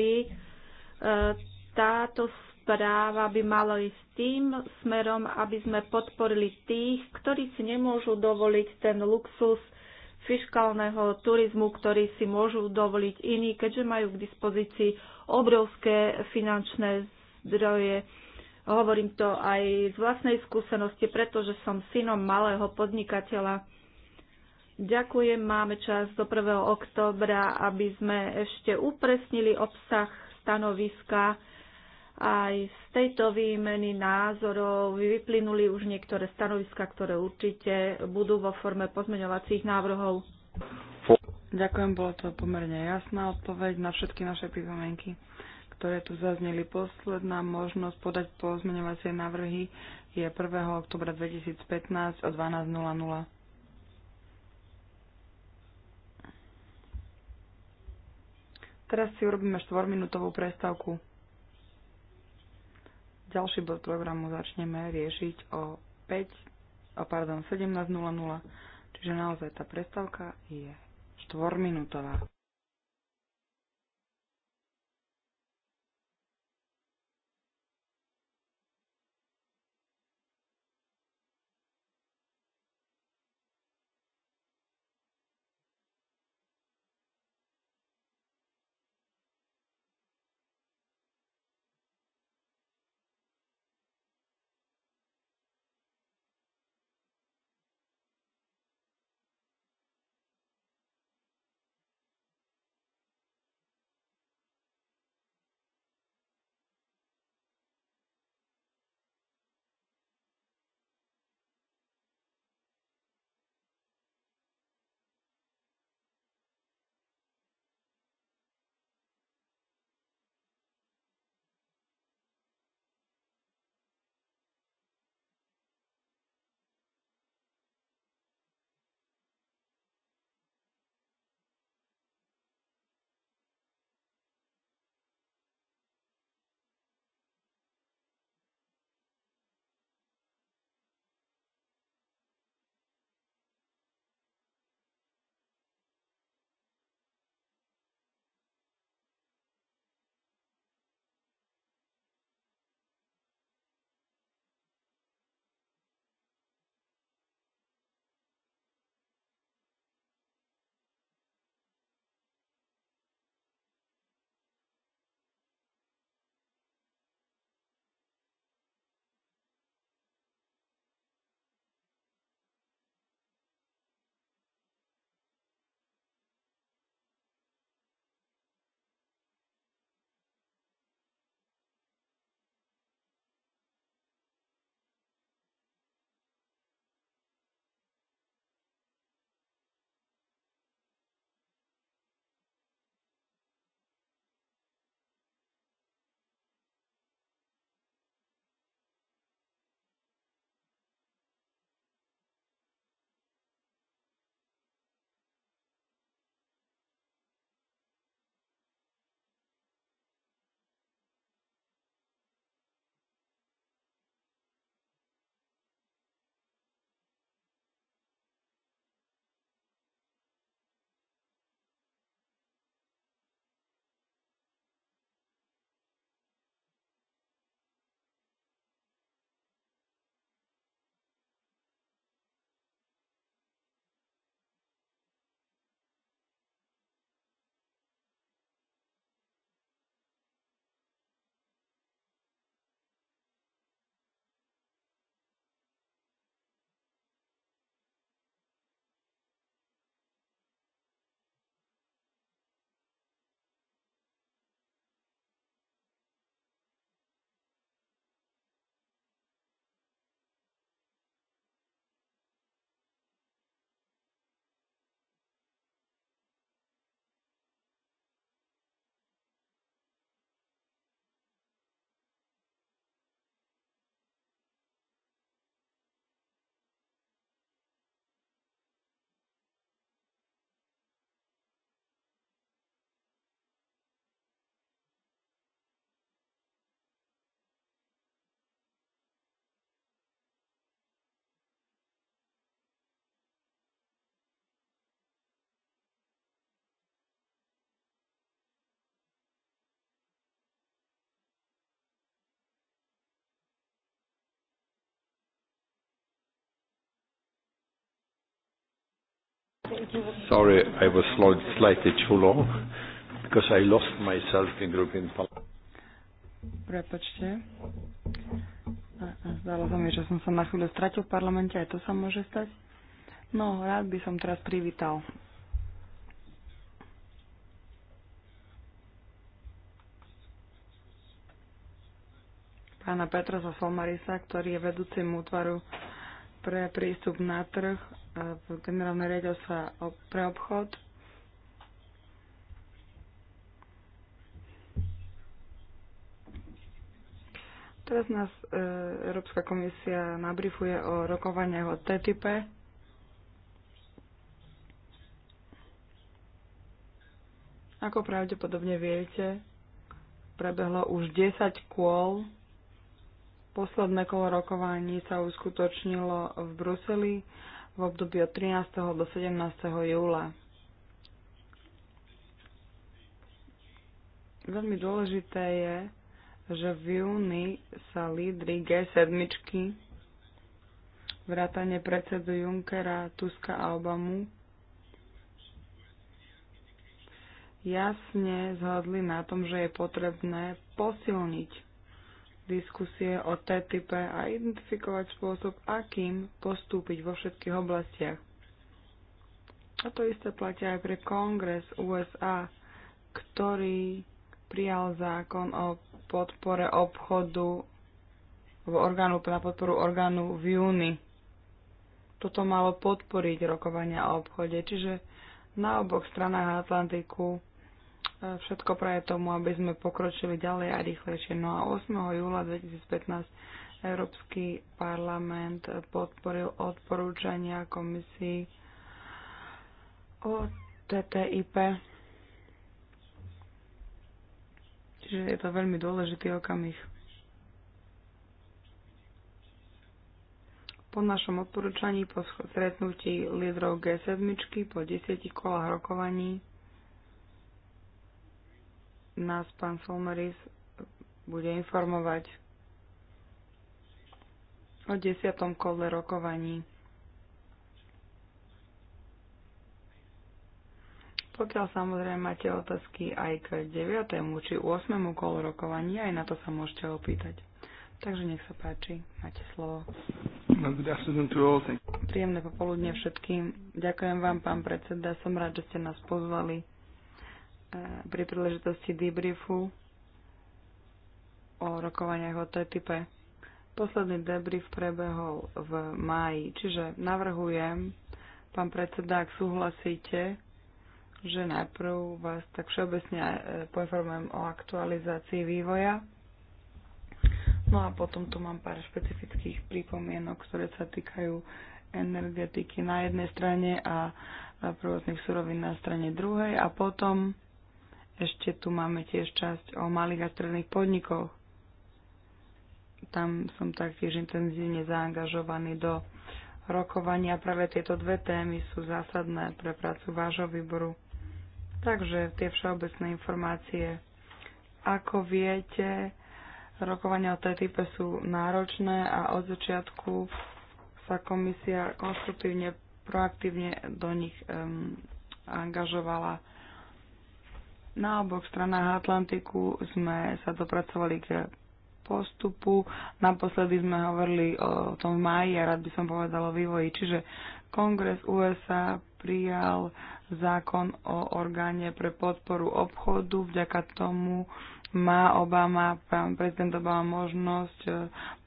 Táto správa by mala ísť tým smerom, aby sme podporili tých, ktorí si nemôžu dovoliť ten luxus fiskálneho turizmu, ktorý si môžu dovoliť iní, keďže majú k dispozícii obrovské finančné zdroje. Hovorím to aj z vlastnej skúsenosti, pretože som synom malého podnikateľa. Ďakujem, máme čas do 1. oktobra, aby sme ešte upresnili obsah stanoviska aj z tejto výmeny názorov vyplynuli už niektoré stanoviska, ktoré určite budú vo forme pozmeňovacích návrhov. Ďakujem, bola to pomerne jasná odpoveď na všetky naše pripomienky, ktoré tu zazneli. Posledná možnosť podať pozmeňovacie návrhy je 1. oktobra 2015 o 12.00. Teraz si urobíme štvorminútovú prestávku. Ďalší bod programu začneme riešiť o 5, o pardon, 17.00, čiže naozaj tá prestávka je štvorminútová. Sorry, I was slightly too long because I lost myself in European Parliament. Prepačte. Zdalo sa mi, že som sa na chvíľu stratil v parlamente, aj to sa môže stať. No, rád by som teraz privítal pána Petrosa Solmarisa, ktorý je vedúcim útvaru pre prístup na trh v generálne sa pre obchod. Teraz nás e, Európska komisia nabrifuje o rokovaniach o TTIP. Ako pravdepodobne viete, prebehlo už 10 kôl. Posledné kolo rokovaní sa uskutočnilo v Bruseli v období od 13. do 17. júla. Veľmi dôležité je, že v júni sa lídry G7 vrátane predsedu Junckera, Tuska a Obamu jasne zhodli na tom, že je potrebné posilniť diskusie o TTIP a identifikovať spôsob, akým postúpiť vo všetkých oblastiach. A to isté platia aj pre Kongres USA, ktorý prijal zákon o podpore obchodu v orgánu, na podporu orgánu v júni. Toto malo podporiť rokovania o obchode, čiže na oboch stranách Atlantiku všetko praje tomu, aby sme pokročili ďalej a rýchlejšie. No a 8. júla 2015 Európsky parlament podporil odporúčania komisii o TTIP. Čiže je to veľmi dôležitý okamih. Po našom odporúčaní, po stretnutí lídrov G7, po desiatich kolách rokovaní, nás pán Solmeris bude informovať o desiatom kole rokovaní. Pokiaľ samozrejme máte otázky aj k 9. či 8. kolu rokovaní, aj na to sa môžete opýtať. Takže nech sa páči, máte slovo. No, Príjemné popoludne všetkým. Ďakujem vám, pán predseda, som rád, že ste nás pozvali Eh, pri príležitosti debriefu o rokovaniach o TTIP. Posledný debrief prebehol v máji, čiže navrhujem, pán predseda, ak súhlasíte, že najprv vás tak všeobecne eh, poinformujem o aktualizácii vývoja. No a potom tu mám pár špecifických pripomienok, ktoré sa týkajú energetiky na jednej strane a prvotných surovín na strane druhej a potom ešte tu máme tiež časť o malých a stredných podnikoch. Tam som taktiež intenzívne zaangažovaný do rokovania. Práve tieto dve témy sú zásadné pre prácu vášho výboru. Takže tie všeobecné informácie. Ako viete, rokovania o TTIP sú náročné a od začiatku sa komisia konstruktívne, proaktívne do nich um, angažovala. Na oboch stranách Atlantiku sme sa dopracovali k postupu. Naposledy sme hovorili o tom v máji a rád by som povedal o vývoji. Čiže Kongres USA prijal zákon o orgáne pre podporu obchodu. Vďaka tomu má Obama, pán prezident Obama možnosť e,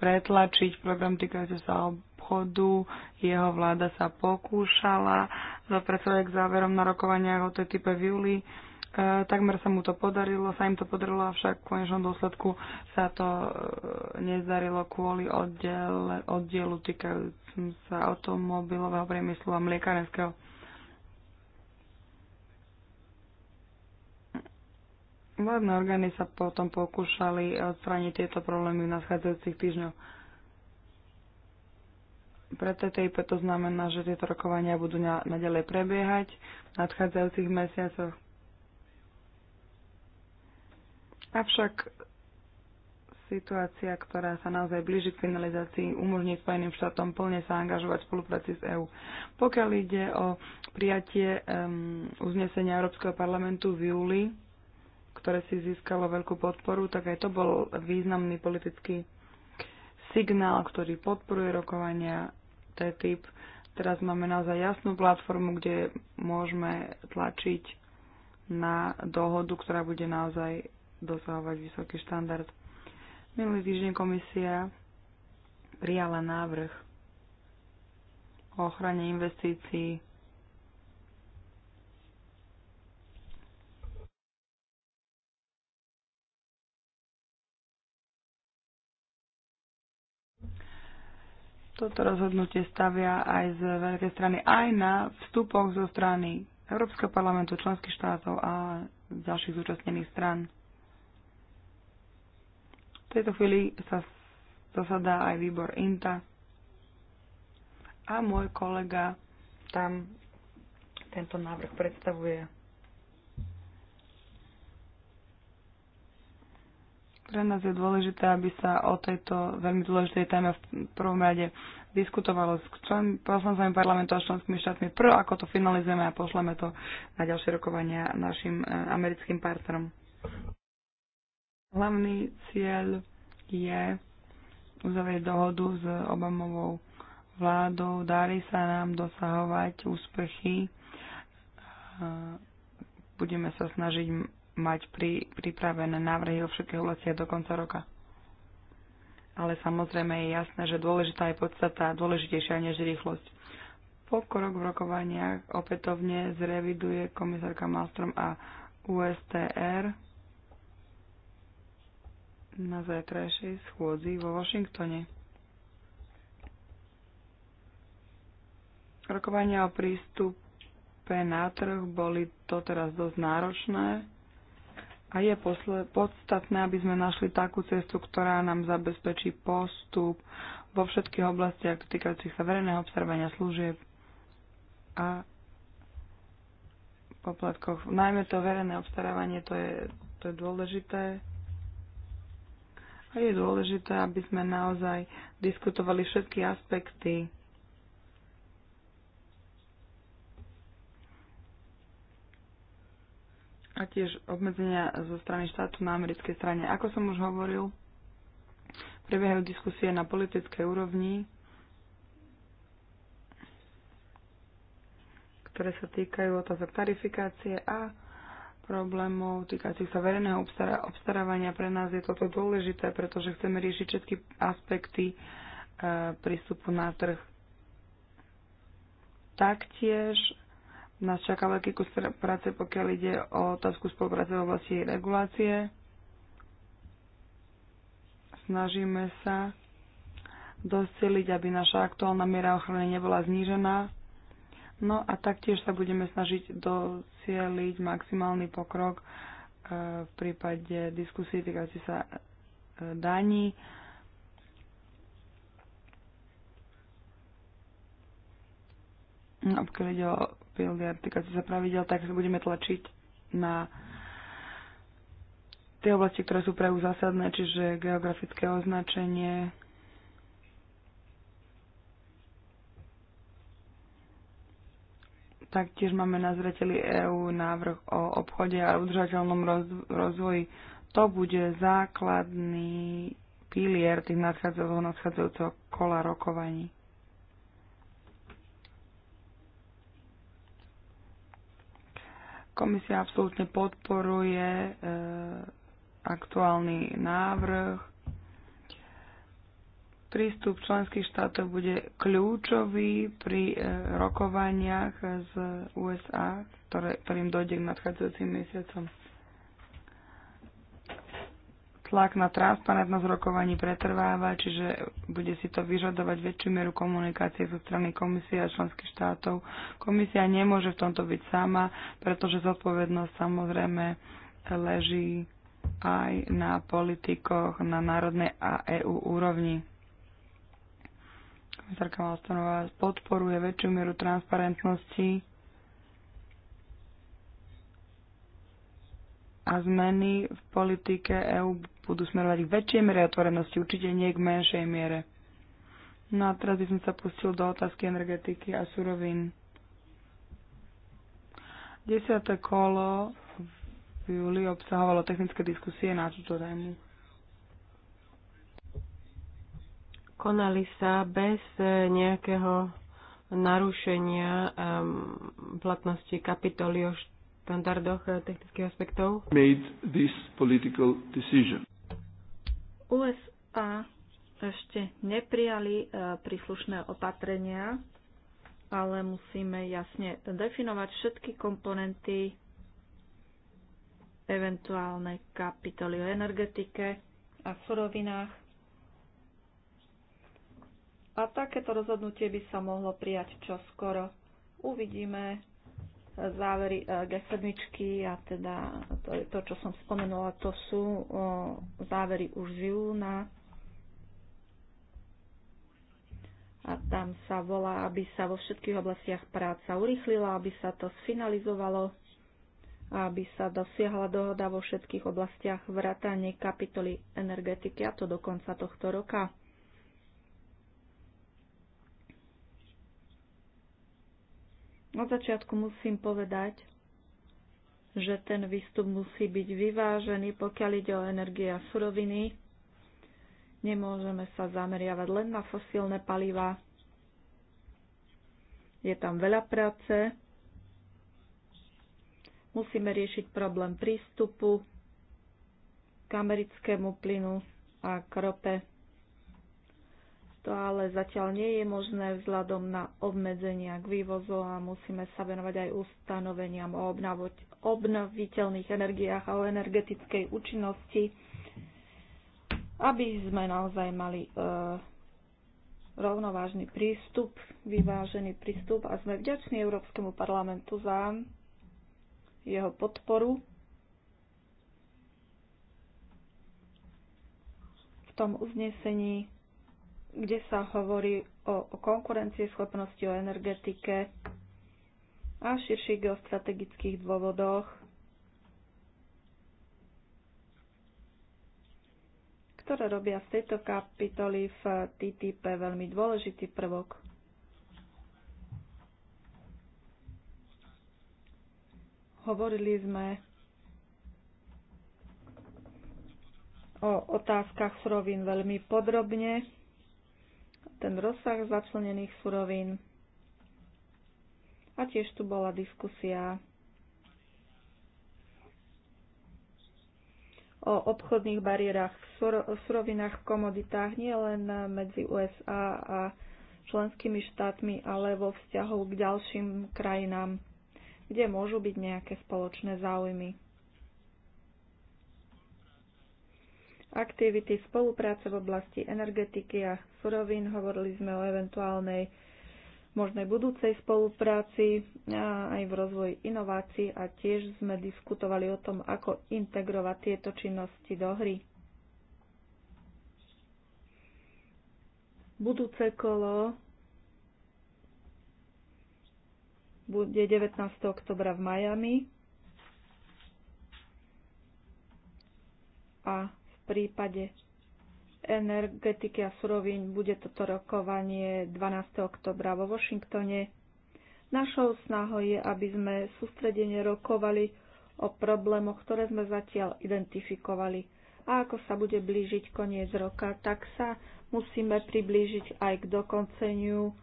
pretlačiť program týkajúce sa obchodu. Jeho vláda sa pokúšala zapracovať k záverom na rokovaniach o TTIP v júli E, takmer sa mu to podarilo, sa im to podarilo, avšak v konečnom dôsledku sa to e, nezdarilo kvôli oddiele, oddielu týkajúcim sa automobilového priemyslu a mliekarenského. Vládne orgány sa potom pokúšali odstrániť tieto problémy v nadchádzajúcich týždňoch. Pre TTIP to znamená, že tieto rokovania budú naďalej prebiehať v nadchádzajúcich mesiacoch Avšak situácia, ktorá sa naozaj blíži k finalizácii, umožní Spojeným štátom plne sa angažovať v spolupráci s EÚ. Pokiaľ ide o prijatie um, uznesenia Európskeho parlamentu v júli, ktoré si získalo veľkú podporu, tak aj to bol významný politický signál, ktorý podporuje rokovania TTIP. Teraz máme naozaj jasnú platformu, kde môžeme tlačiť na dohodu, ktorá bude naozaj dosahovať vysoký štandard. Minulý týždeň komisia prijala návrh o ochrane investícií toto rozhodnutie stavia aj z veľkej strany, aj na vstupoch zo strany Európskeho parlamentu, členských štátov a ďalších zúčastnených stran. V tejto chvíli sa zasadá aj výbor INTA a môj kolega tam tento návrh predstavuje. Pre nás je dôležité, aby sa o tejto veľmi dôležitej téme v prvom rade diskutovalo s člen, poslancami parlamentu a členskými štátmi prv, ako to finalizujeme a pošleme to na ďalšie rokovania našim eh, americkým partnerom. Hlavný cieľ je uzavrieť dohodu s Obamovou vládou. Dári sa nám dosahovať úspechy. Budeme sa snažiť mať pri, pripravené návrhy o všetkých oblastiach do konca roka. Ale samozrejme je jasné, že dôležitá je podstata, dôležitejšia než rýchlosť. Pokrok v rokovaniach opätovne zreviduje komisárka Malstrom a USTR na zajtrajšej schôdzi vo Washingtone. Rokovania o prístupe na trh boli doteraz dosť náročné a je posle- podstatné, aby sme našli takú cestu, ktorá nám zabezpečí postup vo všetkých oblastiach týkajúcich sa verejného obstarávania služieb a poplatkoch. Najmä to verejné obstarávanie, to je, to je dôležité a je dôležité, aby sme naozaj diskutovali všetky aspekty a tiež obmedzenia zo strany štátu na americkej strane. Ako som už hovoril, prebiehajú diskusie na politickej úrovni, ktoré sa týkajú otázok tarifikácie a problémov týkajúcich sa verejného obstarávania. Pre nás je toto dôležité, pretože chceme riešiť všetky aspekty e, prístupu na trh. Taktiež nás čaká veľký kus práce, pokiaľ ide o otázku spolupráce v oblasti regulácie. Snažíme sa dosiliť, aby naša aktuálna miera ochrany nebola znížená No a taktiež sa budeme snažiť docieliť maximálny pokrok e, v prípade diskusie týkajúci sa e, daní. No, pokiaľ ide o pilier týkajúci sa pravidel, tak sa budeme tlačiť na tie oblasti, ktoré sú pre zásadné, čiže geografické označenie, Taktiež máme na zreteli EÚ návrh o obchode a udržateľnom rozvoji. To bude základný pilier tých nadchádzajúceho, nadchádzajúceho kola rokovaní. Komisia absolútne podporuje e, aktuálny návrh Prístup členských štátov bude kľúčový pri e, rokovaniach z USA, ktoré, ktorým dojde k nadchádzajúcim mesiacom. Tlak na transparentnosť rokovaní pretrváva, čiže bude si to vyžadovať väčšiu mieru komunikácie zo strany komisie a členských štátov. Komisia nemôže v tomto byť sama, pretože zodpovednosť samozrejme leží aj na politikoch na národnej a EU úrovni komisárka Malstonová podporuje väčšiu mieru transparentnosti a zmeny v politike EÚ budú smerovať k väčšej miere otvorenosti, určite nie k menšej miere. No a teraz by som sa pustil do otázky energetiky a surovín. Desiate kolo v júli obsahovalo technické diskusie na túto tému. konali sa bez eh, nejakého narušenia ehm, platnosti kapitoly o štandardoch eh, technických aspektov. Made this political decision. USA ešte neprijali eh, príslušné opatrenia, ale musíme jasne definovať všetky komponenty eventuálnej kapitoly o energetike a surovinách a takéto rozhodnutie by sa mohlo prijať čoskoro. Uvidíme závery e, G7 a teda to, to čo som spomenula, to sú závery už z júna a tam sa volá, aby sa vo všetkých oblastiach práca urychlila, aby sa to sfinalizovalo, aby sa dosiahla dohoda vo všetkých oblastiach vrátane kapitoly energetiky a to do konca tohto roka. Na začiatku musím povedať, že ten výstup musí byť vyvážený, pokiaľ ide o energie a suroviny. Nemôžeme sa zameriavať len na fosílne paliva. Je tam veľa práce. Musíme riešiť problém prístupu k americkému plynu a k rope. To ale zatiaľ nie je možné vzhľadom na obmedzenia k vývozu a musíme sa venovať aj ustanoveniam o obnoviteľných energiách a o energetickej účinnosti, aby sme naozaj mali e, rovnovážny prístup, vyvážený prístup a sme vďační Európskemu parlamentu za jeho podporu v tom uznesení kde sa hovorí o, o konkurencieschopnosti, o energetike a širších geostrategických dôvodoch, ktoré robia z tejto kapitoly v TTIP veľmi dôležitý prvok. Hovorili sme o otázkach surovín veľmi podrobne ten rozsah začlenených surovín. A tiež tu bola diskusia o obchodných bariérach v, surovinách, v komoditách, nie len medzi USA a členskými štátmi, ale vo vzťahu k ďalším krajinám, kde môžu byť nejaké spoločné záujmy. Aktivity spolupráce v oblasti energetiky a surovín, hovorili sme o eventuálnej možnej budúcej spolupráci a aj v rozvoji inovácií a tiež sme diskutovali o tom, ako integrovať tieto činnosti do hry. Budúce kolo bude 19. oktobra v Miami a v prípade energetiky a surovín bude toto rokovanie 12. oktobra vo Washingtone. Našou snahou je, aby sme sústredene rokovali o problémoch, ktoré sme zatiaľ identifikovali. A ako sa bude blížiť koniec roka, tak sa musíme priblížiť aj k dokonceniu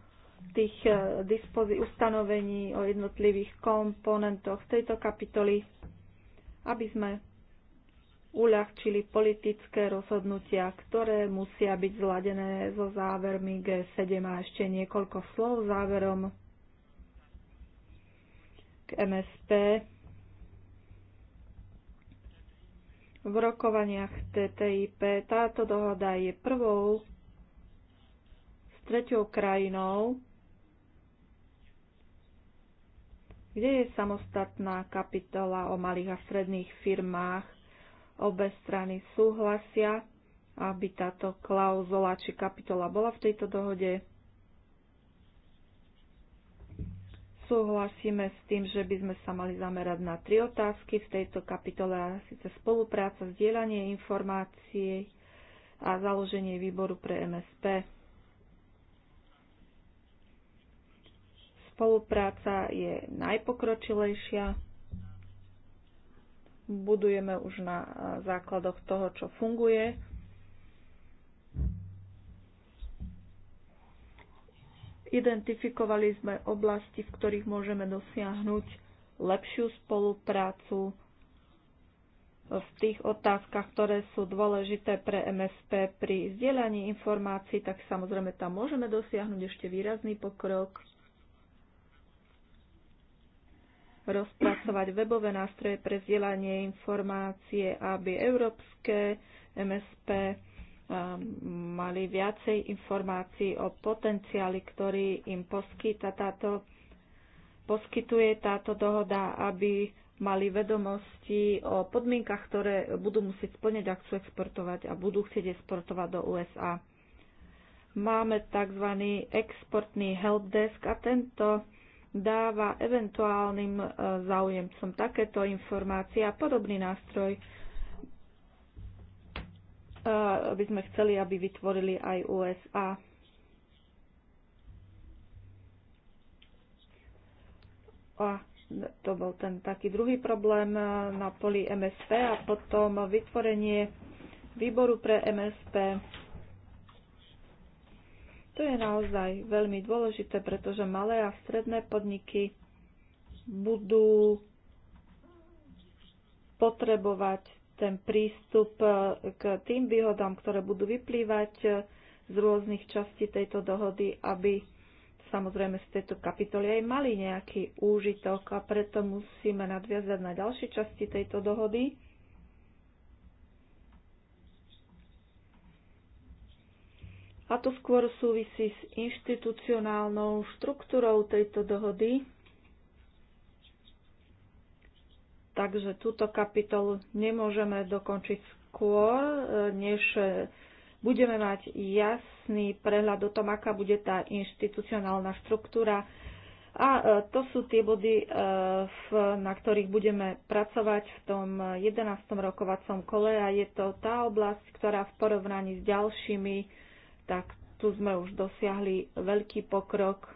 tých eh, dispozí- ustanovení o jednotlivých komponentoch tejto kapitoly, aby sme uľahčili politické rozhodnutia, ktoré musia byť zladené so závermi G7 a ešte niekoľko slov záverom k MSP. V rokovaniach TTIP táto dohoda je prvou s treťou krajinou, kde je samostatná kapitola o malých a stredných firmách Obe strany súhlasia, aby táto klauzula či kapitola bola v tejto dohode. Súhlasíme s tým, že by sme sa mali zamerať na tri otázky v tejto kapitole, a síce spolupráca, zdieľanie informácií a založenie výboru pre MSP. Spolupráca je najpokročilejšia budujeme už na eh, základoch toho, čo funguje. Identifikovali sme oblasti, v ktorých môžeme dosiahnuť lepšiu spoluprácu v tých otázkach, ktoré sú dôležité pre MSP pri zdieľaní informácií, tak samozrejme tam môžeme dosiahnuť ešte výrazný pokrok. rozpracovať webové nástroje pre vzdielanie informácie, aby európske MSP mali viacej informácií o potenciáli, ktorý im poskyta táto, poskytuje táto dohoda, aby mali vedomosti o podmienkach, ktoré budú musieť splneť, ak chcú exportovať a budú chcieť exportovať do USA. Máme tzv. exportný helpdesk a tento dáva eventuálnym e, záujemcom takéto informácie a podobný nástroj e, by sme chceli, aby vytvorili aj USA. A to bol ten taký druhý problém e, na poli MSP a potom vytvorenie výboru pre MSP to je naozaj veľmi dôležité, pretože malé a stredné podniky budú potrebovať ten prístup k tým výhodám, ktoré budú vyplývať z rôznych častí tejto dohody, aby samozrejme z tejto kapitoly aj mali nejaký úžitok a preto musíme nadviazať na ďalšie časti tejto dohody A to skôr súvisí s inštitucionálnou štruktúrou tejto dohody. Takže túto kapitolu nemôžeme dokončiť skôr, než budeme mať jasný prehľad o tom, aká bude tá inštitucionálna štruktúra. A e, to sú tie body, e, na ktorých budeme pracovať v tom 11. rokovacom kole a je to tá oblasť, ktorá v porovnaní s ďalšími tak tu sme už dosiahli veľký pokrok.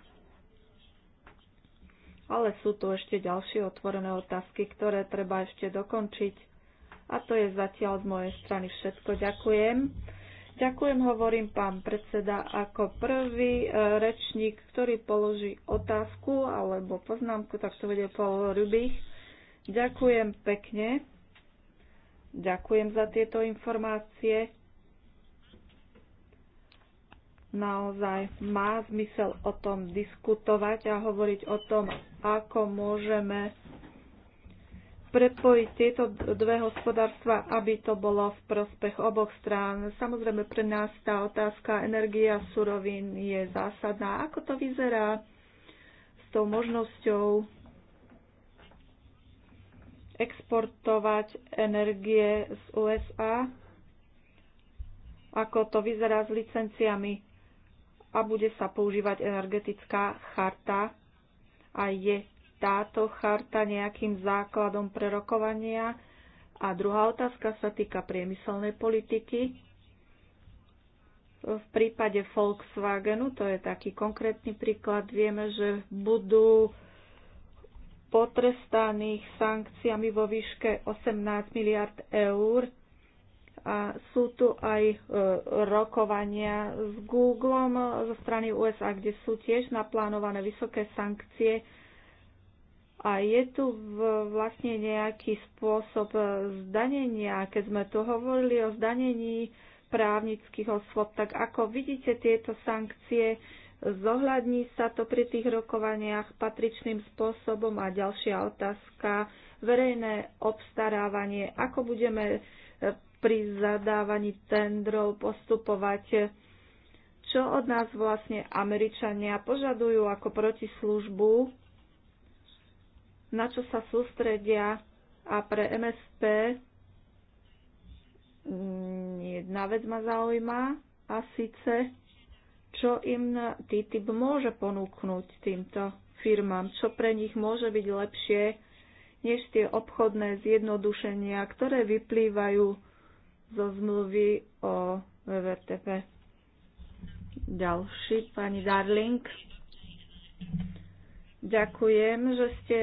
Ale sú tu ešte ďalšie otvorené otázky, ktoré treba ešte dokončiť. A to je zatiaľ z mojej strany všetko. Ďakujem. Ďakujem, hovorím pán predseda, ako prvý e, rečník, ktorý položí otázku alebo poznámku, tak to bude Paul Rubich. Ďakujem pekne. Ďakujem za tieto informácie naozaj má zmysel o tom diskutovať a hovoriť o tom, ako môžeme prepojiť tieto dve hospodárstva, aby to bolo v prospech oboch strán. Samozrejme, pre nás tá otázka energia surovín je zásadná. Ako to vyzerá s tou možnosťou exportovať energie z USA? Ako to vyzerá s licenciami? a bude sa používať energetická charta a je táto charta nejakým základom prerokovania. A druhá otázka sa týka priemyselnej politiky. V prípade Volkswagenu, to je taký konkrétny príklad, vieme, že budú potrestaných sankciami vo výške 18 miliard eur a sú tu aj e, rokovania s Googlem zo strany USA, kde sú tiež naplánované vysoké sankcie. A je tu vlastne nejaký spôsob e, zdanenia. Keď sme tu hovorili o zdanení právnických osôb, tak ako vidíte tieto sankcie, zohľadní sa to pri tých rokovaniach patričným spôsobom. A ďalšia otázka, verejné obstarávanie, ako budeme e, pri zadávaní tendrov postupovať, čo od nás vlastne Američania požadujú ako protislužbu, na čo sa sústredia a pre MSP mm, jedna vec ma zaujíma a síce, čo im TTIP môže ponúknuť týmto firmám, čo pre nich môže byť lepšie než tie obchodné zjednodušenia, ktoré vyplývajú zo zmluvy o VVTP. Ďalší, pani Darling. Ďakujem, že ste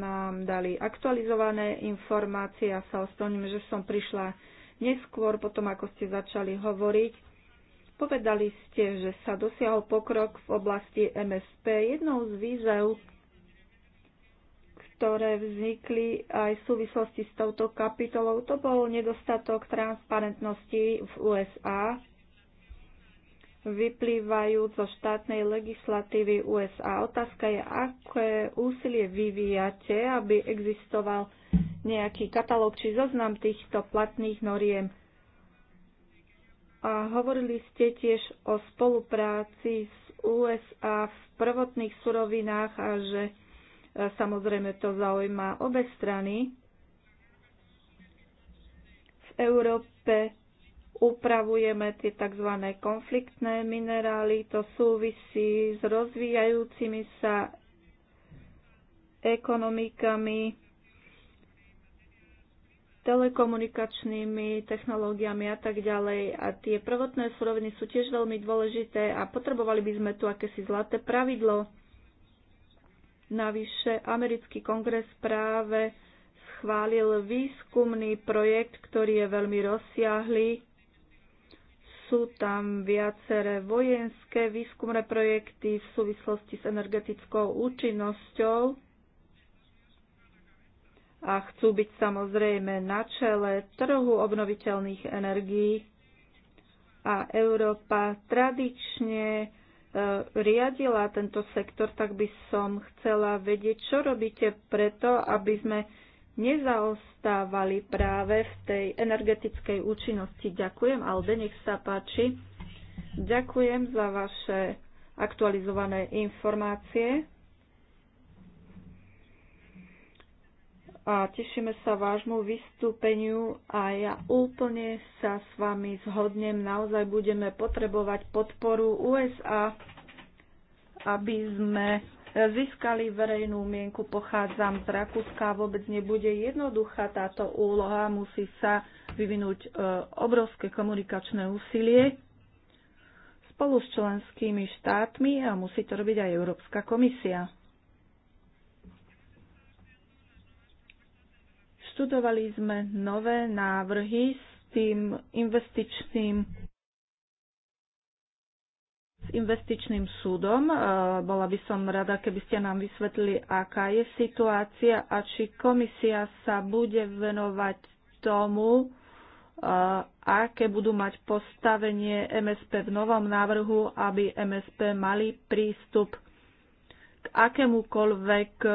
nám dali aktualizované informácie a ja sa ostoním, že som prišla neskôr, potom ako ste začali hovoriť. Povedali ste, že sa dosiahol pokrok v oblasti MSP. Jednou z výzev ktoré vznikli aj v súvislosti s touto kapitolou, to bol nedostatok transparentnosti v USA, vyplývajúc zo štátnej legislatívy USA. Otázka je, aké úsilie vyvíjate, aby existoval nejaký katalóg či zoznam týchto platných noriem. A hovorili ste tiež o spolupráci s USA v prvotných surovinách a že Samozrejme to zaujíma obe strany. V Európe upravujeme tie tzv. konfliktné minerály. To súvisí s rozvíjajúcimi sa ekonomikami, telekomunikačnými technológiami a tak ďalej. A tie prvotné suroviny sú tiež veľmi dôležité a potrebovali by sme tu akési zlaté pravidlo. Navyše, americký kongres práve schválil výskumný projekt, ktorý je veľmi rozsiahlý. Sú tam viaceré vojenské výskumné projekty v súvislosti s energetickou účinnosťou a chcú byť samozrejme na čele trhu obnoviteľných energií. A Európa tradične riadila tento sektor, tak by som chcela vedieť, čo robíte preto, aby sme nezaostávali práve v tej energetickej účinnosti. Ďakujem, Alde, nech sa páči. Ďakujem za vaše aktualizované informácie. a tešíme sa vášmu vystúpeniu a ja úplne sa s vami zhodnem. Naozaj budeme potrebovať podporu USA, aby sme získali verejnú mienku. Pochádzam z Rakúska, vôbec nebude jednoduchá táto úloha, musí sa vyvinúť e, obrovské komunikačné úsilie spolu s členskými štátmi a musí to robiť aj Európska komisia. Študovali sme nové návrhy s tým investičným s investičným súdom. E, bola by som rada, keby ste nám vysvetlili, aká je situácia a či komisia sa bude venovať tomu, e, aké budú mať postavenie MSP v novom návrhu, aby MSP mali prístup k akémukoľvek e,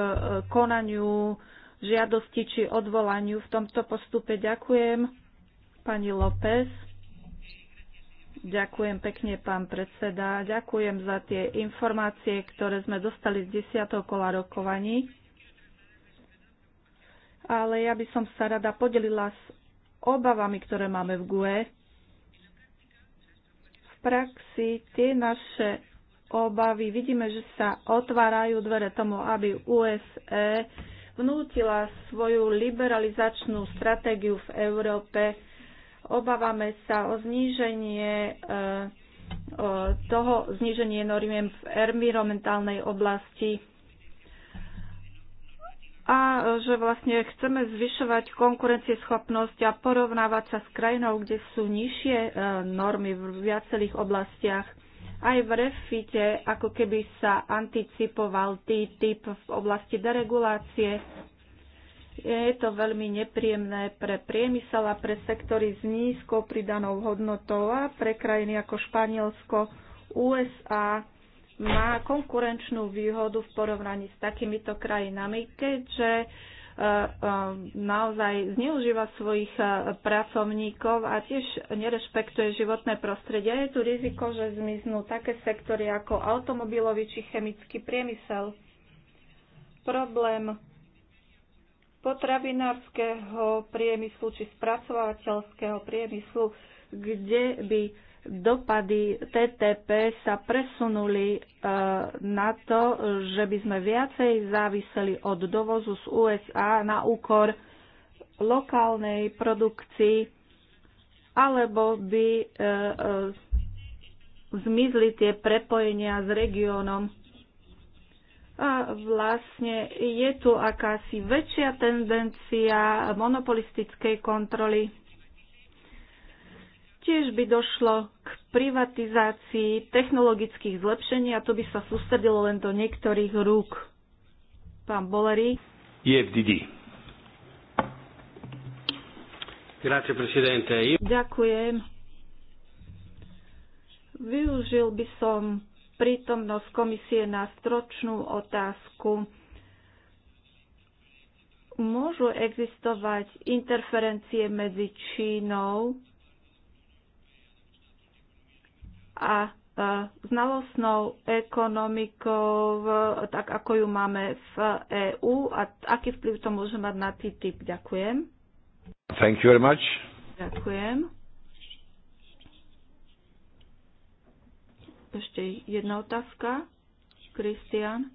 konaniu žiadosti či odvolaniu v tomto postupe. Ďakujem pani López. Ďakujem pekne, pán predseda. Ďakujem za tie informácie, ktoré sme dostali z 10. kola rokovaní. Ale ja by som sa rada podelila s obavami, ktoré máme v GUE. V praxi tie naše obavy vidíme, že sa otvárajú dvere tomu, aby USE vnútila svoju liberalizačnú stratégiu v Európe. Obávame sa o zníženie eh, toho zníženie noriem v environmentálnej oblasti a eh, že vlastne chceme zvyšovať konkurencieschopnosť a porovnávať sa s krajinou, kde sú nižšie eh, normy v viacerých oblastiach. Aj v refite ako keby sa anticipoval TTIP v oblasti deregulácie. Je to veľmi nepríjemné pre priemysel a pre sektory s nízkou pridanou hodnotou a pre krajiny ako Španielsko, USA má konkurenčnú výhodu v porovnaní s takýmito krajinami, keďže E, e, naozaj zneužíva svojich e, pracovníkov a tiež nerešpektuje životné prostredie. Je tu riziko, že zmiznú také sektory ako automobilový či chemický priemysel. Problém potravinárskeho priemyslu či spracovateľského priemyslu, kde by dopady TTP sa presunuli e, na to, že by sme viacej záviseli od dovozu z USA na úkor lokálnej produkcii, alebo by e, e, zmizli tie prepojenia s regiónom. A vlastne je tu akási väčšia tendencia monopolistickej kontroly Tiež by došlo k privatizácii technologických zlepšení a to by sa sústredilo len do niektorých rúk. Pán Bolery. EFDD. Grazie, presidente. Ďakujem. Využil by som prítomnosť komisie na stročnú otázku. Môžu existovať interferencie medzi Čínou a znalostnou ekonomikou, tak ako ju máme v EÚ a aký vplyv to môže mať na TTIP. Ďakujem. Thank you very much. Ďakujem. Ešte jedna otázka. Kristian,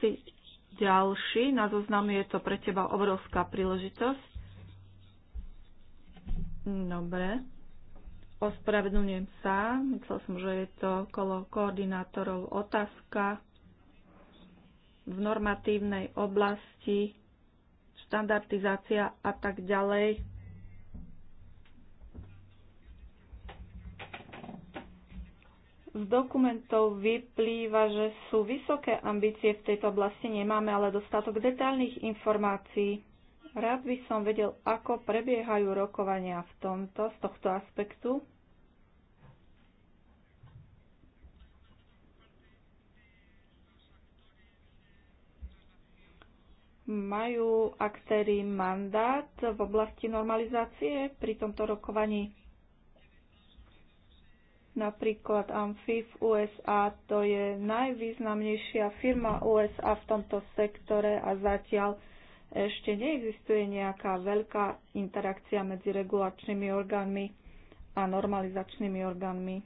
si ďalší. Na zoznamu je to pre teba obrovská príležitosť. Dobre. Ospravedlňujem sa, myslel som, že je to kolo koordinátorov otázka v normatívnej oblasti, štandardizácia a tak ďalej. Z dokumentov vyplýva, že sú vysoké ambície v tejto oblasti, nemáme ale dostatok detailných informácií. Rád by som vedel, ako prebiehajú rokovania v tomto, z tohto aspektu. Majú aktéry mandát v oblasti normalizácie pri tomto rokovaní? Napríklad Amfif USA, to je najvýznamnejšia firma USA v tomto sektore a zatiaľ ešte neexistuje nejaká veľká interakcia medzi regulačnými orgánmi a normalizačnými orgánmi.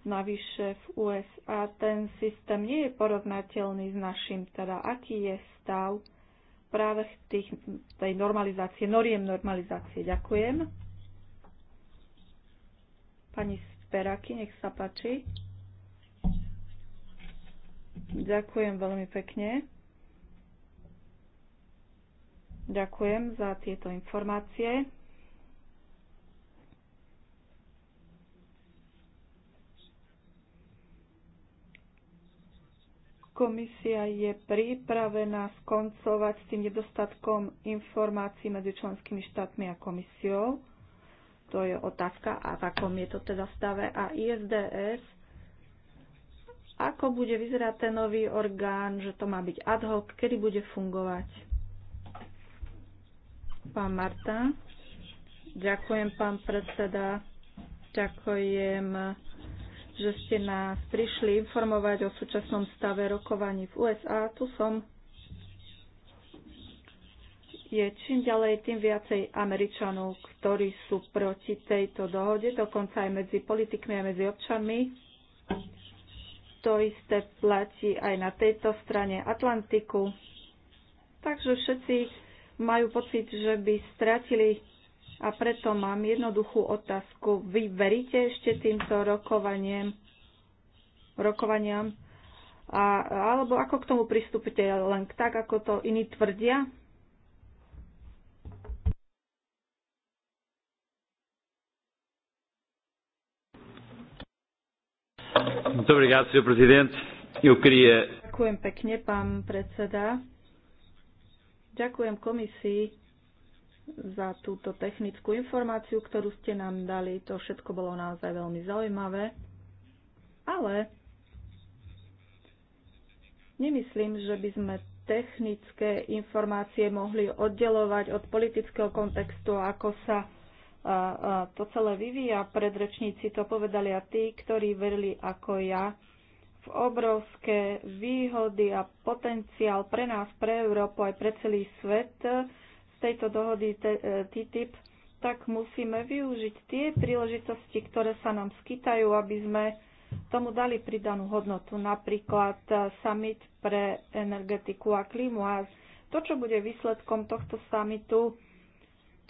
Navyše v USA ten systém nie je porovnateľný s našim, teda aký je stav práve tých, tej normalizácie, noriem normalizácie. Ďakujem. Pani Speraky, nech sa páči. Ďakujem veľmi pekne. Ďakujem za tieto informácie. Komisia je pripravená skoncovať s tým nedostatkom informácií medzi členskými štátmi a komisiou. To je otázka, a v akom je to teda stave. A ISDS, ako bude vyzerať ten nový orgán, že to má byť ad hoc, kedy bude fungovať? Pán Marta. Ďakujem, pán predseda. Ďakujem, že ste nás prišli informovať o súčasnom stave rokovaní v USA. Tu som. Je čím ďalej, tým viacej Američanov, ktorí sú proti tejto dohode, dokonca aj medzi politikmi a medzi občanmi. To isté platí aj na tejto strane Atlantiku. Takže všetci majú pocit, že by stratili a preto mám jednoduchú otázku. Vy veríte ešte týmto rokovaniem, rokovaniam? A, alebo ako k tomu pristúpite len tak, ako to iní tvrdia? Dobrý ďakujem, prezident. Ďakujem pekne, pán predseda. Ďakujem komisii za túto technickú informáciu, ktorú ste nám dali. To všetko bolo naozaj veľmi zaujímavé. Ale nemyslím, že by sme technické informácie mohli oddelovať od politického kontextu, ako sa a, a to celé vyvíja. Predrečníci to povedali a tí, ktorí verili ako ja, v obrovské výhody a potenciál pre nás, pre Európu aj pre celý svet z tejto dohody e, TTIP, tak musíme využiť tie príležitosti, ktoré sa nám skýtajú, aby sme tomu dali pridanú hodnotu. Napríklad e, summit pre energetiku a klímu. A to, čo bude výsledkom tohto summitu,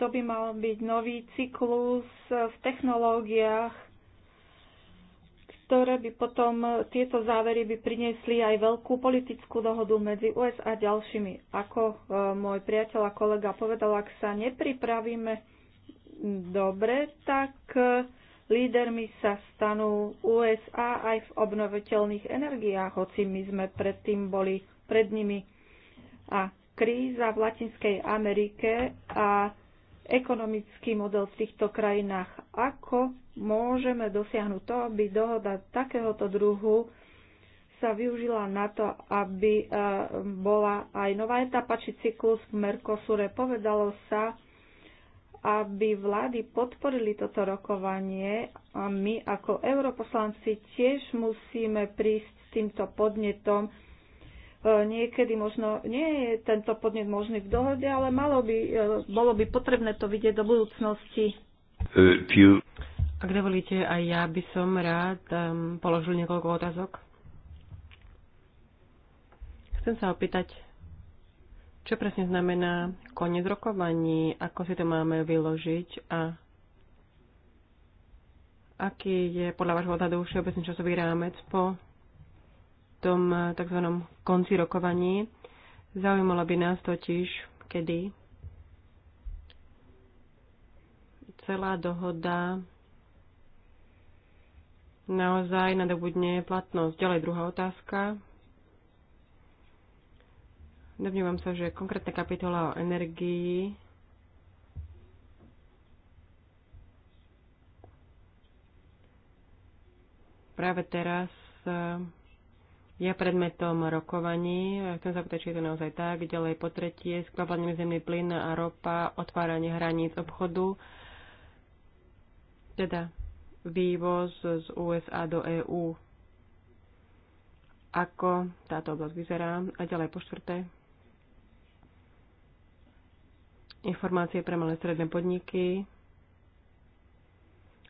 to by mal byť nový cyklus e, v technológiách, ktoré by potom e, tieto závery by priniesli aj veľkú politickú dohodu medzi US a ďalšími. Ako e, môj priateľ a kolega povedal, ak sa nepripravíme dobre, tak e, lídermi sa stanú USA aj v obnoviteľných energiách, hoci my sme predtým boli pred nimi. A kríza v Latinskej Amerike a ekonomický model v týchto krajinách. Ako môžeme dosiahnuť to, aby dohoda takéhoto druhu sa využila na to, aby e, bola aj nová etapa či cyklus v Mercosure. Povedalo sa, aby vlády podporili toto rokovanie a my ako europoslanci tiež musíme prísť s týmto podnetom, E, niekedy možno nie je tento podnet možný v dohode, ale malo by, e, bolo by potrebné to vidieť do budúcnosti. E, Ak dovolíte, aj ja by som rád um, položil niekoľko otázok. Chcem sa opýtať, čo presne znamená koniec rokovaní, ako si to máme vyložiť a aký je podľa vášho odhadu všeobecný časový rámec po tom eh, tzv. konci rokovaní. Zaujímalo by nás totiž, kedy celá dohoda naozaj nadobudne platnosť. Ďalej druhá otázka. Domnívam sa, že konkrétna kapitola o energii práve teraz eh, je predmetom rokovaní. Chcem sa pýtať, či je to naozaj tak. Ďalej po tretie, skvapalnený zemný plyn a ropa, otváranie hraníc obchodu, teda vývoz z USA do EÚ. Ako táto oblasť vyzerá? A ďalej po štvrté, informácie pre malé stredné podniky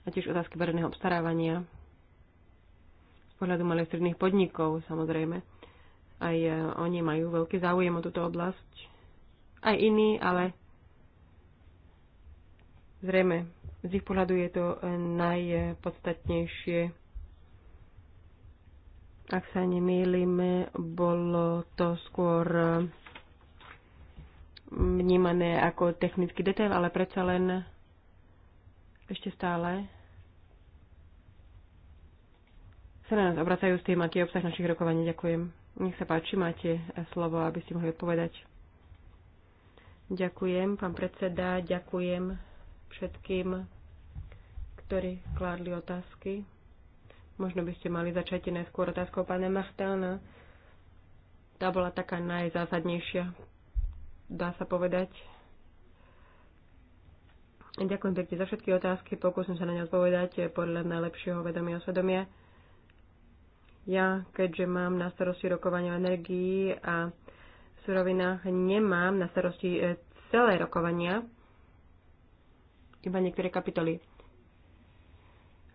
a tiež otázky verejného obstarávania pohľadom elektrinných podnikov, samozrejme. Aj e, oni majú veľký záujem o túto oblasť. Aj iní, ale zrejme z ich pohľadu je to e, najpodstatnejšie. Ak sa nemýlime, bolo to skôr e, vnímané ako technický detail, ale predsa len ešte stále sa na nás obracajú s tým, aký je obsah našich rokovaní. Ďakujem. Nech sa páči, máte slovo, aby ste mohli odpovedať. Ďakujem, pán predseda, ďakujem všetkým, ktorí kládli otázky. Možno by ste mali začať najskôr otázkou pána Machtána. Tá bola taká najzásadnejšia, dá sa povedať. Ďakujem pekne za všetky otázky, pokúsim sa na ne odpovedať podľa najlepšieho vedomia a svedomia. Ja, keďže mám na starosti rokovanie o energii a surovinách, nemám na starosti e, celé rokovania, iba niektoré kapitoly.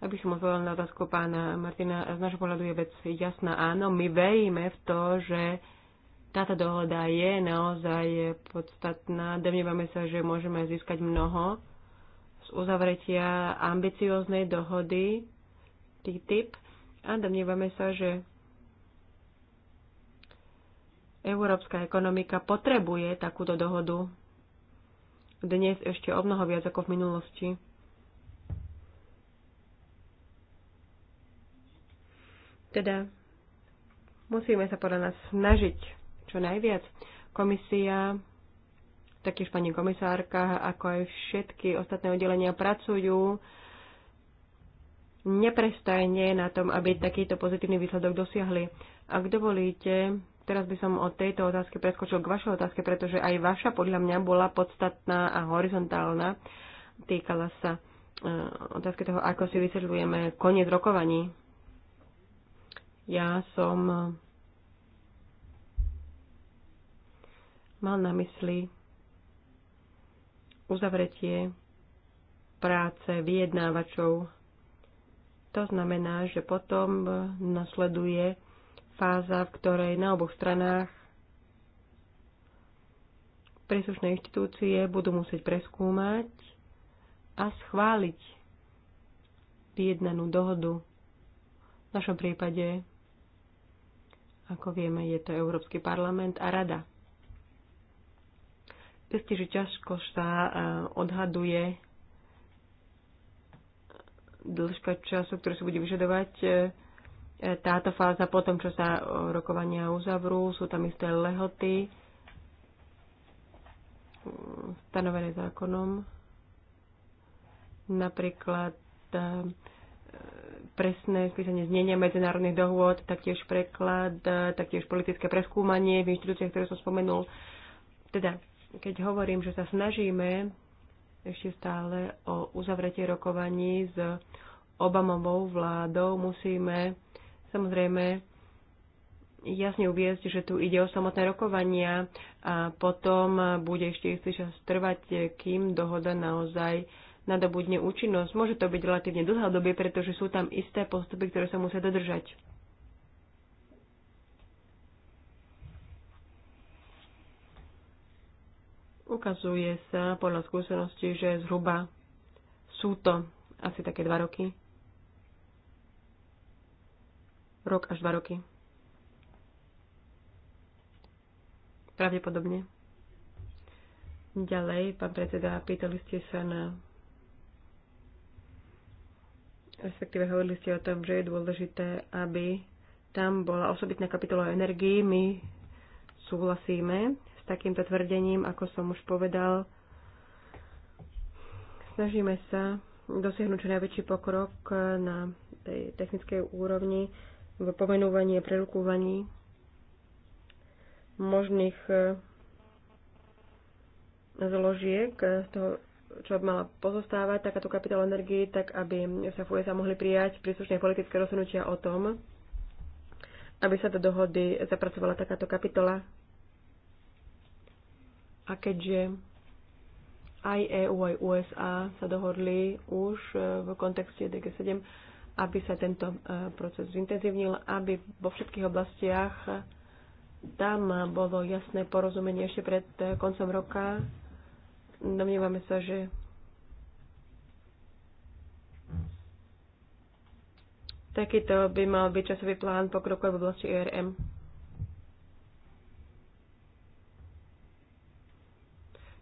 Aby som odpovedal na otázku pána Martina, z nášho pohľadu je vec jasná. Áno, my veríme v to, že táto dohoda je naozaj podstatná. Domnievame sa, že môžeme získať mnoho z uzavretia ambicióznej dohody TTIP a domnívame sa, že európska ekonomika potrebuje takúto dohodu dnes ešte o mnoho viac ako v minulosti. Teda musíme sa podľa nás snažiť čo najviac. Komisia, taktiež pani komisárka, ako aj všetky ostatné oddelenia pracujú neprestajne na tom, aby takýto pozitívny výsledok dosiahli. Ak dovolíte, teraz by som od tejto otázky preskočil k vašej otázke, pretože aj vaša podľa mňa bola podstatná a horizontálna. Týkala sa e, otázky toho, ako si vysvetľujeme koniec rokovaní. Ja som e, mal na mysli uzavretie práce vyjednávačov to znamená, že potom nasleduje fáza, v ktorej na oboch stranách príslušné inštitúcie budú musieť preskúmať a schváliť vyjednanú dohodu. V našom prípade, ako vieme, je to Európsky parlament a Rada. Isté, že ťažko sa eh, odhaduje dĺžka času, ktorý sa bude vyžadovať e, e, táto fáza po tom, čo sa e, rokovania uzavrú, sú tam isté lehoty stanovené zákonom. Napríklad presné spísanie znenia medzinárodných dohôd, taktiež preklad, taktiež politické preskúmanie v inštitúciách, ktoré som spomenul. Teda, keď hovorím, že sa snažíme ešte stále o uzavretie rokovaní s Obamovou vládou. Musíme samozrejme jasne uviezť, že tu ide o samotné rokovania a potom bude ešte istý čas trvať, kým dohoda naozaj nadobudne účinnosť. Môže to byť relatívne doby, pretože sú tam isté postupy, ktoré sa musia dodržať. Ukazuje sa podľa skúsenosti, že zhruba sú to asi také dva roky. Rok až dva roky. Pravdepodobne. Ďalej, pán predseda, pýtali ste sa na respektíve hovorili ste o tom, že je dôležité, aby tam bola osobitná kapitola energii. My súhlasíme takýmto tvrdením, ako som už povedal. Snažíme sa dosiahnuť čo najväčší pokrok na tej technickej úrovni v pomenúvaní a prerukúvaní možných e, zložiek toho, čo by mala pozostávať takáto kapitál energii, tak aby sa v USA mohli prijať príslušné politické rozhodnutia o tom, aby sa do dohody zapracovala takáto kapitola a keďže aj EU, aj USA sa dohodli už e, v kontexte DG7, aby sa tento e, proces zintenzívnil, aby vo všetkých oblastiach tam bolo jasné porozumenie ešte pred e, koncom roka. Domnievame sa, že takýto by mal byť časový plán pokrokov v oblasti ERM.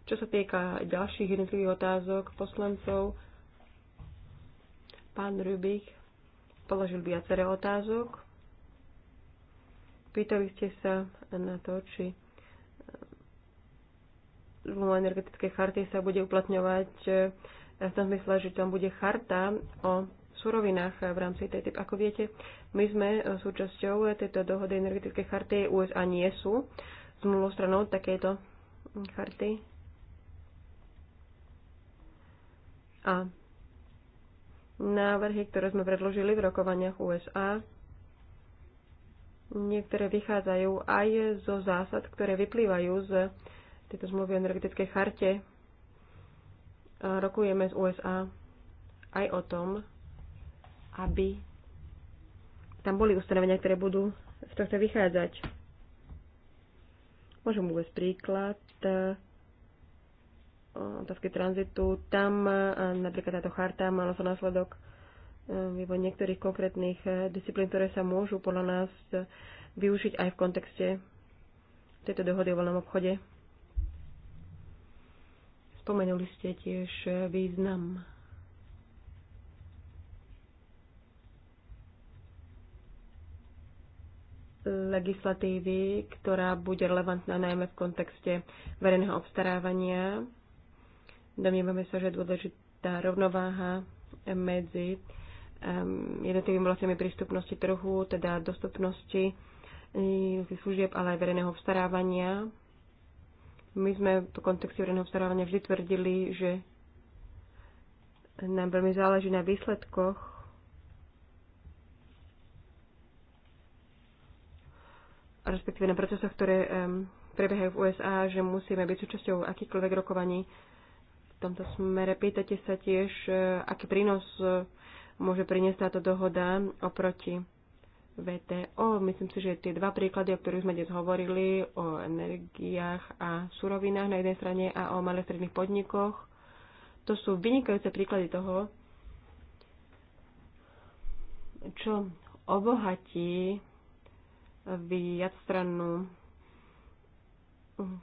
Čo sa týka ďalších jednotlivých otázok poslancov, pán Rubik položil viacere otázok. Pýtali ste sa na to, či e, v energetickej charty sa bude uplatňovať e, v tom zmysle, že tam bude charta o surovinách v rámci tej typ. Ako viete, my sme súčasťou tejto dohody energetické charty, USA nie sú mnohou stranou takéto charty A návrhy, ktoré sme predložili v rokovaniach USA, niektoré vychádzajú aj zo zásad, ktoré vyplývajú z tejto zmluvy o energetickej charte. A rokujeme z USA aj o tom, aby tam boli ustanovenia, ktoré budú z tohto vychádzať. Môžem uvieť príklad otázky tranzitu. Tam e, napríklad táto charta mala za následok e, vývoj niektorých konkrétnych e, disciplín, ktoré sa môžu podľa nás využiť aj v kontexte tejto dohody o voľnom obchode. Spomenuli ste tiež význam legislatívy, ktorá bude relevantná najmä v kontexte verejného obstarávania Domnievame sa, že je dôležitá rovnováha medzi jednotlivými vlastnými prístupnosti trhu, teda dostupnosti eh, služieb, ale aj verejného vstarávania. My sme v kontexte verejného vstarávania vždy tvrdili, že nám veľmi záleží na výsledkoch respektíve na procesoch, ktoré um, prebiehajú v USA, že musíme byť súčasťou akýchkoľvek rokovaní tomto smere. Pýtate sa tiež, e, aký prínos e, môže priniesť táto dohoda oproti VTO. Myslím si, že tie dva príklady, o ktorých sme dnes hovorili, o energiách a surovinách na jednej strane a o malých stredných podnikoch, to sú vynikajúce príklady toho, čo obohatí viacstrannú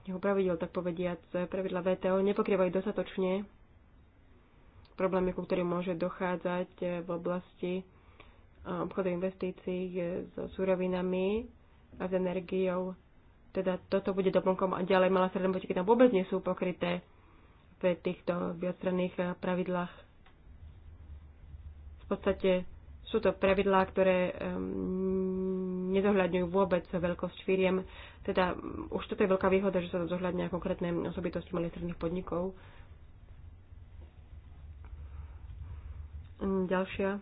jeho pravidel, tak povediac, pravidla VTO nepokrývajú dostatočne problémy, ku ktorým môže dochádzať v oblasti eh, obchodu investícií so eh, súrovinami a s energiou. Teda toto bude doplnkom a ďalej malá stredná podniky tam vôbec nie sú pokryté v týchto viacstranných eh, pravidlách. V podstate sú to pravidlá, ktoré nezohľadňujú vôbec veľkosť firiem. Teda už toto je veľká výhoda, že sa to zohľadňuje konkrétne osobitosti malých stredných podnikov. Ďalšia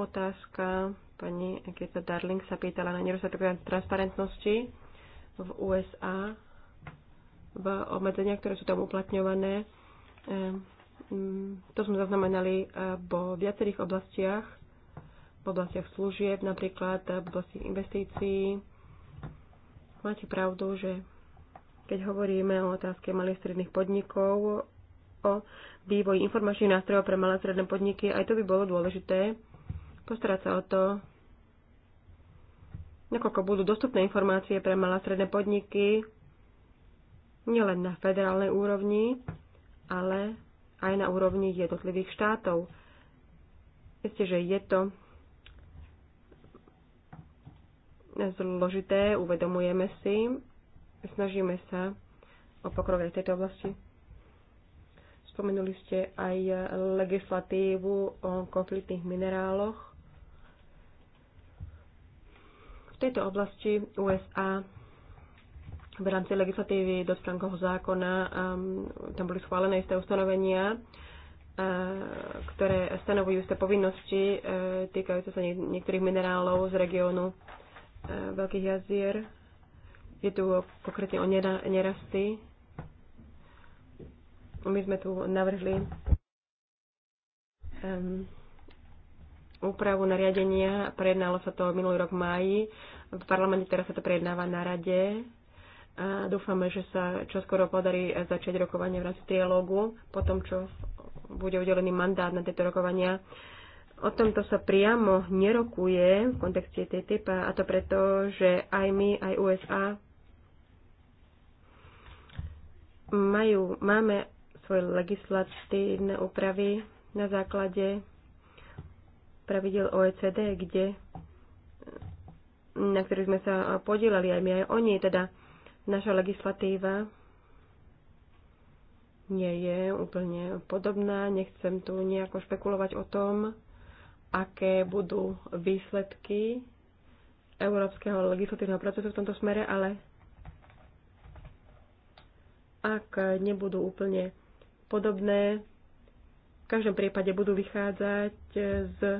otázka pani Keta Darling sa pýtala na nedostatok transparentnosti v USA, v obmedzeniach, ktoré sú tam uplatňované. Ehm, to sme zaznamenali eh, vo viacerých oblastiach v oblastiach služieb, napríklad v oblasti investícií. Máte pravdu, že keď hovoríme o otázke malých stredných podnikov, o vývoji informačných nástrojov pre malé stredné podniky, aj to by bolo dôležité postarať sa o to, nakoľko budú dostupné informácie pre malé stredné podniky, nielen na federálnej úrovni, ale aj na úrovni jednotlivých štátov. Viete, že je to zložité, uvedomujeme si, snažíme sa o pokrok aj v tejto oblasti. Spomenuli ste aj legislatívu o konfliktných mineráloch. V tejto oblasti USA v rámci legislatívy do Frankovho zákona um, tam boli schválené isté ustanovenia, uh, ktoré stanovujú isté povinnosti uh, týkajúce sa niektorých minerálov z regiónu veľkých jazier. Je tu konkrétne o nerasty. My sme tu navrhli um, úpravu nariadenia. Prejednalo sa to minulý rok v máji. V parlamente teraz sa to prejednáva na rade. A dúfame, že sa čoskoro podarí začať rokovanie v rámci trialógu, po tom, čo bude udelený mandát na tieto rokovania. Uh, O tomto sa priamo nerokuje v kontexte TTIP a to preto, že aj my, aj USA majú, máme svoje legislatívne úpravy na základe pravidel OECD, kde, na ktorých sme sa podielali aj my, aj oni. Teda naša legislatíva nie je úplne podobná. Nechcem tu nejako špekulovať o tom, aké budú výsledky európskeho legislatívneho procesu v tomto smere, ale ak nebudú úplne podobné, v každom prípade budú vychádzať z e,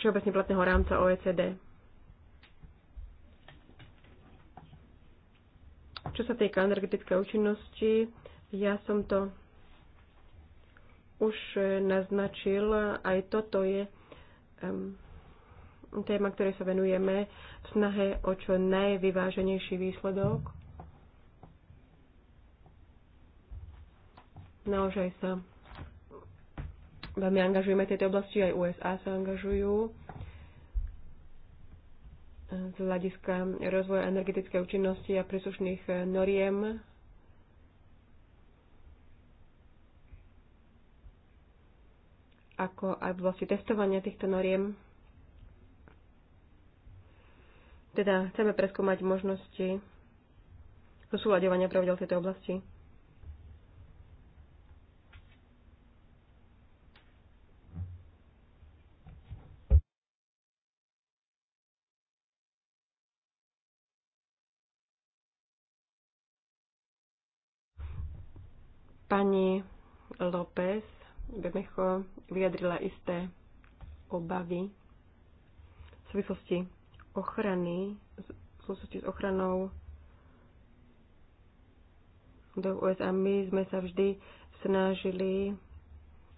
všeobecne platného rámca OECD. Čo sa týka energetickej účinnosti, ja som to už e, naznačil, aj toto je um, téma, ktorej sa venujeme v snahe o čo najvyváženejší výsledok. Naozaj sa veľmi angažujeme v tejto oblasti, aj USA sa angažujú e, z hľadiska rozvoja energetickej účinnosti a príslušných e, noriem ako aj v oblasti testovania týchto noriem. Teda chceme preskúmať možnosti zosúľadovania pravidel tejto oblasti. Pani López Bemecho vyjadrila isté obavy v súvislosti ochrany, v súvislosti s ochranou do USA. My sme sa vždy snažili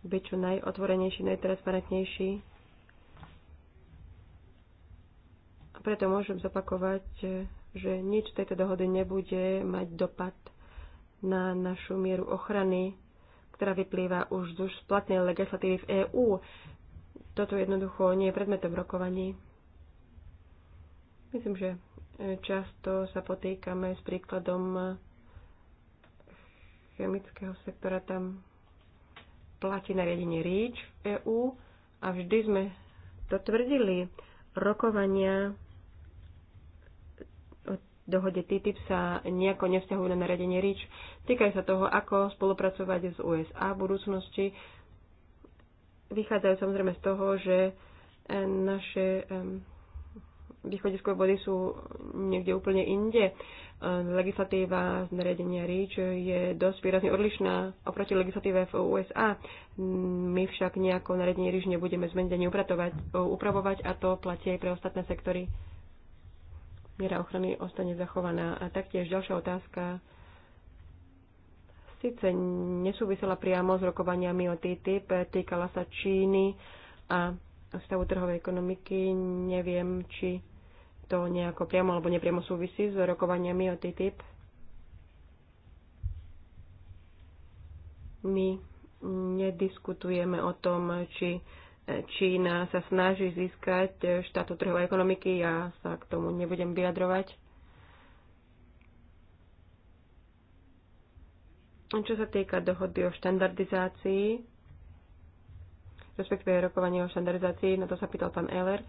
byť čo najotvorenejší, najtransparentnejší. A preto môžem zopakovať, že nič tejto dohody nebude mať dopad na našu mieru ochrany ktorá vyplýva už z už platnej legislatívy v EÚ. Toto jednoducho nie je predmetom rokovaní. Myslím, že e, často sa potýkame s príkladom e, chemického sektora. Tam platí nariadenie REACH v EÚ a vždy sme to tvrdili. Rokovania dohode TTIP sa nejako nevzťahujú na naredenie REACH. Týkajú sa toho, ako spolupracovať s USA v budúcnosti. Vychádzajú samozrejme z toho, že eh, naše východiskové body sú niekde úplne inde. Eh, legislatíva z nariadenia REACH je dosť výrazne odlišná oproti legislatíve v USA. My však nejako nariadenie REACH nebudeme zmeniť ani eh, upravovať a to platí aj pre ostatné sektory miera ochrany ostane zachovaná. A taktiež ďalšia otázka síce nesúvisela priamo s rokovaniami o TTIP, týkala sa Číny a stavu trhovej ekonomiky. Neviem, či to nejako priamo alebo nepriamo súvisí s rokovaniami o TTIP. My nediskutujeme o tom, či Čína sa snaží získať štátu trhovej ekonomiky. Ja sa k tomu nebudem vyjadrovať. Čo sa týka dohody o štandardizácii, respektíve rokovanie o štandardizácii, na to sa pýtal pán Eller.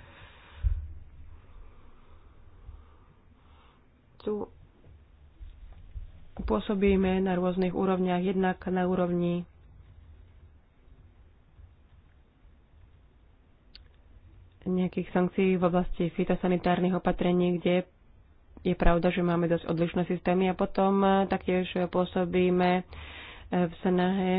Tu pôsobíme na rôznych úrovniach, jednak na úrovni nejakých sankcií v oblasti fitosanitárnych opatrení, kde je pravda, že máme dosť odlišné systémy a potom eh, taktiež pôsobíme eh, v snahe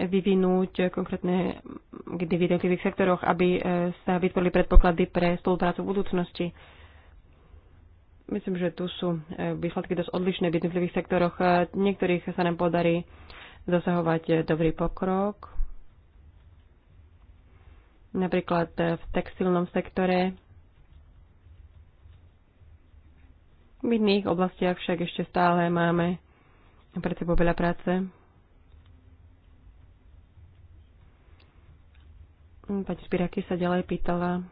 vyvinúť konkrétne v jednotlivých sektoroch, aby eh, sa vytvorili predpoklady pre spoluprácu v budúcnosti. Myslím, že tu sú výsledky dosť odlišné v jednotlivých sektoroch. niektorých sa nám podarí dosahovať dobrý pokrok, napríklad v textilnom sektore. V iných oblastiach však ešte stále máme pred sebou veľa práce. Pani Spiraky sa ďalej pýtala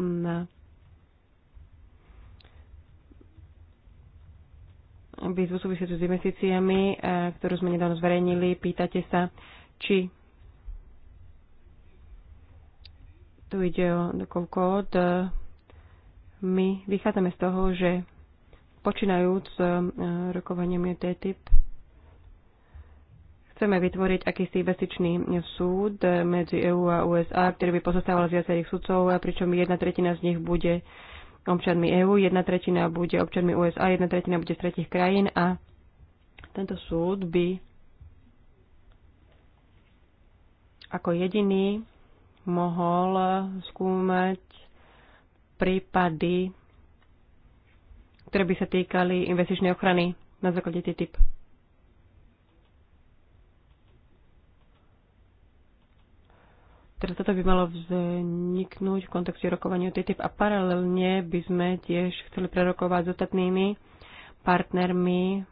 na výzvu súvisiacu s investíciami, eh, ktorú sme nedávno zverejnili. Pýtate sa, či tu ide o Dokov kód. E, my vychádzame z toho, že počínajúc e, rokovaniami TTIP, chceme vytvoriť akýsi investičný súd medzi EU a USA, ktorý by pozostával z viacerých sudcov, pričom jedna tretina z nich bude občanmi EU, jedna tretina bude občanmi USA, jedna tretina bude z tretich krajín a tento súd by ako jediný mohol skúmať prípady, ktoré by sa týkali investičnej ochrany na základe TTIP. Teda toto by malo vzniknúť v kontexte rokovania TTIP a paralelne by sme tiež chceli prerokovať s ostatnými partnermi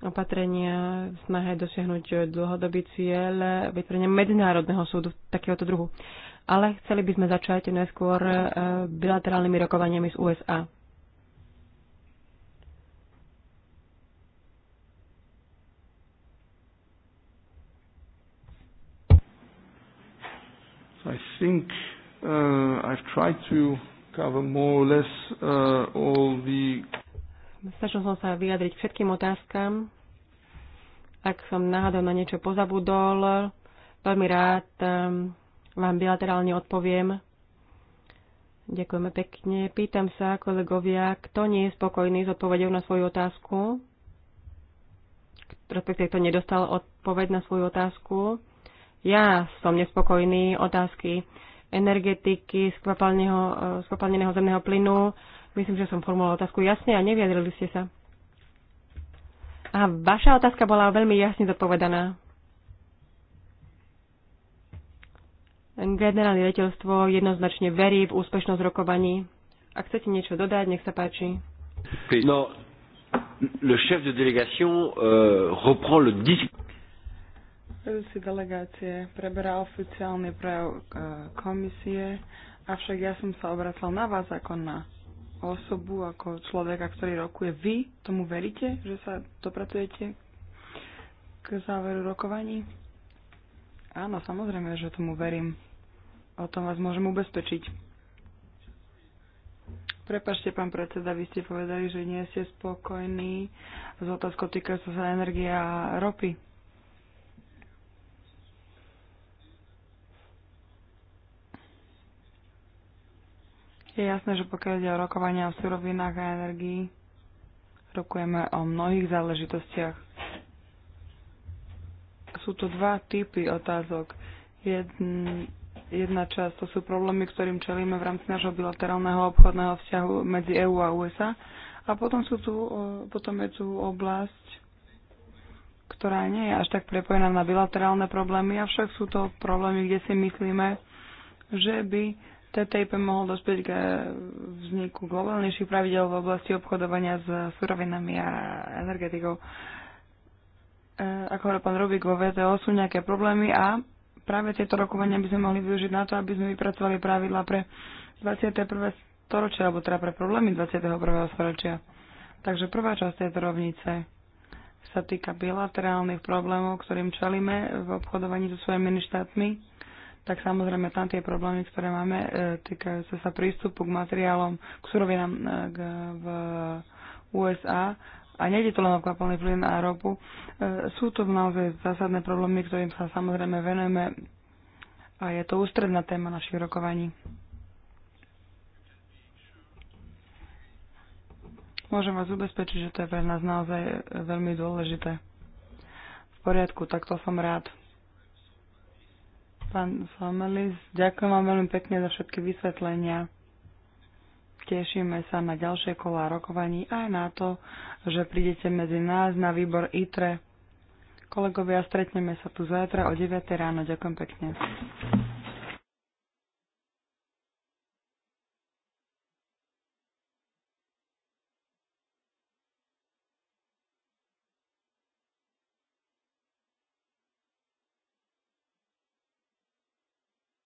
opatrenia v snahe dosiahnuť dlhodobý cieľ vytvorenia medzinárodného súdu takéhoto druhu. Ale chceli by sme začať najskôr eh, bilaterálnymi rokovaniami z USA. I think uh, I've tried to cover more or less uh, all the Snažil som sa vyjadriť všetkým otázkam. Ak som náhodou na niečo pozabudol, veľmi rád ehm, vám bilaterálne odpoviem. Ďakujeme pekne. Pýtam sa, kolegovia, kto nie je spokojný s odpovedou na svoju otázku? Respektíve, kto nedostal odpoveď na svoju otázku? Ja som nespokojný. Otázky energetiky, e, skvapalneného zemného plynu, Myslím, že som formulovala otázku jasne a nevyjadrili ste sa. A vaša otázka bola veľmi jasne zodpovedaná. Generálne riaditeľstvo jednoznačne verí v úspešnosť rokovaní. Ak chcete niečo dodať, nech sa páči. No, le chef de délégation euh, reprend le discours. Vedúci delegácie preberá oficiálny prejav euh, komisie, avšak ja som sa obracal na vás ako na osobu, ako človeka, ktorý rokuje. Vy tomu veríte, že sa dopracujete k záveru rokovaní? Áno, samozrejme, že tomu verím. O tom vás môžem ubezpečiť. Prepašte, pán predseda, vy ste povedali, že nie ste spokojní s otázkou týka sa energia a ropy. Je jasné, že pokiaľ ide o rokovania o surovinách a energii, rokujeme o mnohých záležitostiach. Sú tu dva typy otázok. Jedna, jedna časť to sú problémy, ktorým čelíme v rámci nášho bilaterálneho obchodného vzťahu medzi EÚ a USA. A potom, sú tu, potom je tu oblasť, ktorá nie je až tak prepojená na bilaterálne problémy, avšak sú to problémy, kde si myslíme, že by TTIP mohol dospieť k eh, vzniku globálnejších pravidel v oblasti obchodovania s surovinami a energetikou. Eh, ako hovorí pán Rubik, vo VTO sú nejaké problémy a práve tieto rokovania by sme mohli využiť na to, aby sme vypracovali pravidla pre 21. storočia, alebo teda pre problémy 21. storočia. Takže prvá časť tejto rovnice sa týka bilaterálnych problémov, ktorým čelíme v obchodovaní so svojimi štátmi tak samozrejme tam tie problémy, ktoré máme, e, týkajúce sa prístupu k materiálom, k surovinám e, v USA, a nejde to len o kapalný plyn a ropu, e, sú to naozaj zásadné problémy, ktorým sa samozrejme venujeme a je to ústredná téma našich rokovaní. Môžem vás ubezpečiť, že to je pre nás naozaj veľmi dôležité. V poriadku, takto som rád. Pán Somelis, ďakujem vám veľmi pekne za všetky vysvetlenia. Tešíme sa na ďalšie kola rokovaní aj na to, že prídete medzi nás na výbor ITRE. Kolegovia, stretneme sa tu zajtra o 9. ráno. Ďakujem pekne.